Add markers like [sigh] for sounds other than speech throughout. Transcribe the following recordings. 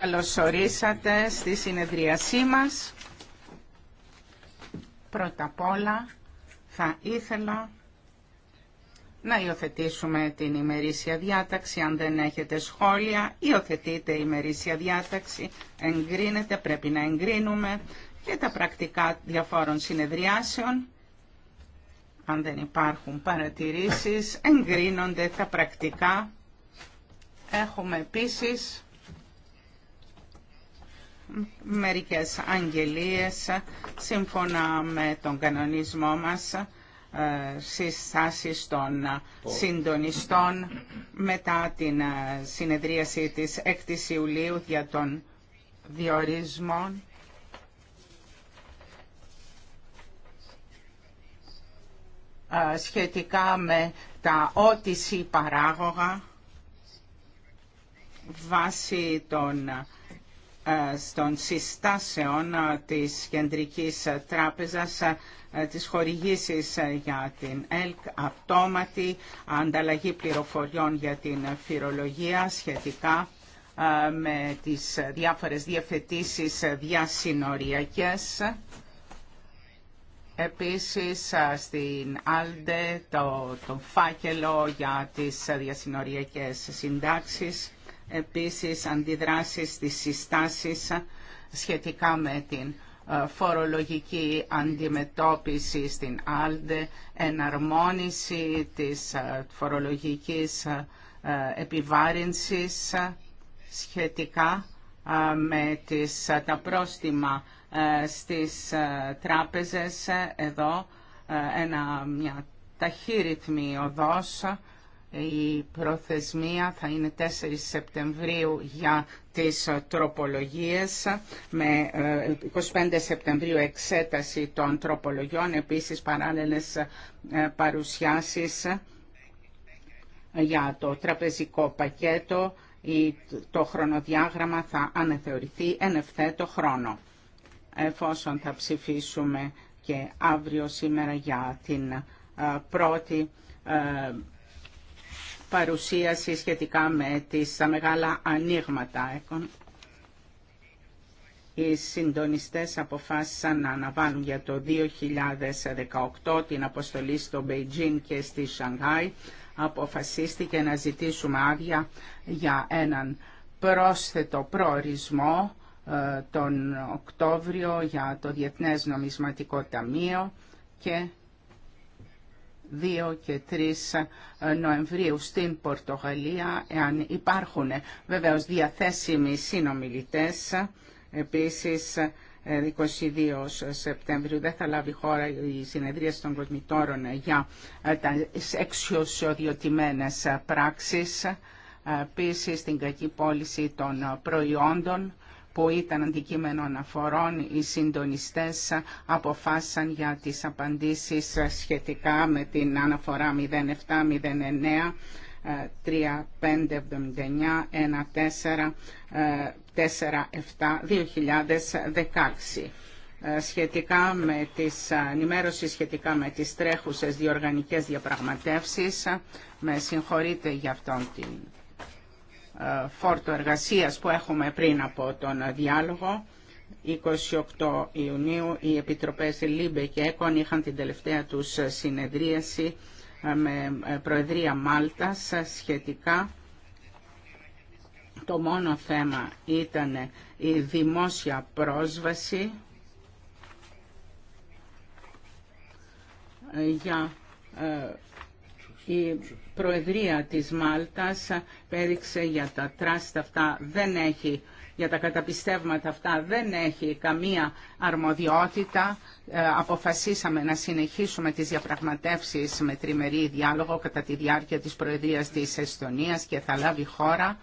Καλώς ορίσατε στη συνεδρίασή μας. Πρώτα απ' όλα θα ήθελα να υιοθετήσουμε την ημερήσια διάταξη. Αν δεν έχετε σχόλια, υιοθετείτε η ημερήσια διάταξη, εγκρίνεται, πρέπει να εγκρίνουμε και τα πρακτικά διαφόρων συνεδριάσεων. Αν δεν υπάρχουν παρατηρήσεις, εγκρίνονται τα πρακτικά Έχουμε επίσης μερικές αγγελίες σύμφωνα με τον κανονισμό μας ε, συστάσεις των συντονιστών μετά την ε, συνεδρίαση της 6ης Ιουλίου για τον διορισμό ε, σχετικά με τα ότιση παράγωγα βάσει των συστάσεων της Κεντρικής Τράπεζας ε, της χορηγήσεις ε, για την ΕΛΚ, αυτόματη ανταλλαγή πληροφοριών για την φυρολογία σχετικά ε, με τις διάφορες διαφετήσεις διασυνοριακές. Επίσης στην ΑΛΔΕ το, το φάκελο για τις διασυνοριακές συντάξεις επίσης αντιδράσεις στις συστάσεις σχετικά με την ε, φορολογική αντιμετώπιση στην ΑΛΔΕ, εναρμόνιση της ε, φορολογικής ε, επιβάρυνσης σχετικά με τις, τα πρόστιμα στις τράπεζες εδώ ένα, μια ταχύρυθμη οδός η προθεσμία θα είναι 4 Σεπτεμβρίου για τις ε, τροπολογίες με 25 ε, Σεπτεμβρίου εξέταση των τροπολογιών, επίσης παράλληλες ε, παρουσιάσεις για το τραπεζικό πακέτο ή το χρονοδιάγραμμα θα αναθεωρηθεί εν ευθέτω χρόνο εφόσον θα ψηφίσουμε και αύριο σήμερα για την πρώτη παρουσίαση σχετικά με τις, τα μεγάλα ανοίγματα. Οι συντονιστές αποφάσισαν να αναβάλουν για το 2018 την αποστολή στο Μπεϊτζίν και στη Σανγκάη. Αποφασίστηκε να ζητήσουμε άδεια για έναν πρόσθετο προορισμό ε, τον Οκτώβριο για το Διεθνές Νομισματικό Ταμείο και 2 και 3 ε, Νοεμβρίου στην Πορτογαλία, εάν υπάρχουν βεβαίως διαθέσιμοι συνομιλητές. Επίσης, 22 ε, Σεπτεμβρίου δεν θα λάβει χώρα η συνεδρία των κοσμητόρων για ε, τις εξουσιοδιοτημένες πράξεις, επίσης την κακή πώληση των προϊόντων που ήταν αντικείμενο αναφορών, οι συντονιστές αποφάσισαν για τις απαντήσεις σχετικά με την αναφορά 0709 3, 5, 79, 2016 σχετικά με τις ε, ενημέρωση σχετικά με τις τρέχουσες διοργανικές διαπραγματεύσεις. Με συγχωρείτε για αυτόν την ε, φόρτο εργασίας που έχουμε πριν από τον διάλογο. 28 Ιουνίου οι Επιτροπές Λίμπε και ΕΚΟΝ είχαν την τελευταία τους συνεδρίαση ε, με ε, Προεδρία Μάλτας σχετικά. Το μόνο θέμα ήταν η δημόσια πρόσβαση για Προεδρία της Μάλτας πέριξε για τα τράστα αυτά δεν έχει για τα καταπιστεύματα αυτά δεν έχει καμία αρμοδιότητα. Ε, αποφασίσαμε να συνεχίσουμε τις διαπραγματεύσεις με τριμερή διάλογο κατά τη διάρκεια της Προεδρίας της Εστονίας και θα λάβει χώρα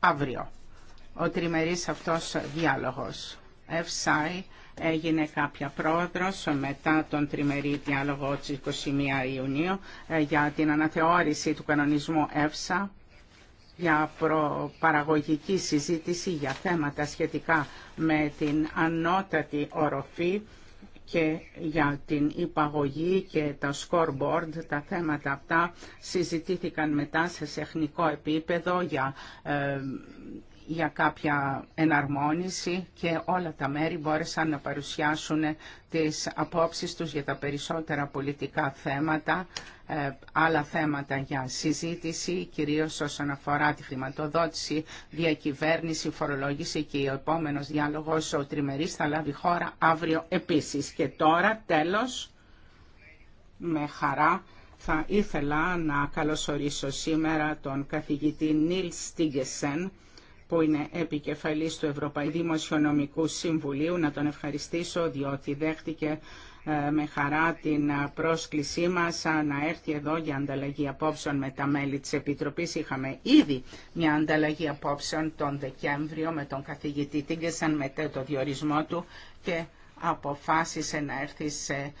αύριο. Ο τριμερής αυτός διάλογος. FSI. Έγινε κάποια πρόεδρος μετά τον τριμερή διάλογο της 21 Ιουνίου ε, για την αναθεώρηση του κανονισμού ΕΦΣΑ για προπαραγωγική συζήτηση για θέματα σχετικά με την ανώτατη οροφή και για την υπαγωγή και τα scoreboard. Τα θέματα αυτά συζητήθηκαν μετά σε τεχνικό επίπεδο για ε, για κάποια εναρμόνιση και όλα τα μέρη μπόρεσαν να παρουσιάσουν τις απόψεις τους για τα περισσότερα πολιτικά θέματα, ε, άλλα θέματα για συζήτηση, κυρίως όσον αφορά τη χρηματοδότηση, διακυβέρνηση, φορολόγηση και ο επόμενος διάλογος ο τριμερής θα λάβει χώρα αύριο επίσης. Και τώρα τέλος, με χαρά, θα ήθελα να καλωσορίσω σήμερα τον καθηγητή Νίλ Στίγκεσεν, που είναι επικεφαλής του Ευρωπαϊκού Δημοσιονομικού Συμβουλίου. Να τον ευχαριστήσω διότι δέχτηκε ε, με χαρά την ε, πρόσκλησή μας ε, να έρθει εδώ για ανταλλαγή απόψεων με τα μέλη της Επιτροπής. Είχαμε ήδη μια ανταλλαγή απόψεων τον Δεκέμβριο με τον καθηγητή Τίγκεσαν μετά το διορισμό του και αποφάσισε να έρθει σε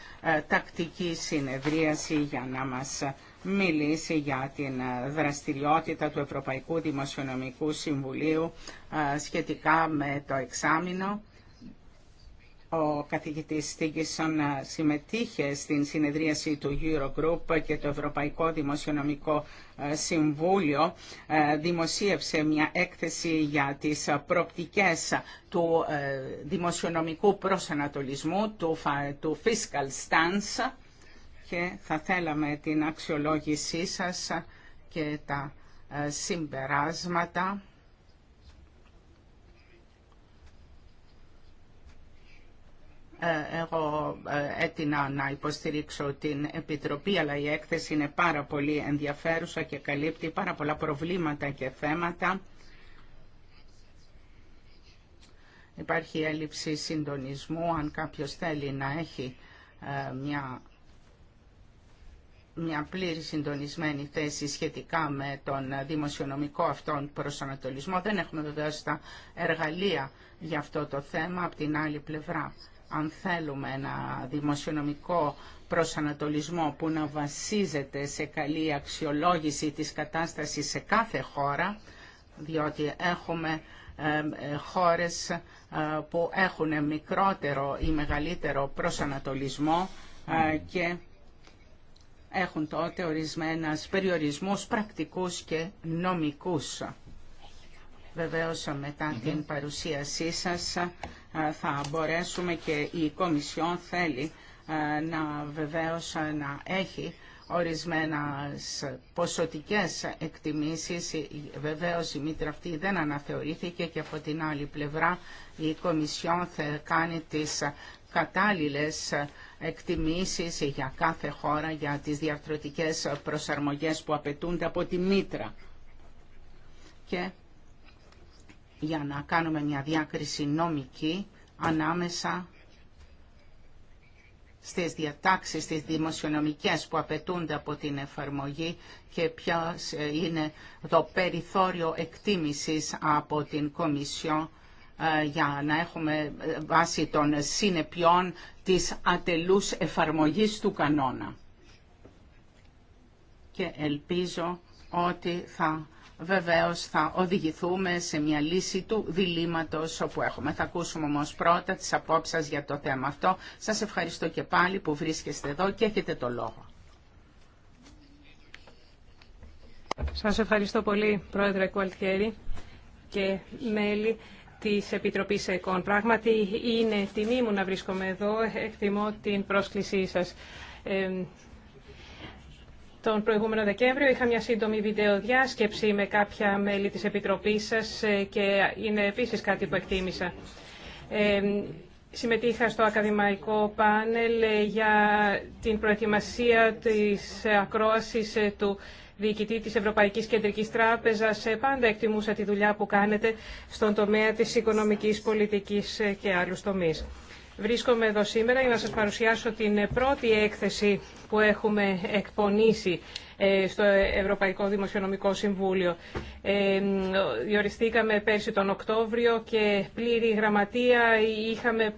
τακτική συνεδρίαση για να μας μιλήσει για την ε, δραστηριότητα του Ευρωπαϊκού Δημοσιονομικού Συμβουλίου ε, σχετικά με το εξάμεινο. Ο καθηγητής Στίγκισον ε, συμμετείχε στην συνεδρίαση του Eurogroup και το Ευρωπαϊκό Δημοσιονομικό Συμβούλιο δημοσίευσε μια έκθεση για τις προπτικές του δημοσιονομικού προσανατολισμού, του fiscal stance και θα θέλαμε την αξιολόγησή σας και τα ε, συμπεράσματα. Ε, εγώ ε, έτεινα να υποστηρίξω την Επιτροπή, αλλά η έκθεση είναι πάρα πολύ ενδιαφέρουσα και καλύπτει πάρα πολλά προβλήματα και θέματα. Υπάρχει έλλειψη συντονισμού, αν κάποιος θέλει να έχει μια μια πλήρη συντονισμένη θέση σχετικά με τον δημοσιονομικό αυτόν προσανατολισμό. Δεν έχουμε βεβαίω τα εργαλεία για αυτό το θέμα. Απ' την άλλη πλευρά, αν θέλουμε ένα δημοσιονομικό προσανατολισμό που να βασίζεται σε καλή αξιολόγηση της κατάστασης σε κάθε χώρα, διότι έχουμε ε, χώρες ε, που έχουν μικρότερο ή μεγαλύτερο προσανατολισμό ε, και έχουν τότε ορισμένα περιορισμούς πρακτικούς και νομικούς. Βεβαίως μετά την παρουσίασή σας θα μπορέσουμε και η Κομισιόν θέλει να βεβαίως να έχει ορισμένα ποσοτικές εκτιμήσεις. Βεβαίως η μήτρα αυτή δεν αναθεωρήθηκε και από την άλλη πλευρά η Κομισιόν θα κάνει τις κατάλληλες εκτιμήσεις για κάθε χώρα για τις διαρθρωτικές προσαρμογές που απαιτούνται από τη Μήτρα. Και για να κάνουμε μια διάκριση νομική ανάμεσα στις διατάξεις, στις δημοσιονομικές που απαιτούνται από την εφαρμογή και ποιο είναι το περιθώριο εκτίμησης από την Κομισιό ε, για να έχουμε ε, βάση των συνεπειών της ατελούς εφαρμογής του κανόνα. Και ελπίζω ότι θα βεβαίως θα οδηγηθούμε σε μια λύση του διλήμματος όπου έχουμε. Θα ακούσουμε όμως πρώτα τις απόψεις για το θέμα αυτό. Σας ευχαριστώ και πάλι που βρίσκεστε εδώ και έχετε το λόγο. Σας ευχαριστώ πολύ, Πρόεδρε Κουαλτιέρη και μέλη της Επιτροπής ΕΚΟΝ. Πράγματι είναι τιμή μου να βρίσκομαι εδώ. Εκτιμώ την πρόσκλησή σας. Τον προηγούμενο Δεκέμβριο είχα μια σύντομη βιντεοδιάσκεψη με κάποια μέλη της Επιτροπής σας ε, και είναι επίσης κάτι που εκτίμησα. Ε, συμμετείχα στο ακαδημαϊκό πάνελ ε, για την προετοιμασία της ε, ακρόασης του διοικητή της Ευρωπαϊκής Κεντρικής Τράπεζας. Ε, πάντα εκτιμούσα τη δουλειά που κάνετε στον τομέα της οικονομικής πολιτικής ε, και άλλους τομείς. Βρίσκομαι εδώ σήμερα για να σας παρουσιάσω την ε, πρώτη έκθεση που έχουμε εκπονήσει στο Ευρωπαϊκό Δημοσιονομικό Συμβούλιο. Διοριστήκαμε πέρσι τον Οκτώβριο και πλήρη γραμματεία είχαμε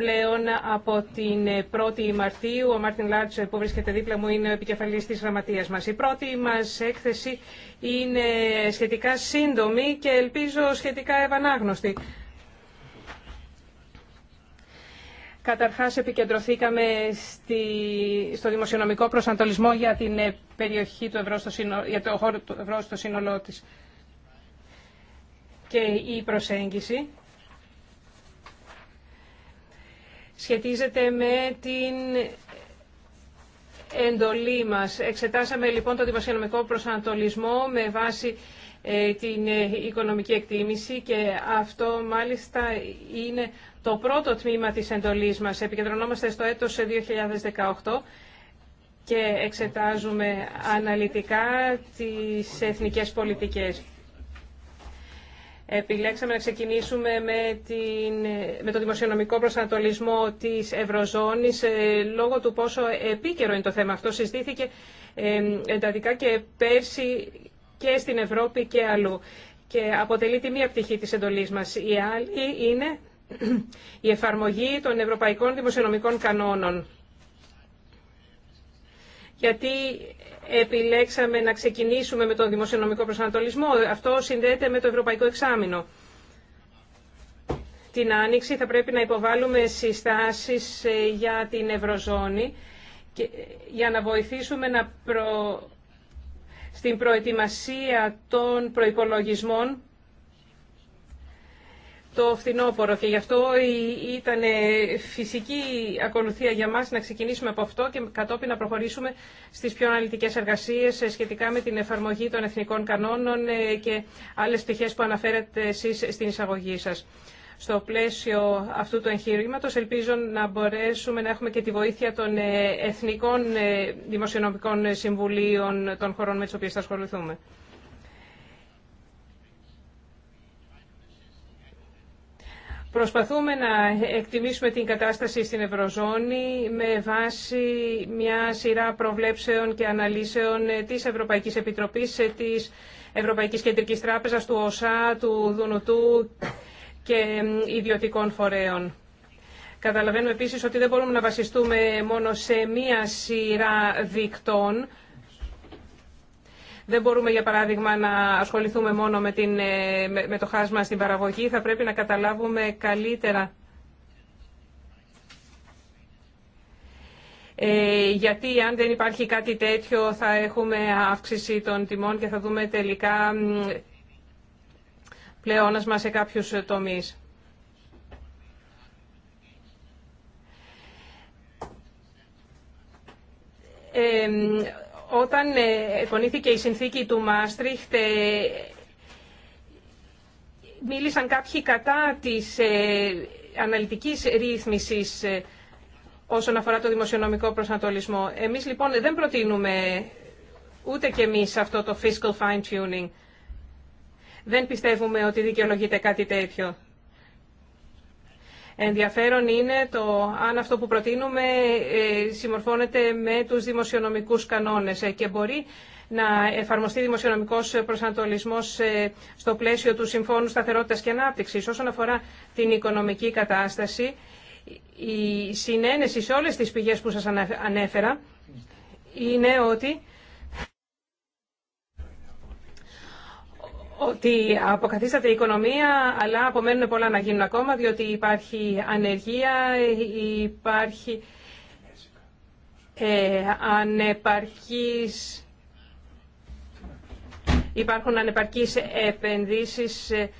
πλέον από την 1η Μαρτίου. Ο Μάρτιν Λάρτς που βρίσκεται δίπλα μου είναι ο επικεφαλής της γραμματείας μας. Η πρώτη μας έκθεση είναι σχετικά σύντομη και ελπίζω σχετικά ευανάγνωστη. Καταρχάς επικεντρωθήκαμε στη, στο δημοσιονομικό προσανατολισμό για την ε, περιοχή του ευρώ για το χώρο του ευρώ στο σύνολό της. Και η προσέγγιση σχετίζεται με την εντολή μας. Εξετάσαμε λοιπόν το δημοσιονομικό προσανατολισμό με βάση ε, την ε, οικονομική εκτίμηση και αυτό μάλιστα είναι το πρώτο τμήμα της εντολής μας. Επικεντρωνόμαστε στο έτος 2018 και εξετάζουμε αναλυτικά τις εθνικές πολιτικές επιλέξαμε να ξεκινήσουμε με, την, με το δημοσιονομικό προσανατολισμό της Ευρωζώνης ε, λόγω του πόσο επίκαιρο είναι το θέμα αυτό. Συζητήθηκε ε, εντατικά και πέρσι και στην Ευρώπη και αλλού και αποτελεί τη μία πτυχή της εντολής μας. Η άλλη είναι [clears throat] η εφαρμογή των ευρωπαϊκών δημοσιονομικών κανόνων γιατί επιλέξαμε να ξεκινήσουμε με τον δημοσιονομικό προσανατολισμό. Αυτό συνδέεται με το Ευρωπαϊκό Εξάμεινο. Την Άνοιξη θα πρέπει να υποβάλουμε συστάσεις ε, για την Ευρωζώνη και ε, για να βοηθήσουμε να στην προετοιμασία των προϋπολογισμών το φθινόπωρο και γι' αυτό ήταν φυσική ακολουθία για μας να ξεκινήσουμε από αυτό και κατόπιν να προχωρήσουμε στις πιο αναλυτικές εργασίες σχετικά με την εφαρμογή των εθνικών κανόνων ε, και άλλες πτυχές που αναφέρετε εσείς στην εισαγωγή σας. Στο πλαίσιο αυτού του εγχειρήματο ελπίζω να μπορέσουμε να έχουμε και τη βοήθεια των ε, εθνικών ε, δημοσιονομικών συμβουλίων των χωρών με τις οποίες θα ασχοληθούμε. Προσπαθούμε να εκτιμήσουμε την κατάσταση στην Ευρωζώνη με βάση μια σειρά προβλέψεων και αναλύσεων της Ευρωπαϊκής Επιτροπής, της Ευρωπαϊκής Κεντρικής Τράπεζας, του ΟΣΑ, του Δουνουτού και ιδιωτικών φορέων. Καταλαβαίνουμε επίσης ότι δεν μπορούμε να βασιστούμε μόνο σε μία σειρά δικτών, δεν μπορούμε, για παράδειγμα, να ασχοληθούμε μόνο με, την, ε, με το χάσμα στην παραγωγή. Θα πρέπει να καταλάβουμε καλύτερα ε, γιατί αν δεν υπάρχει κάτι τέτοιο θα έχουμε αύξηση των τιμών και θα δούμε τελικά πλεόνασμα σε κάποιους τομείς. Ε, όταν εφωνήθηκε η συνθήκη του Μάστριχτ, ε, μίλησαν κάποιοι κατά της ε, αναλυτικής ρύθμισης ε, όσον αφορά το δημοσιονομικό προσανατολισμό. Εμείς λοιπόν δεν προτείνουμε ούτε και εμείς αυτό το fiscal fine-tuning. Δεν πιστεύουμε ότι δικαιολογείται κάτι τέτοιο. Ενδιαφέρον είναι το αν αυτό που προτείνουμε ε, συμμορφώνεται με τους δημοσιονομικούς κανόνες ε, και μπορεί να εφαρμοστεί δημοσιονομικό προσανατολισμό ε, στο πλαίσιο του Συμφώνου Σταθερότητα και Ανάπτυξη. Όσον αφορά την οικονομική κατάσταση, η συνένεση σε όλε τι πηγέ που σα ανέφερα είναι ότι ότι αποκαθίσταται η οικονομία, αλλά απομένουν πολλά να γίνουν ακόμα, διότι υπάρχει ανεργία, υπάρχει ε, ανεπαρκής, υπάρχουν ανεπαρκείς επενδύσεις ε,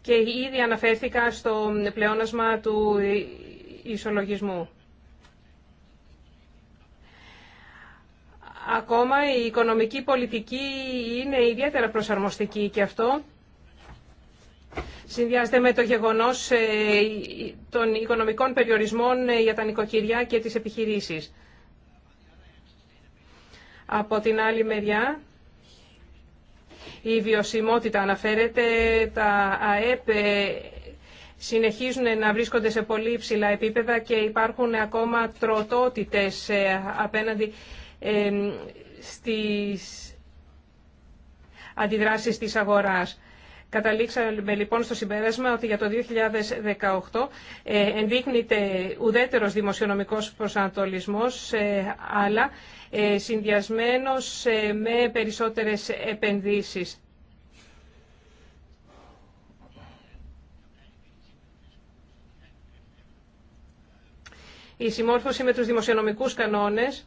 και ήδη αναφέρθηκα στο πλεόνασμα του ισολογισμού. Ακόμα η οικονομική πολιτική είναι ιδιαίτερα προσαρμοστική και αυτό συνδυάζεται με το γεγονός ε, των οικονομικών περιορισμών ε, για τα νοικοκυριά και τις επιχειρήσεις. Από την άλλη μεριά, η βιωσιμότητα αναφέρεται, τα ΑΕΠ ε, συνεχίζουν να βρίσκονται σε πολύ υψηλά επίπεδα και υπάρχουν ακόμα τροτότητες απέναντι στις αντιδράσεις της αγοράς. Καταλήξαμε λοιπόν στο συμπέρασμα ότι για το 2018 ε, ενδείχνεται ουδέτερος δημοσιονομικός προσανατολισμός, ε, αλλά ε, συνδυασμένος με περισσότερες επενδύσεις. Η συμμόρφωση με τους δημοσιονομικούς κανόνες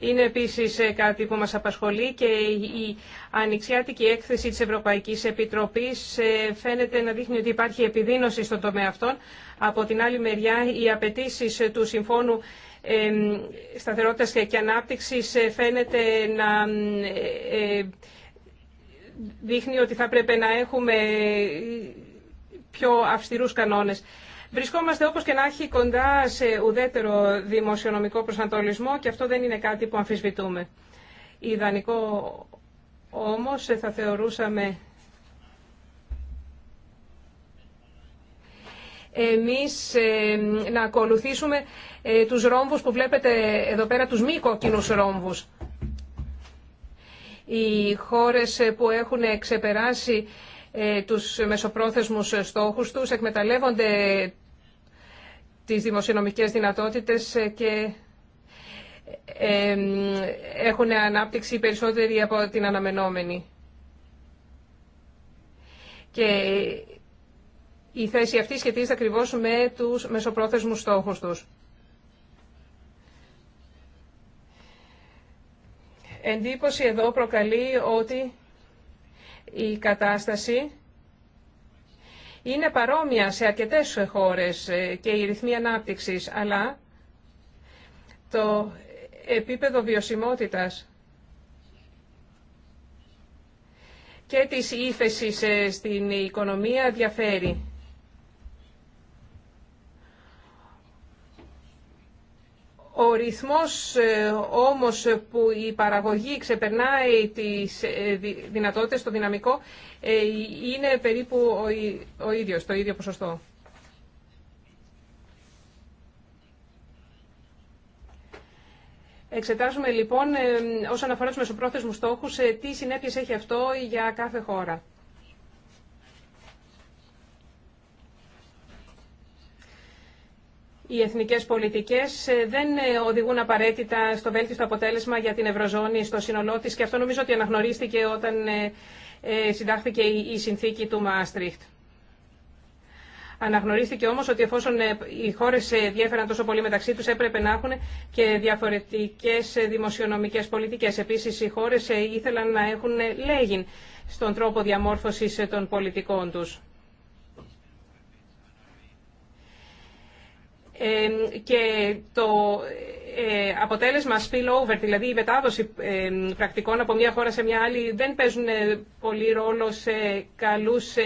είναι επίση ε, κάτι που μας απασχολεί και η ανοιξιάτικη έκθεση της Ευρωπαϊκής Επιτροπής ε, φαίνεται να δείχνει ότι υπάρχει επιδείνωση στον τομέα αυτών. Από την άλλη μεριά, οι απαιτήσει ε, του Συμφώνου Σταθερότητας και ανάπτυξη φαίνεται να δείχνει ότι θα πρέπει να έχουμε πιο αυστηρούς κανόνες. Βρισκόμαστε όπως και να έχει κοντά σε ουδέτερο δημοσιονομικό προσανατολισμό και αυτό δεν είναι κάτι που αμφισβητούμε. Ιδανικό όμως ε, θα θεωρούσαμε εμείς ε, να ακολουθήσουμε ε, τους ρόμβους που βλέπετε εδώ πέρα, τους μη κόκκινους ρόμβους. Οι χώρες που έχουν ξεπεράσει ε, τους μεσοπρόθεσμους στόχους τους, εκμεταλλεύονται τις δημοσιονομικές δυνατότητες και ε, έχουν ανάπτυξη περισσότερη από την αναμενόμενη. Και η θέση αυτή σχετίζεται ακριβώς με τους μεσοπρόθεσμους στόχους τους. Εντύπωση εδώ προκαλεί ότι η κατάσταση είναι παρόμοια σε αρκετές χώρες ε, και η ρυθμή ανάπτυξης, αλλά το επίπεδο βιωσιμότητας και της ύφεσης ε, στην οικονομία διαφέρει. Ο ρυθμός ε, όμως που η παραγωγή ξεπερνάει τις ε, δυνατότητες, το δυναμικό, ε, είναι περίπου ο ίδιος, το ίδιο ποσοστό. Εξετάζουμε λοιπόν όσον αφορά τους μεσοπρόθεσμους στόχους τι συνέπειες έχει αυτό για κάθε χώρα. οι εθνικές πολιτικές ε, δεν ε, οδηγούν απαραίτητα στο βέλτιστο αποτέλεσμα για την Ευρωζώνη στο σύνολό τη και αυτό νομίζω ότι αναγνωρίστηκε όταν ε, συντάχθηκε η συνθήκη του Μάστριχτ. Αναγνωρίστηκε όμως ότι εφόσον οι χώρες διέφεραν τόσο πολύ μεταξύ τους έπρεπε να έχουν και διαφορετικές δημοσιονομικέ πολιτικέ. Επίση, οι χώρε ήθελαν να έχουν λέγην στον τρόπο διαμόρφωση των πολιτικών του. και το ε, αποτέλεσμα spillover, δηλαδή η μετάδοση πρακτικών από μια χώρα σε μια άλλη, δεν παίζουν ε, πολύ ρόλο σε καλούς ε,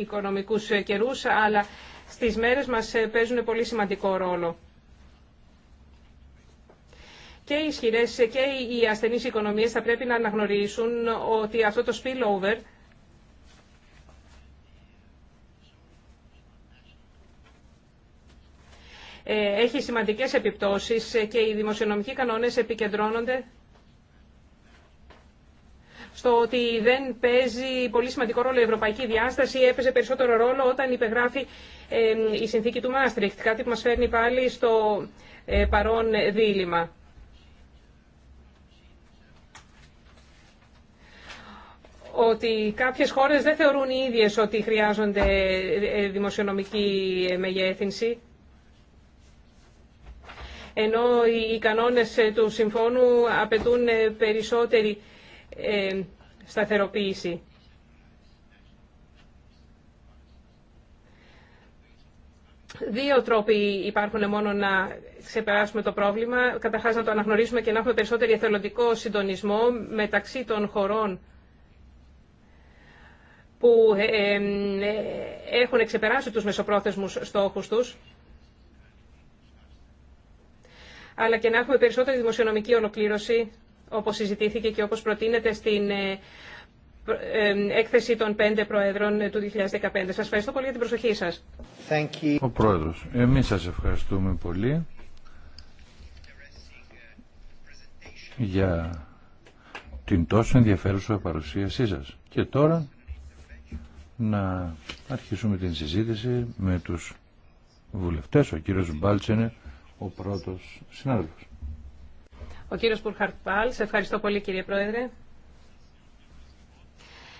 οικονομικούς καιρούς, αλλά στις μέρες μας παίζουν πολύ σημαντικό ρόλο. Και οι ισχυρές και οι ασθενείς οικονομίες θα πρέπει να αναγνωρίσουν ότι αυτό το spillover Ε, έχει σημαντικές επιπτώσεις ε, και οι δημοσιονομικοί κανόνες επικεντρώνονται στο ότι δεν παίζει πολύ σημαντικό ρόλο η ευρωπαϊκή διάσταση, έπαιζε περισσότερο ρόλο όταν υπεγράφει ε, η συνθήκη του Μάστριχτ, κάτι που μας φέρνει πάλι στο παρόν δίλημα. ότι κάποιες χώρες δεν θεωρούν οι ίδιες ότι χρειάζονται δημοσιονομική μεγέθυνση ενώ οι κανόνες ε, του συμφώνου απαιτούν ε, περισσότερη ε, σταθεροποίηση. Δύο τρόποι υπάρχουν μόνο να ξεπεράσουμε το πρόβλημα. Καταρχάς να το αναγνωρίσουμε και να έχουμε περισσότερο εθελοντικό συντονισμό μεταξύ των χωρών που έχουν ξεπεράσει τους μεσοπρόθεσμους στόχους τους αλλά και να έχουμε περισσότερη δημοσιονομική ολοκλήρωση, όπως συζητήθηκε και όπως προτείνεται στην ε, ε, έκθεση των πέντε προέδρων ε, του 2015. Σας ευχαριστώ πολύ για την προσοχή σας. Ο πρόεδρος, εμείς σας ευχαριστούμε πολύ για την τόσο ενδιαφέρουσα παρουσίασή σας. Και τώρα να αρχίσουμε την συζήτηση με τους βουλευτές. Ο κύριος Μπάλτσενε ο πρώτος συνάδελφος. Ο κύριος Πουρχαρτ Πάλ, σε ευχαριστώ πολύ κύριε Πρόεδρε.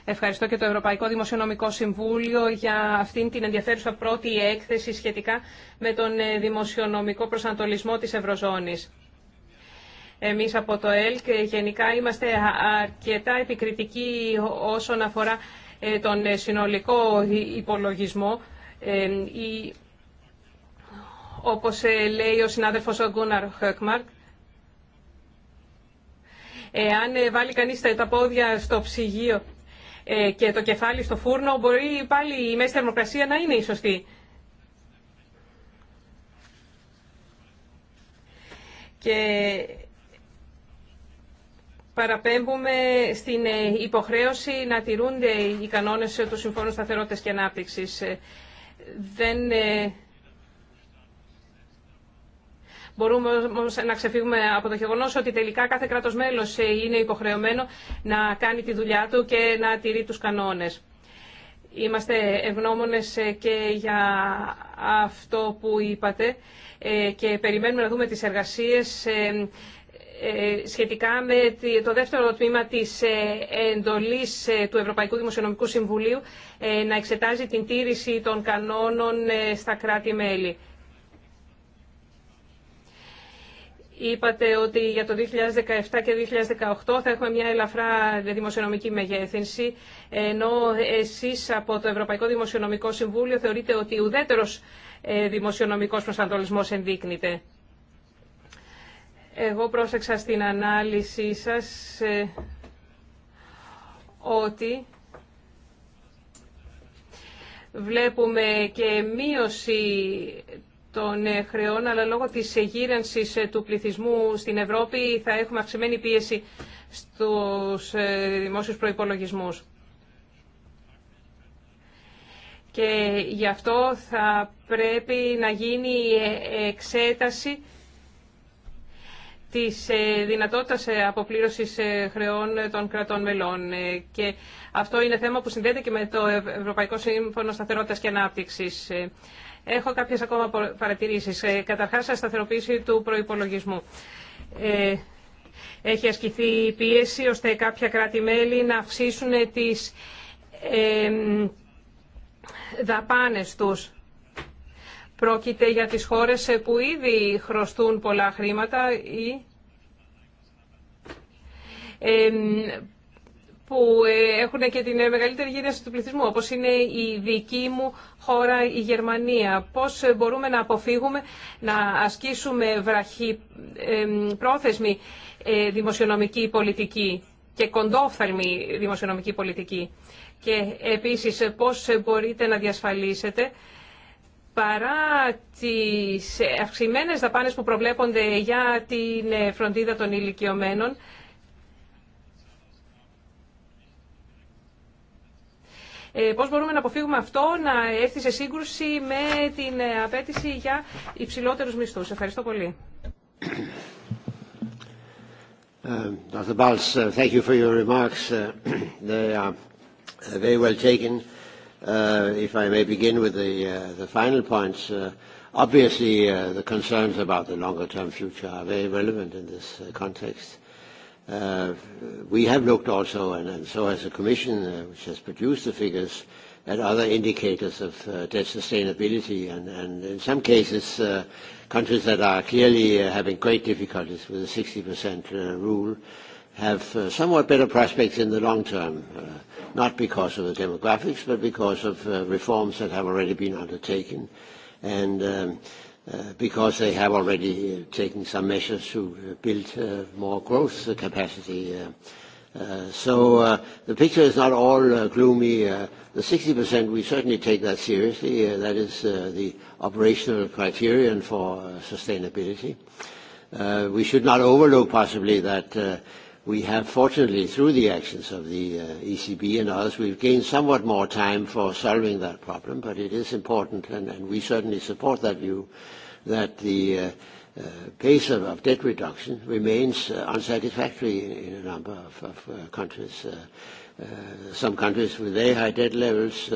Ευχαριστώ και το Ευρωπαϊκό Δημοσιονομικό Συμβούλιο για αυτήν την ενδιαφέρουσα πρώτη έκθεση σχετικά με τον ε, δημοσιονομικό προσανατολισμό της Ευρωζώνης. Εμείς από το ΕΛΚ ε, γενικά είμαστε αρκετά επικριτικοί όσον αφορά ε, τον συνολικό υπολογισμό. Η όπως ε, λέει ο συνάδελφος ο Γκούναρ Χεκμαρκ. Αν ε, βάλει κανείς τα πόδια στο ψυγείο ε, και το κεφάλι στο φούρνο, μπορεί πάλι η μέση θερμοκρασία να είναι η σωστή. Και παραπέμπουμε στην υποχρέωση να τηρούνται οι κανόνες του Συμφώνου Σταθερότητας και Ανάπτυξης. Δεν Μπορούμε όμως να ξεφύγουμε από το γεγονός ότι τελικά κάθε κράτος μέλος ε, είναι υποχρεωμένο να κάνει τη δουλειά του και να τηρεί τους κανόνες. Είμαστε ευγνώμονες ε, και για αυτό που είπατε ε, και περιμένουμε να δούμε τις εργασίες σχετικά με το δεύτερο τμήμα της εντολής του Ευρωπαϊκού Δημοσιονομικού Συμβουλίου να εξετάζει την τήρηση των κανόνων στα κράτη-μέλη. Είπατε ότι για το 2017 και 2018 θα έχουμε μια ελαφρά δημοσιονομική μεγέθυνση, ενώ εσείς από το Ευρωπαϊκό Δημοσιονομικό Συμβούλιο θεωρείτε ότι ουδέτερος ε, δημοσιονομικός προσανατολισμός ενδείκνυται. Εγώ πρόσεξα στην ανάλυση σας ε, ότι βλέπουμε και μείωση των ε, χρεών, αλλά λόγω της γύρανσης ε, του πληθυσμού στην Ευρώπη θα έχουμε αυξημένη πίεση στους ε, δημόσιους προϋπολογισμούς. Και γι' αυτό θα πρέπει να γίνει εξέταση της δυνατότητας αποπλήρωσης χρεών των κρατών μελών. Και αυτό είναι θέμα που συνδέεται και με το Ευρωπαϊκό Σύμφωνο Σταθερότητας και Ανάπτυξης. Έχω κάποιες ακόμα παρατηρήσεις. Ε, καταρχάς, σταθεροποίηση του προϋπολογισμού. Ε, έχει ασκηθεί η πίεση ώστε κάποια κράτη-μέλη να αυξήσουν τις δαπάνες τους. Πρόκειται για τις χώρες που ήδη χρωστούν πολλά χρήματα ή που ε, έχουν και την ε, μεγαλύτερη γέννηση του πληθυσμού, όπως είναι η δική μου χώρα, η Γερμανία. Πώς ε, μπορούμε να αποφύγουμε να ασκήσουμε βραχή, πρόθεσμη δημοσιονομική πολιτική και κοντόφθαλμη δημοσιονομική πολιτική. Και επίσης πώς μπορείτε να διασφαλίσετε παρά τις αυξημένες δαπάνες που προβλέπονται για την φροντίδα των ηλικιωμένων, Πώ μπορούμε να αποφύγουμε αυτό να έρθει σε σύγκρουση με την απέτηση για υψηλότερου μισθούς. Ευχαριστώ πολύ. Dr. Balz, thank you for your remarks. They are very well taken. If I may begin with the the final points, obviously the concerns about the longer-term future are very relevant in this context. We have looked also, and so has the Commission, which has produced the figures, at other indicators of debt sustainability, and in some cases, countries that are clearly having great difficulties with the 60% rule have somewhat better prospects in the long term, not because of the demographics, but because of reforms that have already been undertaken. And because they have already taken some measures to build more growth capacity. So the picture is not all gloomy. The 60%, we certainly take that seriously. That is the operational criterion for sustainability. We should not overlook possibly that we have, fortunately, through the actions of the ECB and others, we've gained somewhat more time for solving that problem, but it is important, and we certainly support that view, that the pace of debt reduction remains unsatisfactory in a number of countries. Some countries with very high debt levels,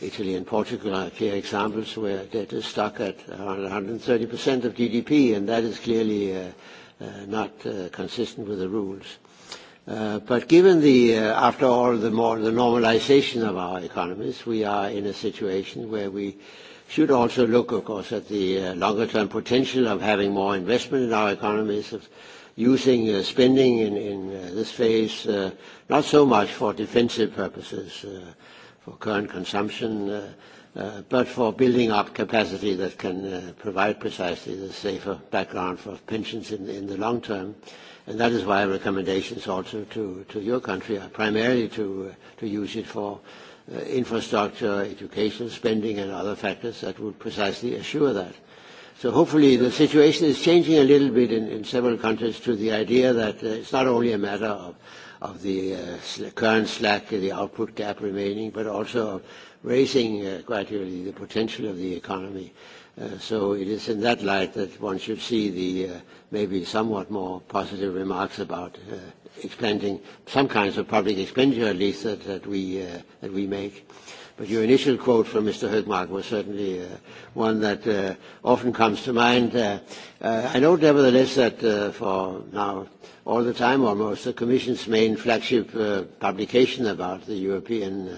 Italy and Portugal are clear examples where debt is stuck at around 130% of GDP, and that is clearly not consistent with the rules. But given the, after all, the more the normalization of our economies, we are in a situation where we should also look, of course, at the longer-term potential of having more investment in our economies, of using spending in this phase not so much for defensive purposes, for current consumption but for building up capacity that can provide precisely the safer background for pensions in the long term. And that is why recommendations also to your country are primarily to use it for infrastructure, education, spending and other factors that would precisely assure that. So hopefully the situation is changing a little bit in several countries to the idea that it's not only a matter of of the current slack, the output gap remaining, but also raising gradually the potential of the economy. So it is in that light that one should see the maybe somewhat more positive remarks about expanding some kinds of public expenditure, at least that we that we make. But your initial quote from Mr. Högmark was certainly one that often comes to mind. I note, nevertheless, that for now all the time almost the Commission's main flagship publication about the European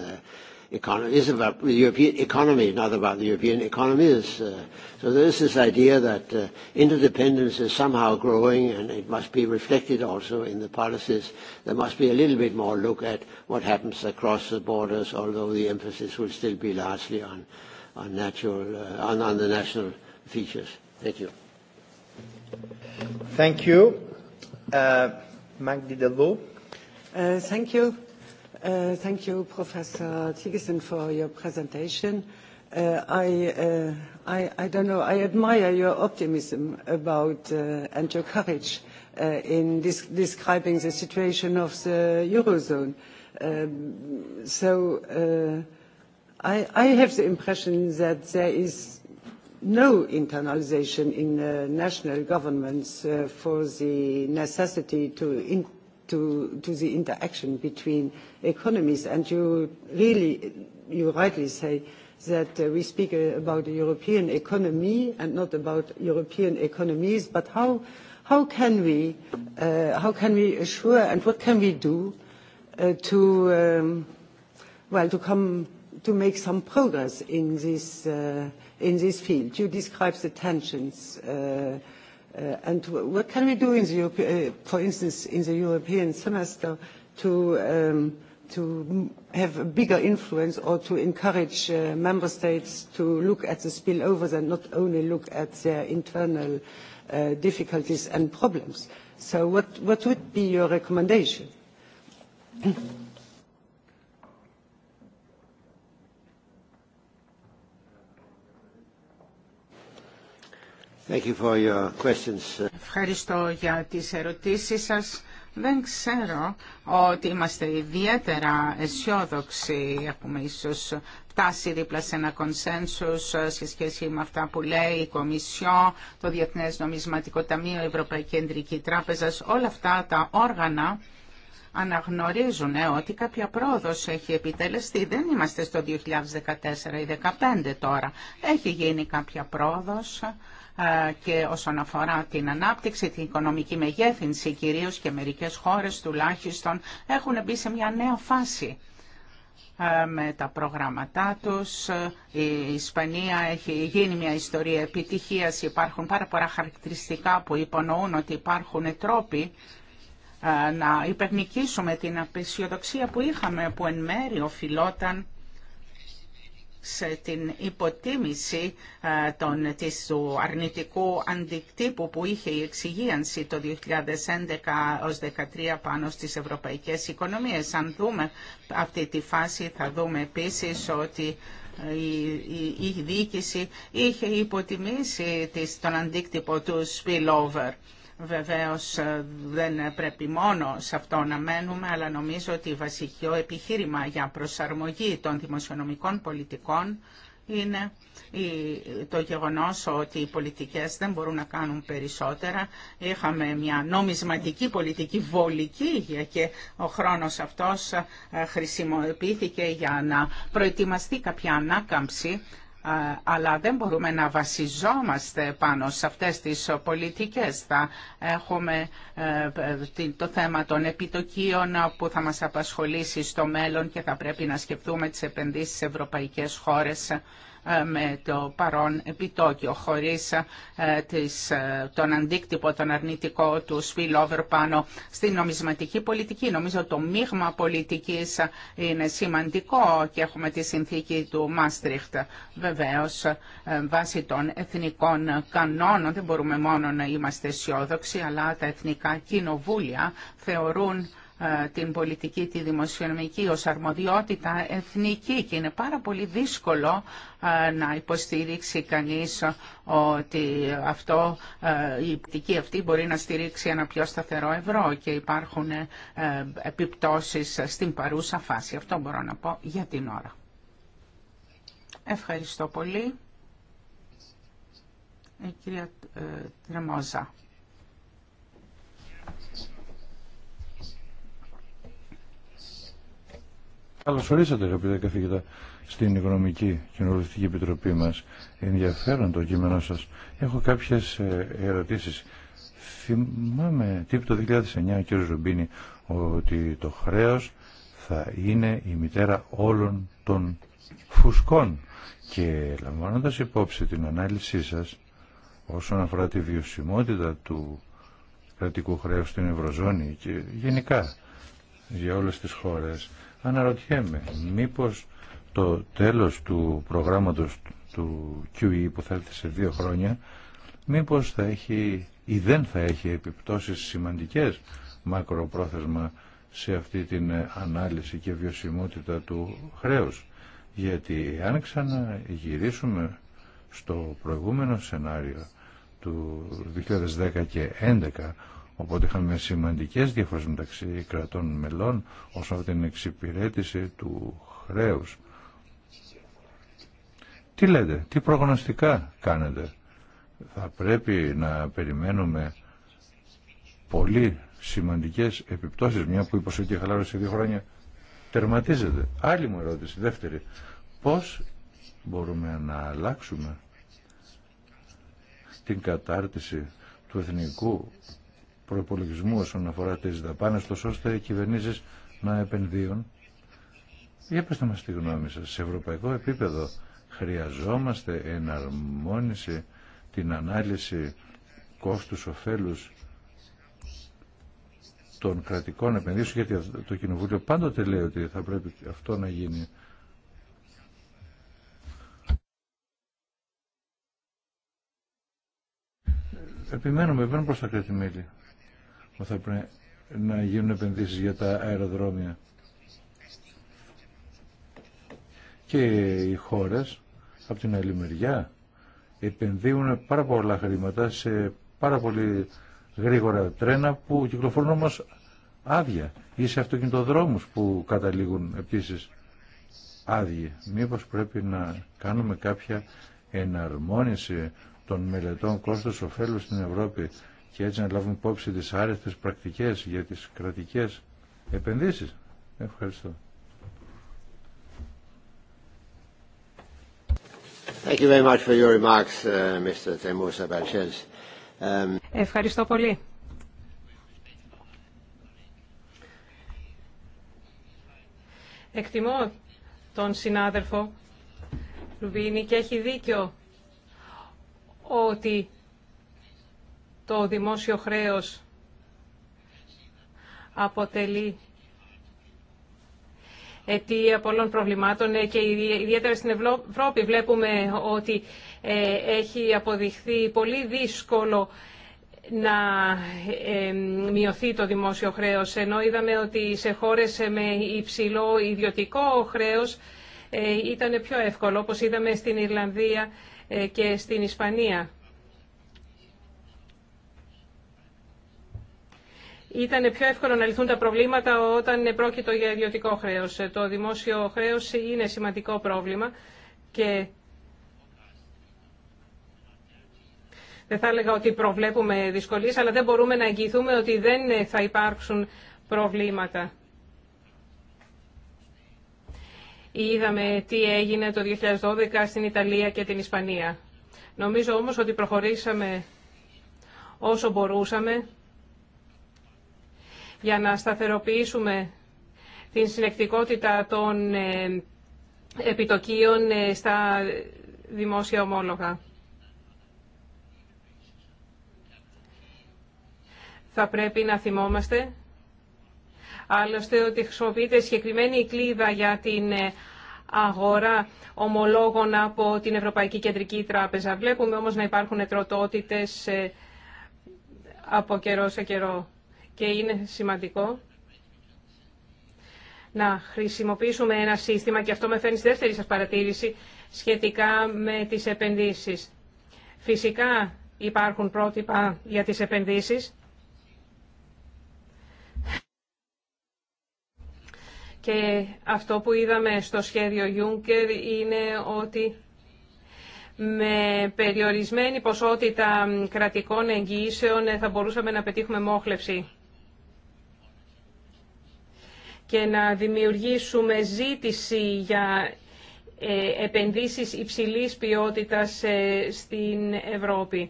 economy is about the European economy, not about the European economies. so there is this idea that uh, interdependence is somehow growing and it must be reflected also in the policies. There must be a little bit more look at what happens across the borders, although the emphasis will still be largely on, on, natural, uh, on, on the national features. Thank you. Thank you. Magdi thank you. Thank you, Professor Thygesen, for your presentation. I don't know, I admire your optimism about and your courage in describing the situation of the Eurozone. So I have the impression that there is no internalization in national governments for the necessity to to the interaction between economies. And you really, you rightly say that we speak about the European economy and not about European economies, but how how can we how can we assure and what can we do to well to come to make some progress in this in this field? You describe the tensions And what can we do, in the for instance, in the European semester to to have a bigger influence or to encourage member states to look at the spillovers and not only look at their internal difficulties and problems? So what what would be your recommendation? Ευχαριστώ για τις ερωτήσεις σας. Δεν ξέρω ότι είμαστε ιδιαίτερα αισιόδοξοι, έχουμε ίσως φτάσει δίπλα σε ένα κονσένσους ε, σε σχέση με αυτά που λέει η Κομισιό, το Διεθνές Νομισματικό Ταμείο, η Ευρωπαϊκή Κεντρική Τράπεζα, όλα αυτά τα όργανα αναγνωρίζουν ε, ότι κάποια πρόοδος έχει επιτελεστεί. Δεν είμαστε στο 2014 ή 2015 τώρα. Έχει γίνει κάποια πρόοδος και όσον αφορά την ανάπτυξη, την οικονομική μεγέθυνση κυρίως και μερικές χώρες τουλάχιστον έχουν μπει σε μια νέα φάση με τα προγράμματά τους. Η Ισπανία έχει γίνει μια ιστορία επιτυχίας. Υπάρχουν πάρα πολλά χαρακτηριστικά που υπονοούν ότι υπάρχουν τρόποι να υπερνικήσουμε την απεσιοδοξία που είχαμε, που εν μέρει οφειλόταν σε την υποτίμηση ε, των, της, του αρνητικού αντικτύπου που είχε η εξυγίανση το 2011 ως 2013 πάνω στις ευρωπαϊκές οικονομίες. Αν δούμε αυτή τη φάση θα δούμε επίσης ότι ε, η, η, η διοίκηση είχε υποτιμήσει τον αντίκτυπο του spillover Βεβαίως ε, δεν πρέπει μόνο σε αυτό να μένουμε, αλλά νομίζω ότι βασικό επιχείρημα για προσαρμογή των δημοσιονομικών πολιτικών είναι το γεγονός ότι οι πολιτικές δεν μπορούν να κάνουν περισσότερα. Είχαμε μια νομισματική πολιτική βολική και ο χρόνος αυτός ε, χρησιμοποιήθηκε για να προετοιμαστεί κάποια ανάκαμψη αλλά δεν μπορούμε να βασιζόμαστε πάνω σε αυτές τις πολιτικές. Θα έχουμε ε, το θέμα των επιτοκίων που θα μας απασχολήσει στο μέλλον και θα πρέπει να σκεφτούμε τις επενδύσεις σε ευρωπαϊκές χώρες ε, με το παρόν επιτόκιο, χωρίς ε, ε, τον αντίκτυπο, τον αρνητικό του spillover πάνω στην νομισματική πολιτική. Νομίζω το μείγμα πολιτικής είναι σημαντικό και έχουμε τη συνθήκη του Μάστριχτ. Βεβαίως, βάσει των εθνικών κανόνων δεν μπορούμε μόνο να είμαστε αισιόδοξοι, αλλά τα εθνικά κοινοβούλια θεωρούν ε, την πολιτική, τη δημοσιονομική ως αρμοδιότητα εθνική και είναι πάρα πολύ δύσκολο ε, να υποστηρίξει κανείς ότι αυτό, ε, η πτική αυτή μπορεί να στηρίξει ένα πιο σταθερό ευρώ και υπάρχουν επιπτώσεις στην παρούσα φάση. Αυτό μπορώ να πω για την ώρα. Ευχαριστώ πολύ. Η κυρία Τρεμόζα. Καλώς ορίσατε αγαπητέ καθηγητά στην Οικονομική Κοινοβουλευτική Επιτροπή μας. Ενδιαφέρον το κείμενό σας. Έχω κάποιες ε, ερωτήσεις. Θυμάμαι τύπου το 2009 ο Ζουμπίνη ότι το χρέος θα είναι η μητέρα όλων των φουσκών και λαμβάνοντας υπόψη την ανάλυση σας όσον αφορά τη βιωσιμότητα του κρατικού χρέους στην Ευρωζώνη και γενικά για όλες τις χώρες Αναρωτιέμαι, μήπως το τέλος του προγράμματος του QE που θα έρθει σε δύο χρόνια, μήπως θα έχει ή δεν θα έχει επιπτώσεις σημαντικές μακροπρόθεσμα σε αυτή την ανάλυση και βιωσιμότητα του χρέους. Γιατί αν ξαναγυρίσουμε στο προηγούμενο σενάριο του 2010 και 2011 Οπότε είχαμε σημαντικές διαφορές μεταξύ κρατών μελών όσον αφορά την εξυπηρέτηση του χρέους. Τι λέτε, τι προγνωστικά κάνετε. Θα πρέπει να περιμένουμε πολύ σημαντικές επιπτώσεις, μια που η ποσοτική χαλάρωση δύο χρόνια τερματίζεται. Άλλη μου ερώτηση, δεύτερη. Πώς μπορούμε να αλλάξουμε την κατάρτιση του εθνικού προπολογισμού όσον αφορά τι δαπάνε, τόσο ώστε οι κυβερνήσει να επενδύουν. Για πετε μα τη γνώμη σα σε ευρωπαϊκό επίπεδο χρειαζόμαστε εναρμόνιση, την ανάλυση κόστους οφέλους των κρατικών επενδύσεων, γιατί το Κοινοβούλιο πάντοτε λέει ότι θα πρέπει αυτό να γίνει. Επιμένουμε, επιμένουμε προς τα κρατημέλη θα πρέπει να γίνουν επενδύσεις για τα αεροδρόμια. Και οι χώρες, από την άλλη μεριά, επενδύουν πάρα πολλά χρήματα σε πάρα πολύ γρήγορα τρένα που κυκλοφορούν όμως άδεια ή σε αυτοκινητοδρόμους που καταλήγουν επίσης άδεια. Μήπως πρέπει να κάνουμε κάποια εναρμόνιση των μελετών κόστος κόστος-οφέλους στην Ευρώπη και έτσι να λάβουμε υπόψη τις άρεστες πρακτικές για τις κρατικές επενδύσεις. Ευχαριστώ. Thank you very much for your remarks, uh, Mr. Um, Ευχαριστώ πολύ. Εκτιμώ τον συνάδελφο Λουβίνη και έχει δίκιο ότι το δημόσιο χρέος αποτελεί αιτία πολλών προβλημάτων ε, και ιδιαίτερα στην Ευρώπη βλέπουμε ότι ε, έχει αποδειχθεί πολύ δύσκολο να ε, μειωθεί το δημόσιο χρέος, ενώ είδαμε ότι σε χώρες με υψηλό ιδιωτικό χρέος ήταν πιο εύκολο, όπως είδαμε στην Ιρλανδία και στην Ισπανία. Ήταν πιο εύκολο να λυθούν τα προβλήματα όταν πρόκειται για ιδιωτικό χρέο. Το δημόσιο χρέο είναι σημαντικό πρόβλημα και δεν θα έλεγα ότι προβλέπουμε δυσκολίες, αλλά δεν μπορούμε να εγγυηθούμε ότι δεν θα υπάρξουν προβλήματα. Είδαμε τι έγινε το 2012 στην Ιταλία και την Ισπανία. Νομίζω όμως ότι προχωρήσαμε όσο μπορούσαμε για να σταθεροποιήσουμε την συνεκτικότητα των ε, επιτοκίων ε, στα δημόσια ομόλογα. Θα πρέπει να θυμόμαστε άλλωστε ότι χρησιμοποιείται συγκεκριμένη κλίδα για την ε, αγορά ομολόγων από την Ευρωπαϊκή Κεντρική Τράπεζα. Βλέπουμε όμως να υπάρχουν τροτότητες από καιρό σε καιρό και είναι σημαντικό να χρησιμοποιήσουμε ένα σύστημα και αυτό με φέρνει στη δεύτερη σας παρατήρηση σχετικά με τις επενδύσεις. Φυσικά υπάρχουν πρότυπα για τις επενδύσεις και αυτό που είδαμε στο σχέδιο Juncker είναι ότι με περιορισμένη ποσότητα κρατικών εγγυήσεων θα μπορούσαμε να πετύχουμε μόχλευση και να δημιουργήσουμε ζήτηση για ε, επενδύσεις υψηλής ποιότητας ε, στην Ευρώπη.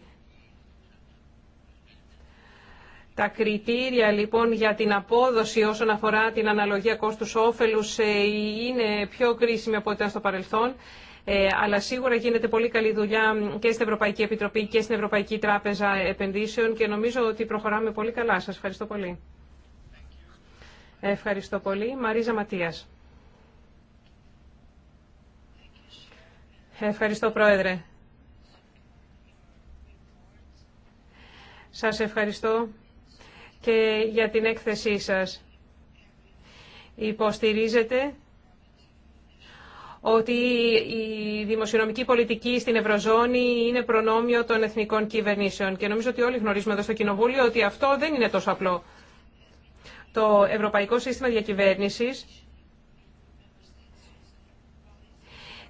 Τα κριτήρια λοιπόν για την απόδοση όσον αφορά την αναλογία κόστους όφελους ε, είναι πιο κρίσιμη από ό,τι ήταν στο παρελθόν. αλλά σίγουρα γίνεται πολύ καλή δουλειά και στην Ευρωπαϊκή Επιτροπή και στην Ευρωπαϊκή Τράπεζα Επενδύσεων και νομίζω ότι προχωράμε πολύ καλά. Σας ευχαριστώ πολύ. Ευχαριστώ πολύ. Μαρίζα Ματίας. Ευχαριστώ, Πρόεδρε. Σας ευχαριστώ και για την έκθεσή σας. Υποστηρίζετε ότι η δημοσιονομική πολιτική στην Ευρωζώνη είναι προνόμιο των εθνικών κυβερνήσεων. Και νομίζω ότι όλοι γνωρίζουμε εδώ στο Κοινοβούλιο ότι αυτό δεν είναι τόσο απλό το Ευρωπαϊκό Σύστημα Διακυβέρνησης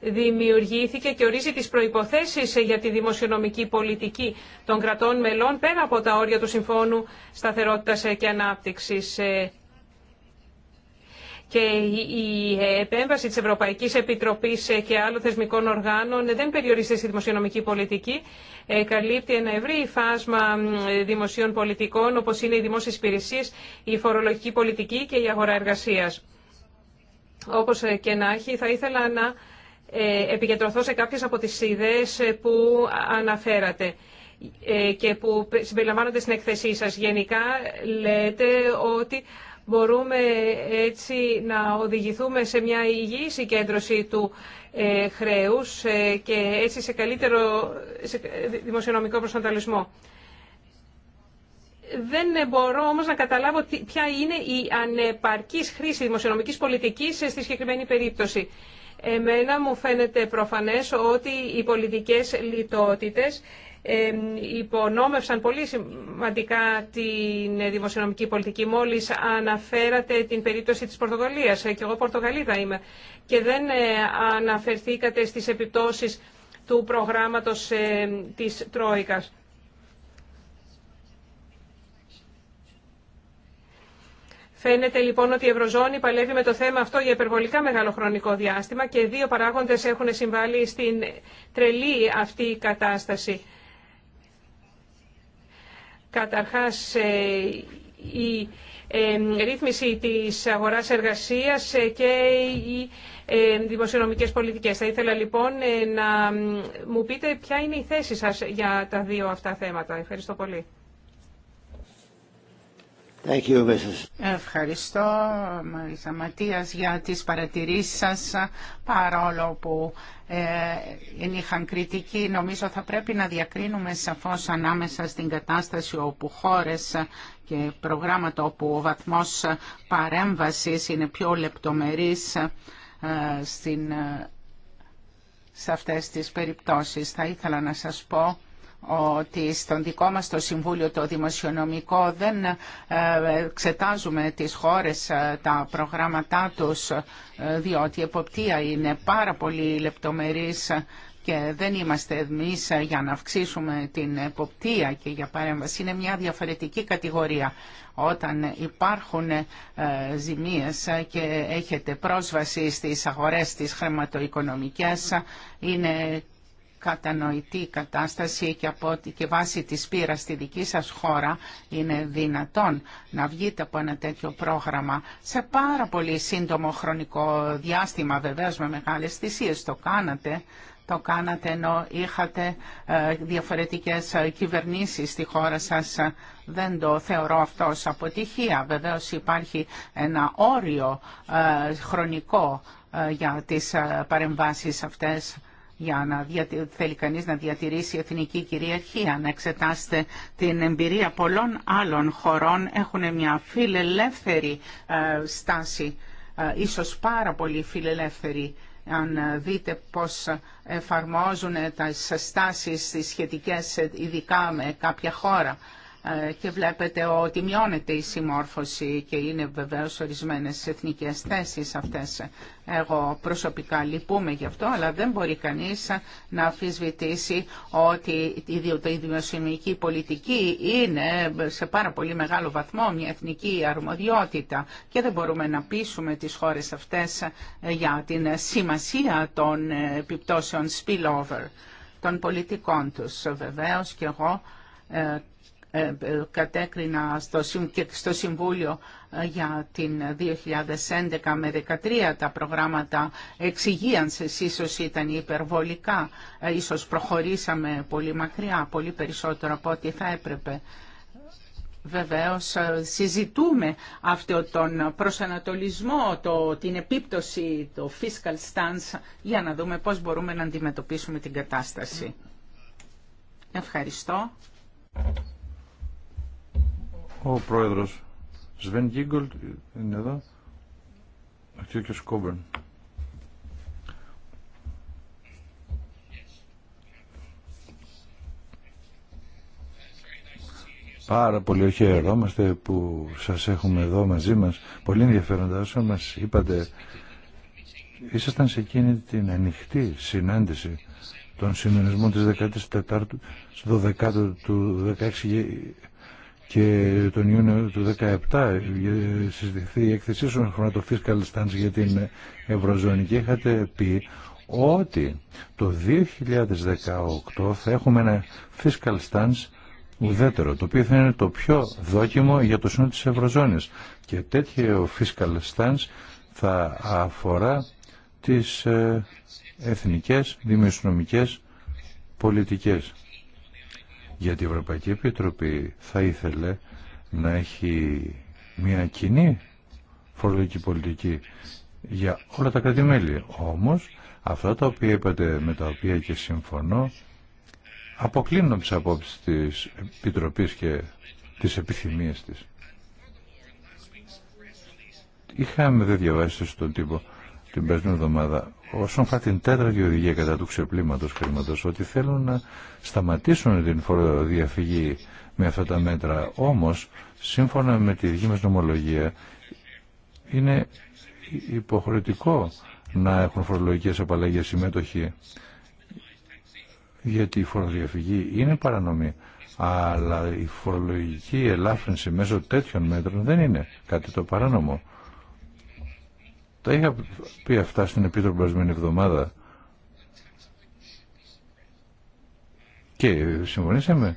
δημιουργήθηκε και ορίζει τις προϋποθέσεις για τη δημοσιονομική πολιτική των κρατών μελών πέρα από τα όρια του Συμφώνου Σταθερότητας και Ανάπτυξης. Ε, και η ε, επέμβαση της Ευρωπαϊκής Επιτροπής ε, και άλλων θεσμικών οργάνων ε, δεν περιορίζεται στη δημοσιονομική πολιτική. Καλύπτει ένα ευρύ φάσμα δημοσίων πολιτικών όπως είναι οι δημόσιες υπηρεσίες, η φορολογική πολιτική και η αγορά εργασίας. Όπως και να έχει, θα ήθελα να επικεντρωθώ σε κάποιες από τις ιδέες που αναφέρατε και που συμπεριλαμβάνονται στην εκθεσή σας. Γενικά λέτε ότι Μπορούμε έτσι να οδηγηθούμε σε μια υγιή συγκέντρωση του ε, χρέους ε, και έτσι σε καλύτερο δημοσιονομικό προσανατολισμό. Δεν μπορώ όμως να καταλάβω ποια είναι η ανεπαρκής χρήση δημοσιονομικής πολιτικής στη συγκεκριμένη περίπτωση. Εμένα μου φαίνεται προφανές ότι οι πολιτικές λιτότητες υπονόμευσαν πολύ σημαντικά την δημοσιονομική πολιτική. Μόλις αναφέρατε την περίπτωση της Πορτογαλίας, ε, και εγώ Πορτογαλίδα είμαι, και δεν ε, αναφερθήκατε στις επιπτώσεις του προγράμματος ε, της Τρόικας. Φαίνεται λοιπόν ότι η Ευρωζώνη παλεύει με το θέμα αυτό για υπερβολικά μεγάλο χρονικό διάστημα και δύο παράγοντες έχουν συμβάλει στην τρελή αυτή κατάσταση. Καταρχάς, ε, η ε, ρύθμιση της αγοράς εργασίας ε, και οι δημοσιονομικές πολιτικές. Θα ήθελα λοιπόν να μου πείτε ποια είναι η θέση σας για τα δύο αυτά θέματα. Ευχαριστώ πολύ. Ευχαριστώ, Μαρίσα Ματίας, για τις παρατηρήσεις σας, παρόλο που ε, είχαν κριτική. Νομίζω θα πρέπει να διακρίνουμε σαφώς ανάμεσα στην κατάσταση όπου χώρες και προγράμματα όπου ο βαθμός παρέμβασης είναι πιο λεπτομερής ε, στην, ε, σε αυτές τις περιπτώσεις. Θα ήθελα να σας πω ότι στον δικό μας το Συμβούλιο το Δημοσιονομικό δεν ε, εξετάζουμε τις χώρες, ε, τα προγράμματά τους, ε, διότι η εποπτεία είναι πάρα πολύ λεπτομερής και δεν είμαστε εμεί για να αυξήσουμε την εποπτεία και για παρέμβαση. Είναι μια διαφορετική κατηγορία. Όταν υπάρχουν ζημίες και έχετε πρόσβαση στις αγορές, τις χρηματοοικονομικές, είναι κατανοητή κατάσταση και, από, και βάσει της πείρα στη δική σας χώρα είναι δυνατόν να βγείτε από ένα τέτοιο πρόγραμμα σε πάρα πολύ σύντομο χρονικό διάστημα βεβαίως με μεγάλες θυσίες το κάνατε το κάνατε ενώ είχατε ε, διαφορετικές ε, κυβερνήσεις στη χώρα σας. Δεν το θεωρώ αυτό ως αποτυχία. Βεβαίως υπάρχει ένα όριο ε, χρονικό για τις παρεμβάσεις αυτές για να θέλει κανείς να διατηρήσει εθνική κυριαρχία. Να εξετάσετε την εμπειρία πολλών άλλων χωρών έχουν μια φιλελεύθερη ε, στάση, ε, ίσως πάρα πολύ φιλελεύθερη αν ε, δείτε πώς εφαρμόζουν τα στάσεις τις σχετικές ειδικά με κάποια χώρα. Ε, και βλέπετε ότι μειώνεται η συμμόρφωση και είναι βεβαίως ορισμένες εθνικές θέσεις αυτές. Εγώ προσωπικά λυπούμαι γι' αυτό, αλλά δεν μπορεί κανείς να αφισβητήσει ότι η δημοσιονομική πολιτική είναι σε πάρα πολύ μεγάλο βαθμό μια εθνική αρμοδιότητα και δεν μπορούμε να πείσουμε τις χώρες αυτές ε, για την σημασία των ε, επιπτώσεων spillover των πολιτικών τους. Βεβαίως και εγώ ε, κατέκρινα στο Συμβούλιο ε, για την 2011 με 2013 τα προγράμματα εξυγίανσης ίσως ήταν υπερβολικά, ε, ίσως προχωρήσαμε πολύ μακριά, πολύ περισσότερο από ό,τι θα έπρεπε. Βεβαίως συζητούμε αυτό τον προσανατολισμό, το, την επίπτωση, το fiscal stance για να δούμε πώς μπορούμε να αντιμετωπίσουμε την κατάσταση. Ευχαριστώ. Ο πρόεδρος Σβέν Γίγκολτ είναι εδώ. Ο κ. Σκόμπερν. Πάρα πολύ χαιρόμαστε που σας έχουμε εδώ μαζί μας. Πολύ ενδιαφέροντα όσο μας είπατε. Ήσασταν σε εκείνη την ανοιχτή συνάντηση των συνονισμών της 14ου, 12ου του 16 και τον Ιούνιο του 2017 συζητηθεί η έκθεσή σου χρόνο το fiscal stance για την Ευρωζώνη και είχατε πει ότι το 2018 θα έχουμε ένα fiscal stance ουδέτερο, το οποίο θα είναι το πιο δόκιμο για το σύνολο της Ευρωζώνης. Και τέτοιο fiscal stance θα αφορά τις ε, εθνικές δημοσιονομικές πολιτικές γιατί η Ευρωπαϊκή Επιτροπή θα ήθελε να έχει μια κοινή φορολογική πολιτική για όλα τα κρατημέλη. Όμως, αυτά τα οποία είπατε, με τα οποία και συμφωνώ, αποκλίνουν τις απόψεις της Επιτροπής και τις επιθυμίες της. Είχαμε δε διαβάσει στον τύπο την περσμένη εβδομάδα όσον αφορά την τέταρτη οδηγία κατά του ξεπλήματο χρήματο, ότι θέλουν να σταματήσουν την φοροδιαφυγή με αυτά τα μέτρα. Όμως, σύμφωνα με τη δική μα νομολογία, είναι υποχρεωτικό να έχουν φορολογικές απαλλαγές συμμετοχή γιατί η φοροδιαφυγή είναι παρανομή αλλά η φορολογική ελάφρυνση μέσω τέτοιων μέτρων δεν είναι κάτι το παράνομο. Τα είχα πει αυτά στην Επίτροπη εβδομάδα. Και συμφωνήσαμε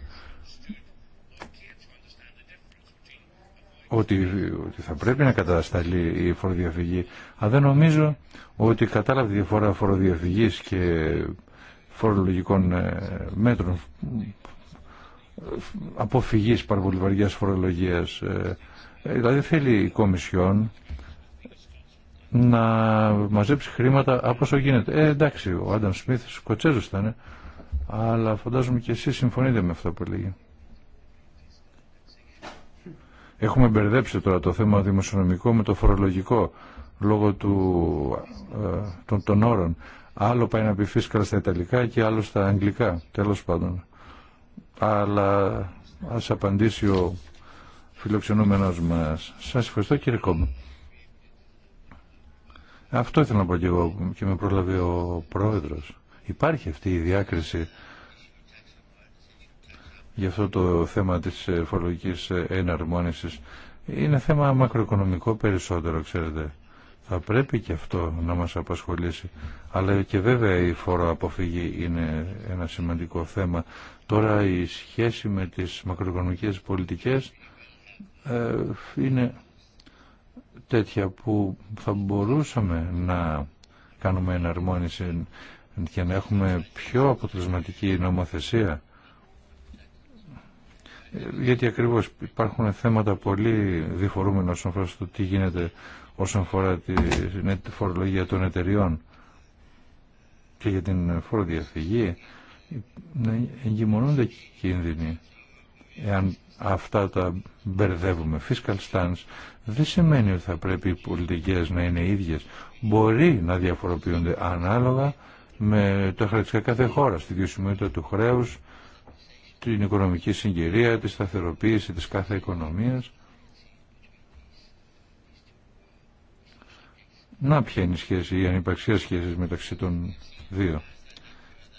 ότι, ότι θα πρέπει να κατασταλεί η φοροδιαφυγή. Αλλά δεν νομίζω ότι κατάλαβε τη διαφορά φοροδιαφυγής και φορολογικών ε, μέτρων αποφυγής παραβολιβαριάς φορολογίας. Ε, ε, δηλαδή θέλει η Κομισιόν να μαζέψει χρήματα από όσο γίνεται. Ε, εντάξει, ο Άνταμ Σμιθ Σκοτσέζος ήταν, ε, αλλά φαντάζομαι και εσεί συμφωνείτε με αυτό που λέγει. Έχουμε μπερδέψει τώρα το θέμα δημοσιονομικό με το φορολογικό λόγω του, ε, των, των όρων. Άλλο πάει να πει στα Ιταλικά και άλλο στα Αγγλικά, τέλος πάντων. Αλλά ας απαντήσει ο φιλοξενούμενος μας. Σας ευχαριστώ κύριε Κόμμα. Αυτό ήθελα να πω και εγώ και με προλαβεί ο πρόεδρος. Υπάρχει αυτή η διάκριση για αυτό το θέμα της ε, φορολογικής ε, εναρμόνισης. Είναι θέμα μακροοικονομικό περισσότερο, ξέρετε. Θα πρέπει και αυτό να μας απασχολήσει. Αλλά και βέβαια η φοροαποφυγή είναι ένα σημαντικό θέμα. Τώρα η σχέση με τις μακροοικονομικές πολιτικές ε, είναι τέτοια που θα μπορούσαμε να κάνουμε εναρμόνιση και να έχουμε πιο αποτελεσματική νομοθεσία γιατί ακριβώς υπάρχουν θέματα πολύ διφορούμενα όσον αφορά στο τι γίνεται όσον αφορά τη φορολογία των εταιριών και για την φοροδιαφυγή να εγκυμονούνται κίνδυνοι εάν αυτά τα μπερδεύουμε. Fiscal stance δεν σημαίνει ότι θα πρέπει οι πολιτικές να είναι ίδιες. Μπορεί να διαφοροποιούνται ανάλογα με τα χαρακτηριστικά κάθε χώρα, στη δυοσημότητα του χρέους, την οικονομική συγκυρία, τη σταθεροποίηση της κάθε οικονομίας. Να ποια είναι η σχέση, η ανυπαρξία σχέσης μεταξύ των δύο.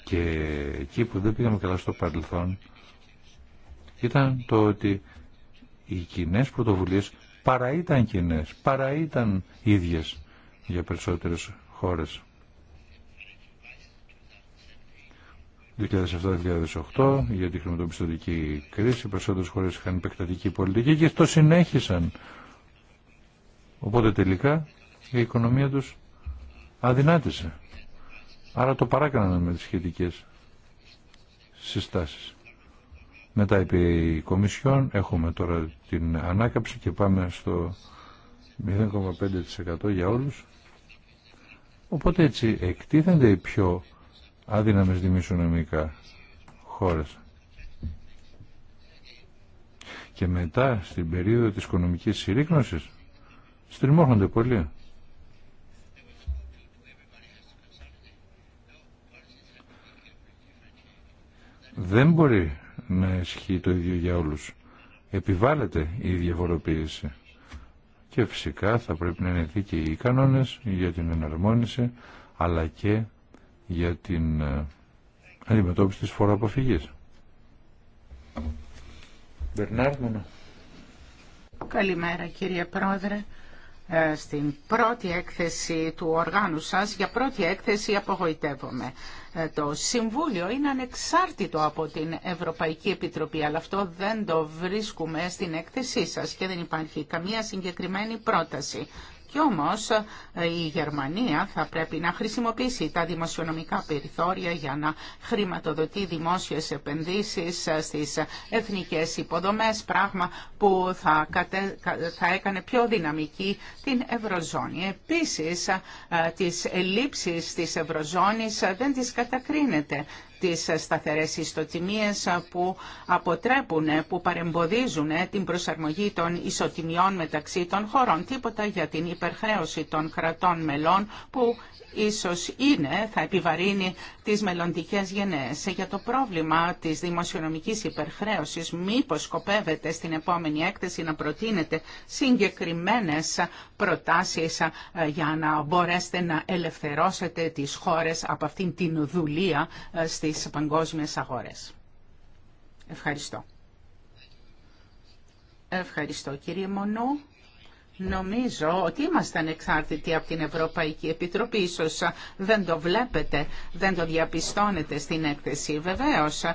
Και εκεί που δεν πήγαμε καλά στο παρελθόν, ήταν το ότι οι κοινέ πρωτοβουλίες παρά ήταν κοινέ, παρά ήταν ίδιες για περισσότερες χώρες. 2007-2008 για τη χρηματοπιστωτική κρίση, οι περισσότερες χώρες είχαν επεκτατική πολιτική και το συνέχισαν. Οπότε τελικά η οικονομία τους αδυνάτησε. Άρα το παράκαναν με τις σχετικές συστάσεις. Μετά είπε η Κομισιόν, έχουμε τώρα την ανάκαψη και πάμε στο 0,5% για όλους. Οπότε έτσι εκτίθενται οι πιο αδύναμες δημισιονομικά χώρες. Και μετά στην περίοδο της οικονομικής συρρήκνωσης στριμώχνονται πολύ. Δεν μπορεί να ισχύει το ίδιο για όλους. Επιβάλλεται η διαφοροποίηση. Και φυσικά θα πρέπει να είναι δίκαιοι οι κανόνες για την εναρμόνιση, αλλά και για την ε, αντιμετώπιση της φοροαποφυγής. Καλημέρα κύριε Πρόεδρε. Ε, στην πρώτη έκθεση του οργάνου σας, για πρώτη έκθεση απογοητεύομαι. Ε, το Συμβούλιο είναι ανεξάρτητο από την Ευρωπαϊκή Επιτροπή, αλλά αυτό δεν το βρίσκουμε στην έκθεσή σας και δεν υπάρχει καμία συγκεκριμένη πρόταση. Κι όμως ε, η Γερμανία θα πρέπει να χρησιμοποιήσει τα δημοσιονομικά περιθώρια για να χρηματοδοτεί δημόσιες επενδύσεις ε, στις εθνικές υποδομές, πράγμα που θα, θα έκανε πιο δυναμική την Ευρωζώνη. Επίσης, ε, τις ελλείψεις της Ευρωζώνης δεν τις κατακρίνεται τις σταθερές ιστοτιμίες που αποτρέπουν, που παρεμποδίζουν την προσαρμογή των ισοτιμιών μεταξύ των χωρών. Τίποτα για την υπερχρέωση των κρατών μελών που ίσως είναι, θα επιβαρύνει τις μελλοντικές γενναίες. Για το πρόβλημα της δημοσιονομικής υπερχρέωσης, μήπως σκοπεύετε στην επόμενη έκθεση να προτείνετε συγκεκριμένες προτάσεις ε, για να μπορέσετε να ελευθερώσετε τις χώρες από αυτήν την δουλεία ε, σε παγκόσμιες αγορές. Ευχαριστώ. Ευχαριστώ κύριε Μονού. Νομίζω ότι είμαστε ανεξάρτητοι από την Ευρωπαϊκή Επιτροπή. Ίσως δεν το βλέπετε, δεν το διαπιστώνετε στην έκθεση. Βεβαίως, ε,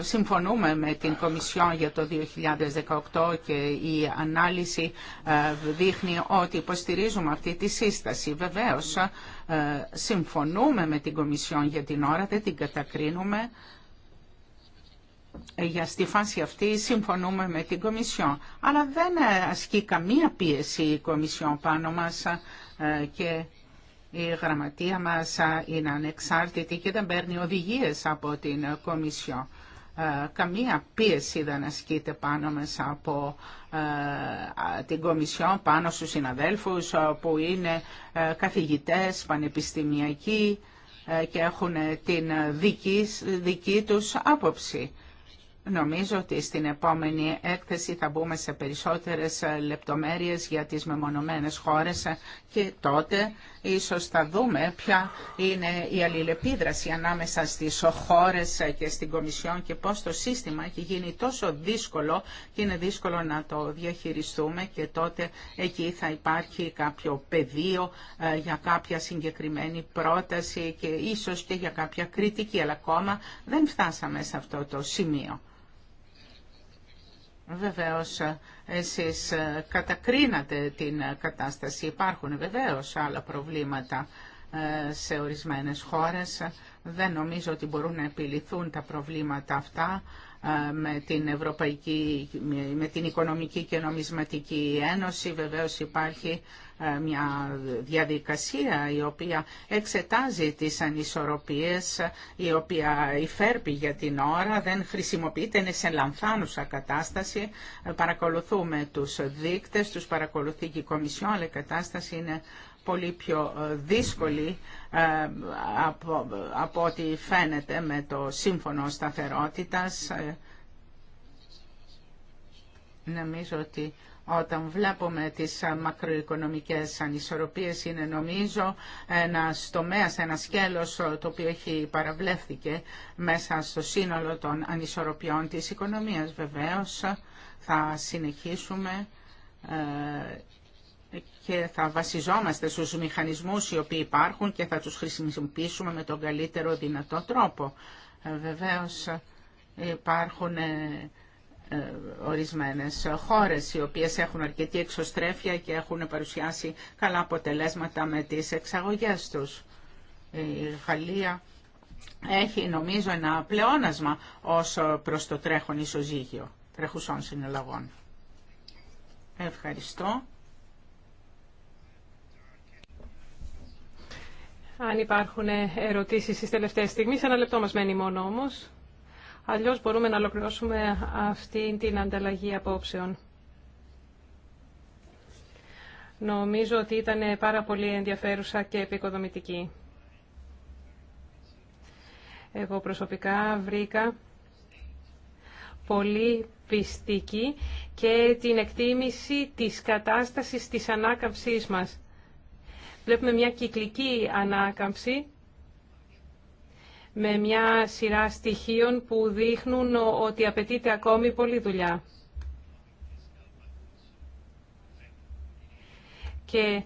συμφωνούμε με την Κομισιόν για το 2018 και η ανάλυση ε, δείχνει ότι υποστηρίζουμε αυτή τη σύσταση. Βεβαίως, ε, ε, συμφωνούμε με την Κομισιόν για την ώρα, δεν την κατακρίνουμε. Ε, για στη φάση αυτή συμφωνούμε με την Κομισιόν. Αλλά δεν ε, ασκεί καμία πίεση η Κομισιόν πάνω μας και η γραμματεία μας είναι ανεξάρτητη και δεν παίρνει οδηγίες από την Κομισιόν. Ε, καμία πίεση δεν ασκείται πάνω μας από ε, την Κομισιόν, πάνω στους συναδέλφους ε, που είναι καθηγητές, πανεπιστημιακοί και έχουν την δική, δική τους άποψη. Νομίζω ότι στην επόμενη έκθεση θα μπούμε σε περισσότερες λεπτομέρειες για τις μεμονωμένες χώρες και τότε Ίσως θα δούμε ποια είναι η αλληλεπίδραση ανάμεσα στις χώρες και στην Κομισιόν και πώς το σύστημα έχει γίνει τόσο δύσκολο και είναι δύσκολο να το διαχειριστούμε και τότε εκεί θα υπάρχει κάποιο πεδίο ε, για κάποια συγκεκριμένη πρόταση και ίσως και για κάποια κριτική, αλλά ακόμα δεν φτάσαμε σε αυτό το σημείο. Βεβαίως εσείς ε, κατακρίνατε την ε, κατάσταση. Υπάρχουν ε, βεβαίως άλλα προβλήματα σε ορισμένες χώρες. Δεν νομίζω ότι μπορούν να επιληθούν τα προβλήματα αυτά με την, Ευρωπαϊκή, με την Οικονομική και Νομισματική Ένωση. Βεβαίως υπάρχει ε, μια διαδικασία η οποία εξετάζει τις ανισορροπίες, η οποία υφέρπει για την ώρα, δεν χρησιμοποιείται, είναι σε λανθάνουσα κατάσταση. Ε, παρακολουθούμε τους δείκτες, τους παρακολουθεί και η Κομισιόν, αλλά η κατάσταση είναι πολύ πιο ε, δύσκολη από, από ό,τι φαίνεται με το Σύμφωνο Σταθερότητας. Νομίζω ότι όταν βλέπουμε τις μακροοικονομικές ανισορροπίες είναι νομίζω ένα τομέα, ένα σκέλος το οποίο έχει παραβλέφθηκε μέσα στο σύνολο των ανισορροπιών της οικονομίας. Βεβαίως θα συνεχίσουμε ε, και θα βασιζόμαστε στους μηχανισμούς οι οποίοι υπάρχουν και θα τους χρησιμοποιήσουμε με τον καλύτερο δυνατό τρόπο. Ε, βεβαίως υπάρχουν ε, ε, ορισμένες χώρες οι οποίες έχουν αρκετή εξωστρέφεια και έχουν παρουσιάσει καλά αποτελέσματα με τις εξαγωγές τους. Η Γαλλία έχει νομίζω ένα πλεόνασμα ως προς το τρέχον ισοζύγιο τρεχουσών συναλλαγών. Ευχαριστώ. Αν υπάρχουν ερωτήσεις στις τελευταίες στιγμές, ένα λεπτό μας μένει μόνο όμως. Αλλιώς μπορούμε να ολοκληρώσουμε αυτή την ανταλλαγή απόψεων. Νομίζω ότι ήταν πάρα πολύ ενδιαφέρουσα και επικοδομητική. Εγώ προσωπικά βρήκα πολύ πιστική και την εκτίμηση της κατάστασης της ανάκαμψής μας. Βλέπουμε μια κυκλική ανάκαμψη με μια σειρά στοιχείων που δείχνουν ότι απαιτείται ακόμη πολλή δουλειά. Και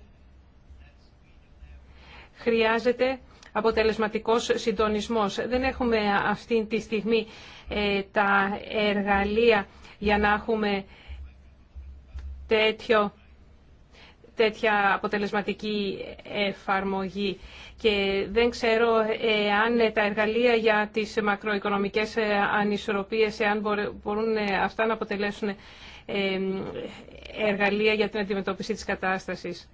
χρειάζεται αποτελεσματικός συντονισμός. Δεν έχουμε αυτή τη στιγμή ε, τα εργαλεία για να έχουμε τέτοιο, τέτοια αποτελεσματική εφαρμογή και δεν ξέρω αν τα εργαλεία για τις μακροοικονομικές ε, ανισορροπίες, αν μπορούν ε, αυτά να αποτελέσουν ε, εργαλεία για την αντιμετώπιση της κατάστασης.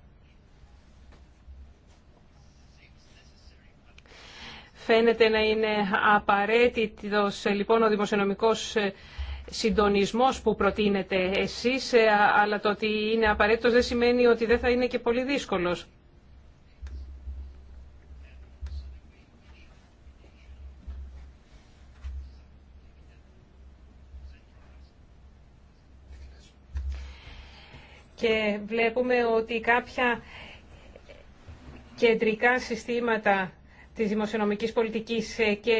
Φαίνεται να είναι απαραίτητος λοιπόν ο δημοσιονομικός συντονισμός που προτείνετε εσείς, αλλά το ότι είναι απαραίτητος δεν σημαίνει ότι δεν θα είναι και πολύ δύσκολος. και βλέπουμε ότι κάποια κεντρικά συστήματα της δημοσιονομικής πολιτικής και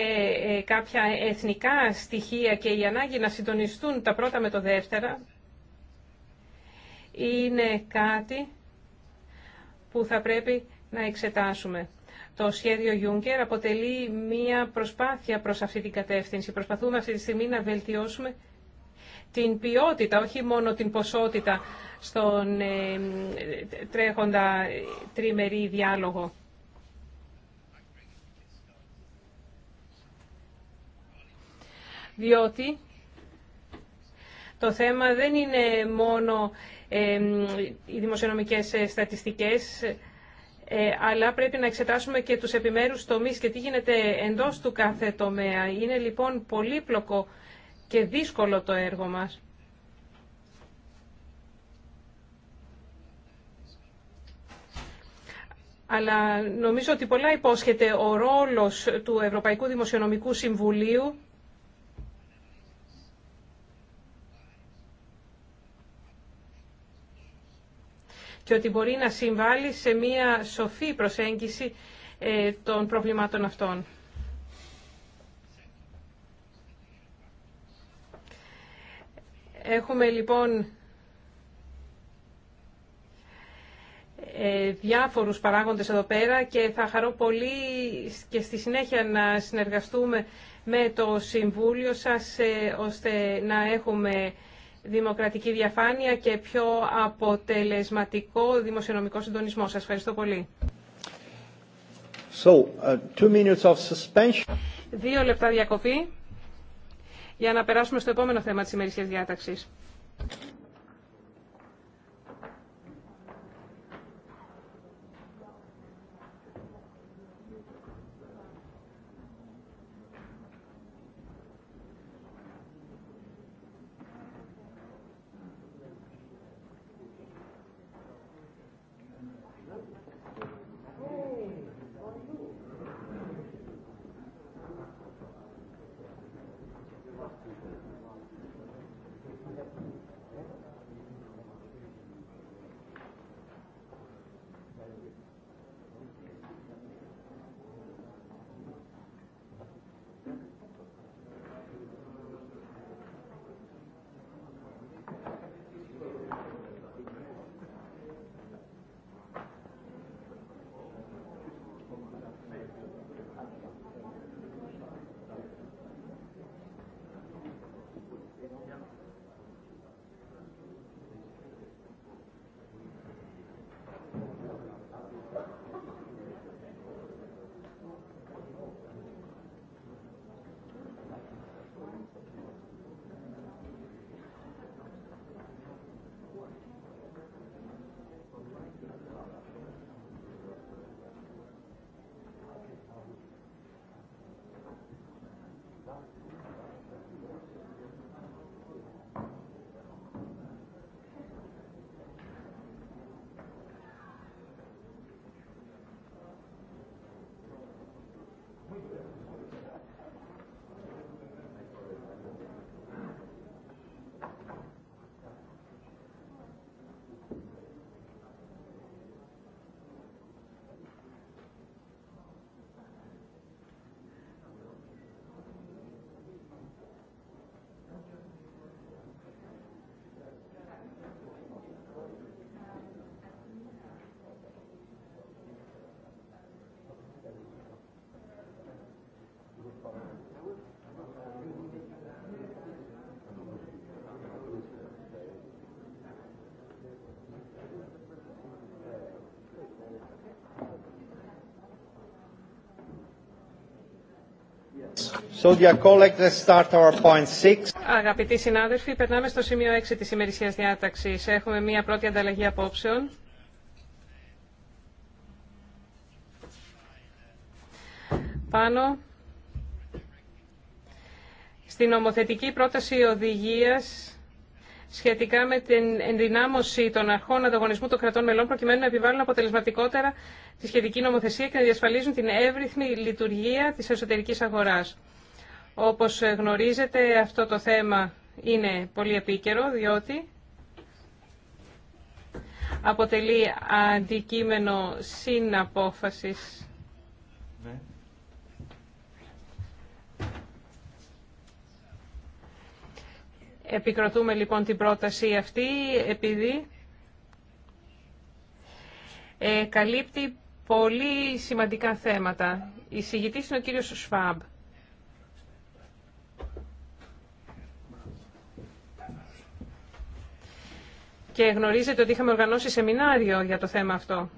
ε, κάποια εθνικά στοιχεία και η ανάγκη να συντονιστούν τα πρώτα με το δεύτερα είναι κάτι που θα πρέπει να εξετάσουμε. Το σχέδιο Juncker αποτελεί μία προσπάθεια προς αυτή την κατεύθυνση. Προσπαθούμε αυτή τη στιγμή να βελτιώσουμε την ποιότητα, όχι μόνο την ποσότητα στον ε, τρέχοντα τριμερή διάλογο. Διότι το θέμα δεν είναι μόνο ε, οι δημοσιονομικές ε, στατιστικές, αλλά πρέπει να εξετάσουμε και τους επιμέρους τομείς και τι γίνεται εντός του κάθε τομέα. Είναι λοιπόν πολύπλοκο και δύσκολο το έργο μας. Αλλά νομίζω ότι πολλά υπόσχεται ο ρόλος του Ευρωπαϊκού Δημοσιονομικού Συμβουλίου και ότι μπορεί να συμβάλλει σε μία σοφή προσέγγιση ε, των προβλημάτων αυτών. Έχουμε λοιπόν ε, διάφορους παράγοντες εδώ πέρα και θα χαρώ πολύ και στη συνέχεια να συνεργαστούμε με το Συμβούλιο σας ε, ώστε να έχουμε δημοκρατική διαφάνεια και πιο αποτελεσματικό δημοσιονομικό συντονισμό. Σας ευχαριστώ πολύ. So, uh, two of suspension. Δύο λεπτά διακοπή για να περάσουμε στο επόμενο θέμα της ημερησίας διάταξης. Αγαπητοί συνάδελφοι, περνάμε στο σημείο 6 της ημερησίας διάταξης. Έχουμε μία πρώτη ανταλλαγή απόψεων. Πάνω στην νομοθετική πρόταση οδηγίας σχετικά με την ενδυνάμωση των αρχών ανταγωνισμού των κρατών μελών προκειμένου να επιβάλλουν αποτελεσματικότερα τη σχετική νομοθεσία και να διασφαλίζουν την εύρυθμη λειτουργία της εσωτερικής αγοράς. Όπως γνωρίζετε αυτό το θέμα είναι πολύ επίκαιρο διότι αποτελεί αντικείμενο συναπόφασης. Επικροτούμε λοιπόν την πρόταση αυτή επειδή ε, καλύπτει πολύ σημαντικά θέματα. Η συγητής είναι ο κύριος Σφάμπ. και γνωρίζετε ότι είχαμε οργανώσει σεμινάριο για το θέμα αυτό.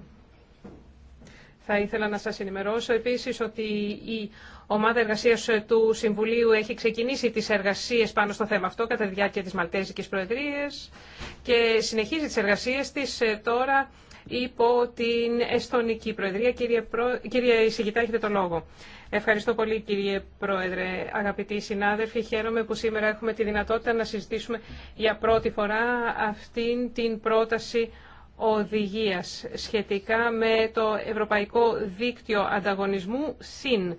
Θα ήθελα να σας ενημερώσω επίσης ότι η ομάδα εργασίας του Συμβουλίου έχει ξεκινήσει τις εργασίες πάνω στο θέμα αυτό κατά τη διάρκεια της Μαλτέζικης Προεδρίας και συνεχίζει τις εργασίες της ε, τώρα υπό την Εστονική Προεδρία. Κύριε, Προ... έχετε το λόγο. Ευχαριστώ πολύ κύριε Πρόεδρε, αγαπητοί συνάδελφοι. Χαίρομαι που σήμερα έχουμε τη δυνατότητα να συζητήσουμε για πρώτη φορά αυτήν την πρόταση οδηγίας σχετικά με το Ευρωπαϊκό Δίκτυο Ανταγωνισμού ΣΥΝ.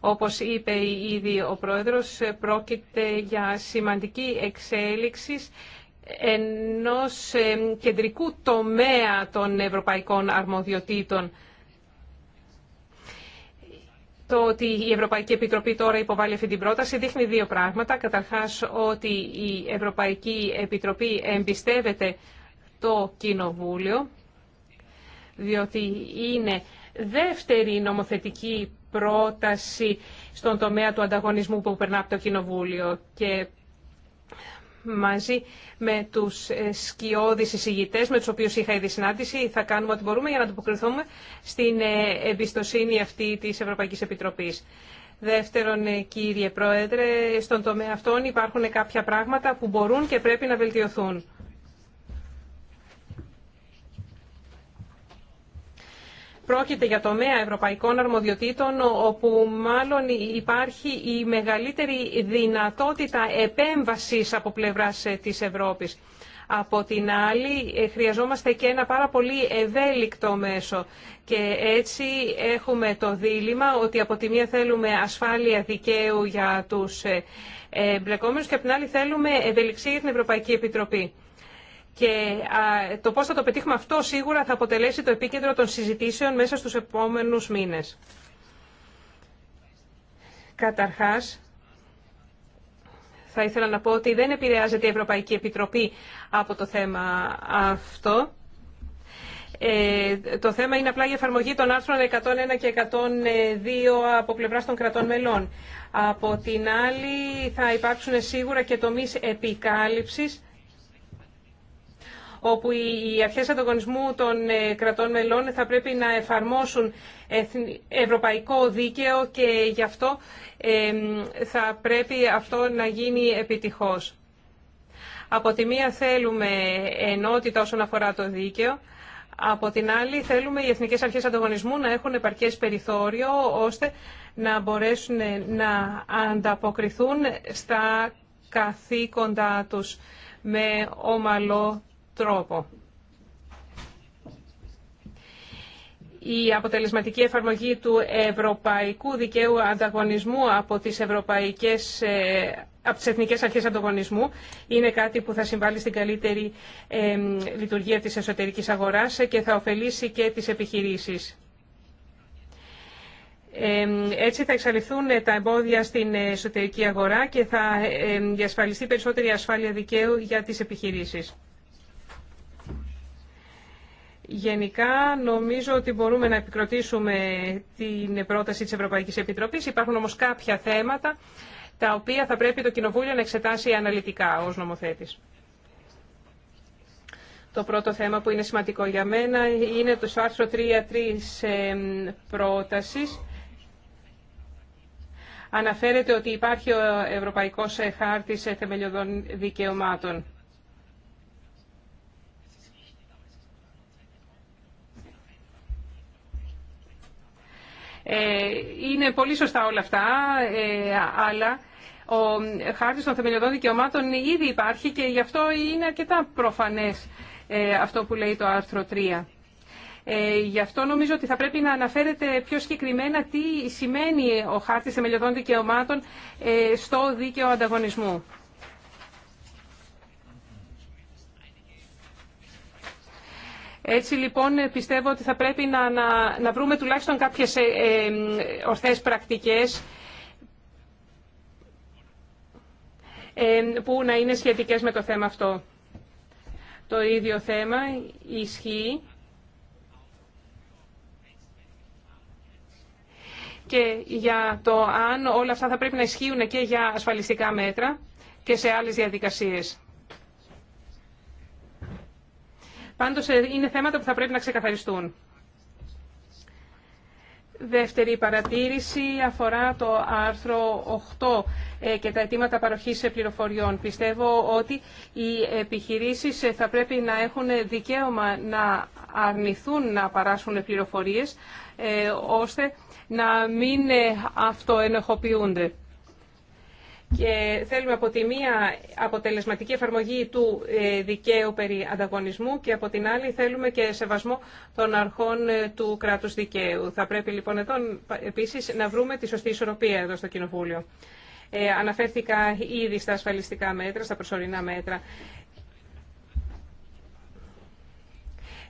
Όπως είπε ήδη ο Πρόεδρος, πρόκειται για σημαντική εξέλιξη ενός κεντρικού τομέα των ευρωπαϊκών αρμοδιοτήτων. Το ότι η Ευρωπαϊκή Επιτροπή τώρα υποβάλλει αυτή την πρόταση δείχνει δύο πράγματα. Καταρχάς ότι η Ευρωπαϊκή Επιτροπή εμπιστεύεται το Κοινοβούλιο, διότι είναι δεύτερη νομοθετική πρόταση στον τομέα του ανταγωνισμού που περνά από το Κοινοβούλιο. Και μαζί με του ε, σκιώδεις εισηγητές, με του οποίου είχα ήδη συνάντηση, θα κάνουμε ό,τι μπορούμε για να ανταποκριθούμε στην ε, εμπιστοσύνη αυτή τη Ευρωπαϊκή Επιτροπή. Δεύτερον, ε, κύριε Πρόεδρε, στον τομέα αυτών υπάρχουν κάποια πράγματα που μπορούν και πρέπει να βελτιωθούν. Πρόκειται για τομέα ευρωπαϊκών αρμοδιοτήτων όπου μάλλον υπάρχει η μεγαλύτερη δυνατότητα επέμβασης από πλευράς ε, της Ευρώπης. Από την άλλη, ε, χρειαζόμαστε και ένα πάρα πολύ ευέλικτο μέσο. Και έτσι έχουμε το δίλημα ότι από τη μία θέλουμε ασφάλεια δικαίου για τους ε, εμπλεκόμενους και από την άλλη θέλουμε ευελιξία για την Ευρωπαϊκή Επιτροπή. Και το πώς θα το πετύχουμε αυτό σίγουρα θα αποτελέσει το επίκεντρο των συζητήσεων μέσα στους επόμενους μήνες. Καταρχάς, θα ήθελα να πω ότι δεν επηρεάζεται η Ευρωπαϊκή Επιτροπή από το θέμα αυτό. Ε, το θέμα είναι απλά η εφαρμογή των άρθρων 101 και 102 από πλευράς των κρατών μελών. Από την άλλη θα υπάρξουν σίγουρα και τομείς επικάλυψης όπου οι αρχές ανταγωνισμού των ε, κρατών μελών θα πρέπει να εφαρμόσουν ευρωπαϊκό δίκαιο και γι' αυτό θα πρέπει αυτό να γίνει επιτυχώς. Από τη μία θέλουμε ενότητα όσον αφορά το δίκαιο, από την άλλη θέλουμε οι εθνικές αρχές ανταγωνισμού να έχουν επαρκές περιθώριο ώστε να μπορέσουν ε, να ανταποκριθούν στα καθήκοντά τους με ομαλό τρόπο. Η αποτελεσματική εφαρμογή του ευρωπαϊκού δικαίου ανταγωνισμού από τις, ευρωπαϊκές, ε, από τις εθνικές αρχές ανταγωνισμού είναι κάτι που θα συμβάλλει στην καλύτερη λειτουργία της εσωτερικής αγοράς και θα ωφελήσει και τις επιχειρήσεις. Έτσι θα εξαλειφθούν τα εμπόδια στην εσωτερική αγορά και θα διασφαλιστεί περισσότερη ασφάλεια δικαίου για τι επιχειρήσει. Γενικά νομίζω ότι μπορούμε να επικροτήσουμε την πρόταση της Ευρωπαϊκής Επιτροπής. Υπάρχουν όμως κάποια θέματα τα οποία θα πρέπει το Κοινοβούλιο να εξετάσει αναλυτικά ως νομοθέτης. Το πρώτο θέμα που είναι σημαντικό για μένα είναι το άρθρο 3.3 πρότασης. Αναφέρεται ότι υπάρχει ο Ευρωπαϊκός Χάρτης Θεμελιωδών Δικαιωμάτων. Ε, είναι πολύ σωστά όλα αυτά, ε, αλλά ο χάρτης των θεμελιωδών δικαιωμάτων ήδη υπάρχει και γι' αυτό είναι αρκετά προφανές ε, αυτό που λέει το άρθρο 3. γι' αυτό νομίζω ότι θα πρέπει να αναφέρετε πιο συγκεκριμένα τι σημαίνει ο χάρτης θεμελιωδών δικαιωμάτων στο δίκαιο ανταγωνισμού. Έτσι λοιπόν πιστεύω ότι θα πρέπει να, να, να βρούμε τουλάχιστον κάποιες ε, ε ορθές πρακτικές ε, που να είναι σχετικές με το θέμα αυτό. Το ίδιο θέμα ισχύει και για το αν όλα αυτά θα πρέπει να ισχύουν και για ασφαλιστικά μέτρα και σε άλλες διαδικασίες. Πάντως ε, είναι θέματα που θα πρέπει να ξεκαθαριστούν. Δεύτερη παρατήρηση αφορά το άρθρο 8 ε, και τα αιτήματα παροχής ε, πληροφοριών. Πιστεύω ότι οι επιχειρήσεις θα πρέπει να έχουν δικαίωμα να αρνηθούν να παράσουν πληροφορίες, ώστε να μην αυτοενεχοποιούνται και θέλουμε από τη μία αποτελεσματική εφαρμογή του ε, δικαίου περί ανταγωνισμού και από την άλλη θέλουμε και σεβασμό των αρχών ε, του κράτους δικαίου. Θα πρέπει λοιπόν εδώ επίσης να βρούμε τη σωστή ισορροπία εδώ στο Κοινοβούλιο. Ε, αναφέρθηκα ήδη στα ασφαλιστικά μέτρα, στα προσωρινά μέτρα.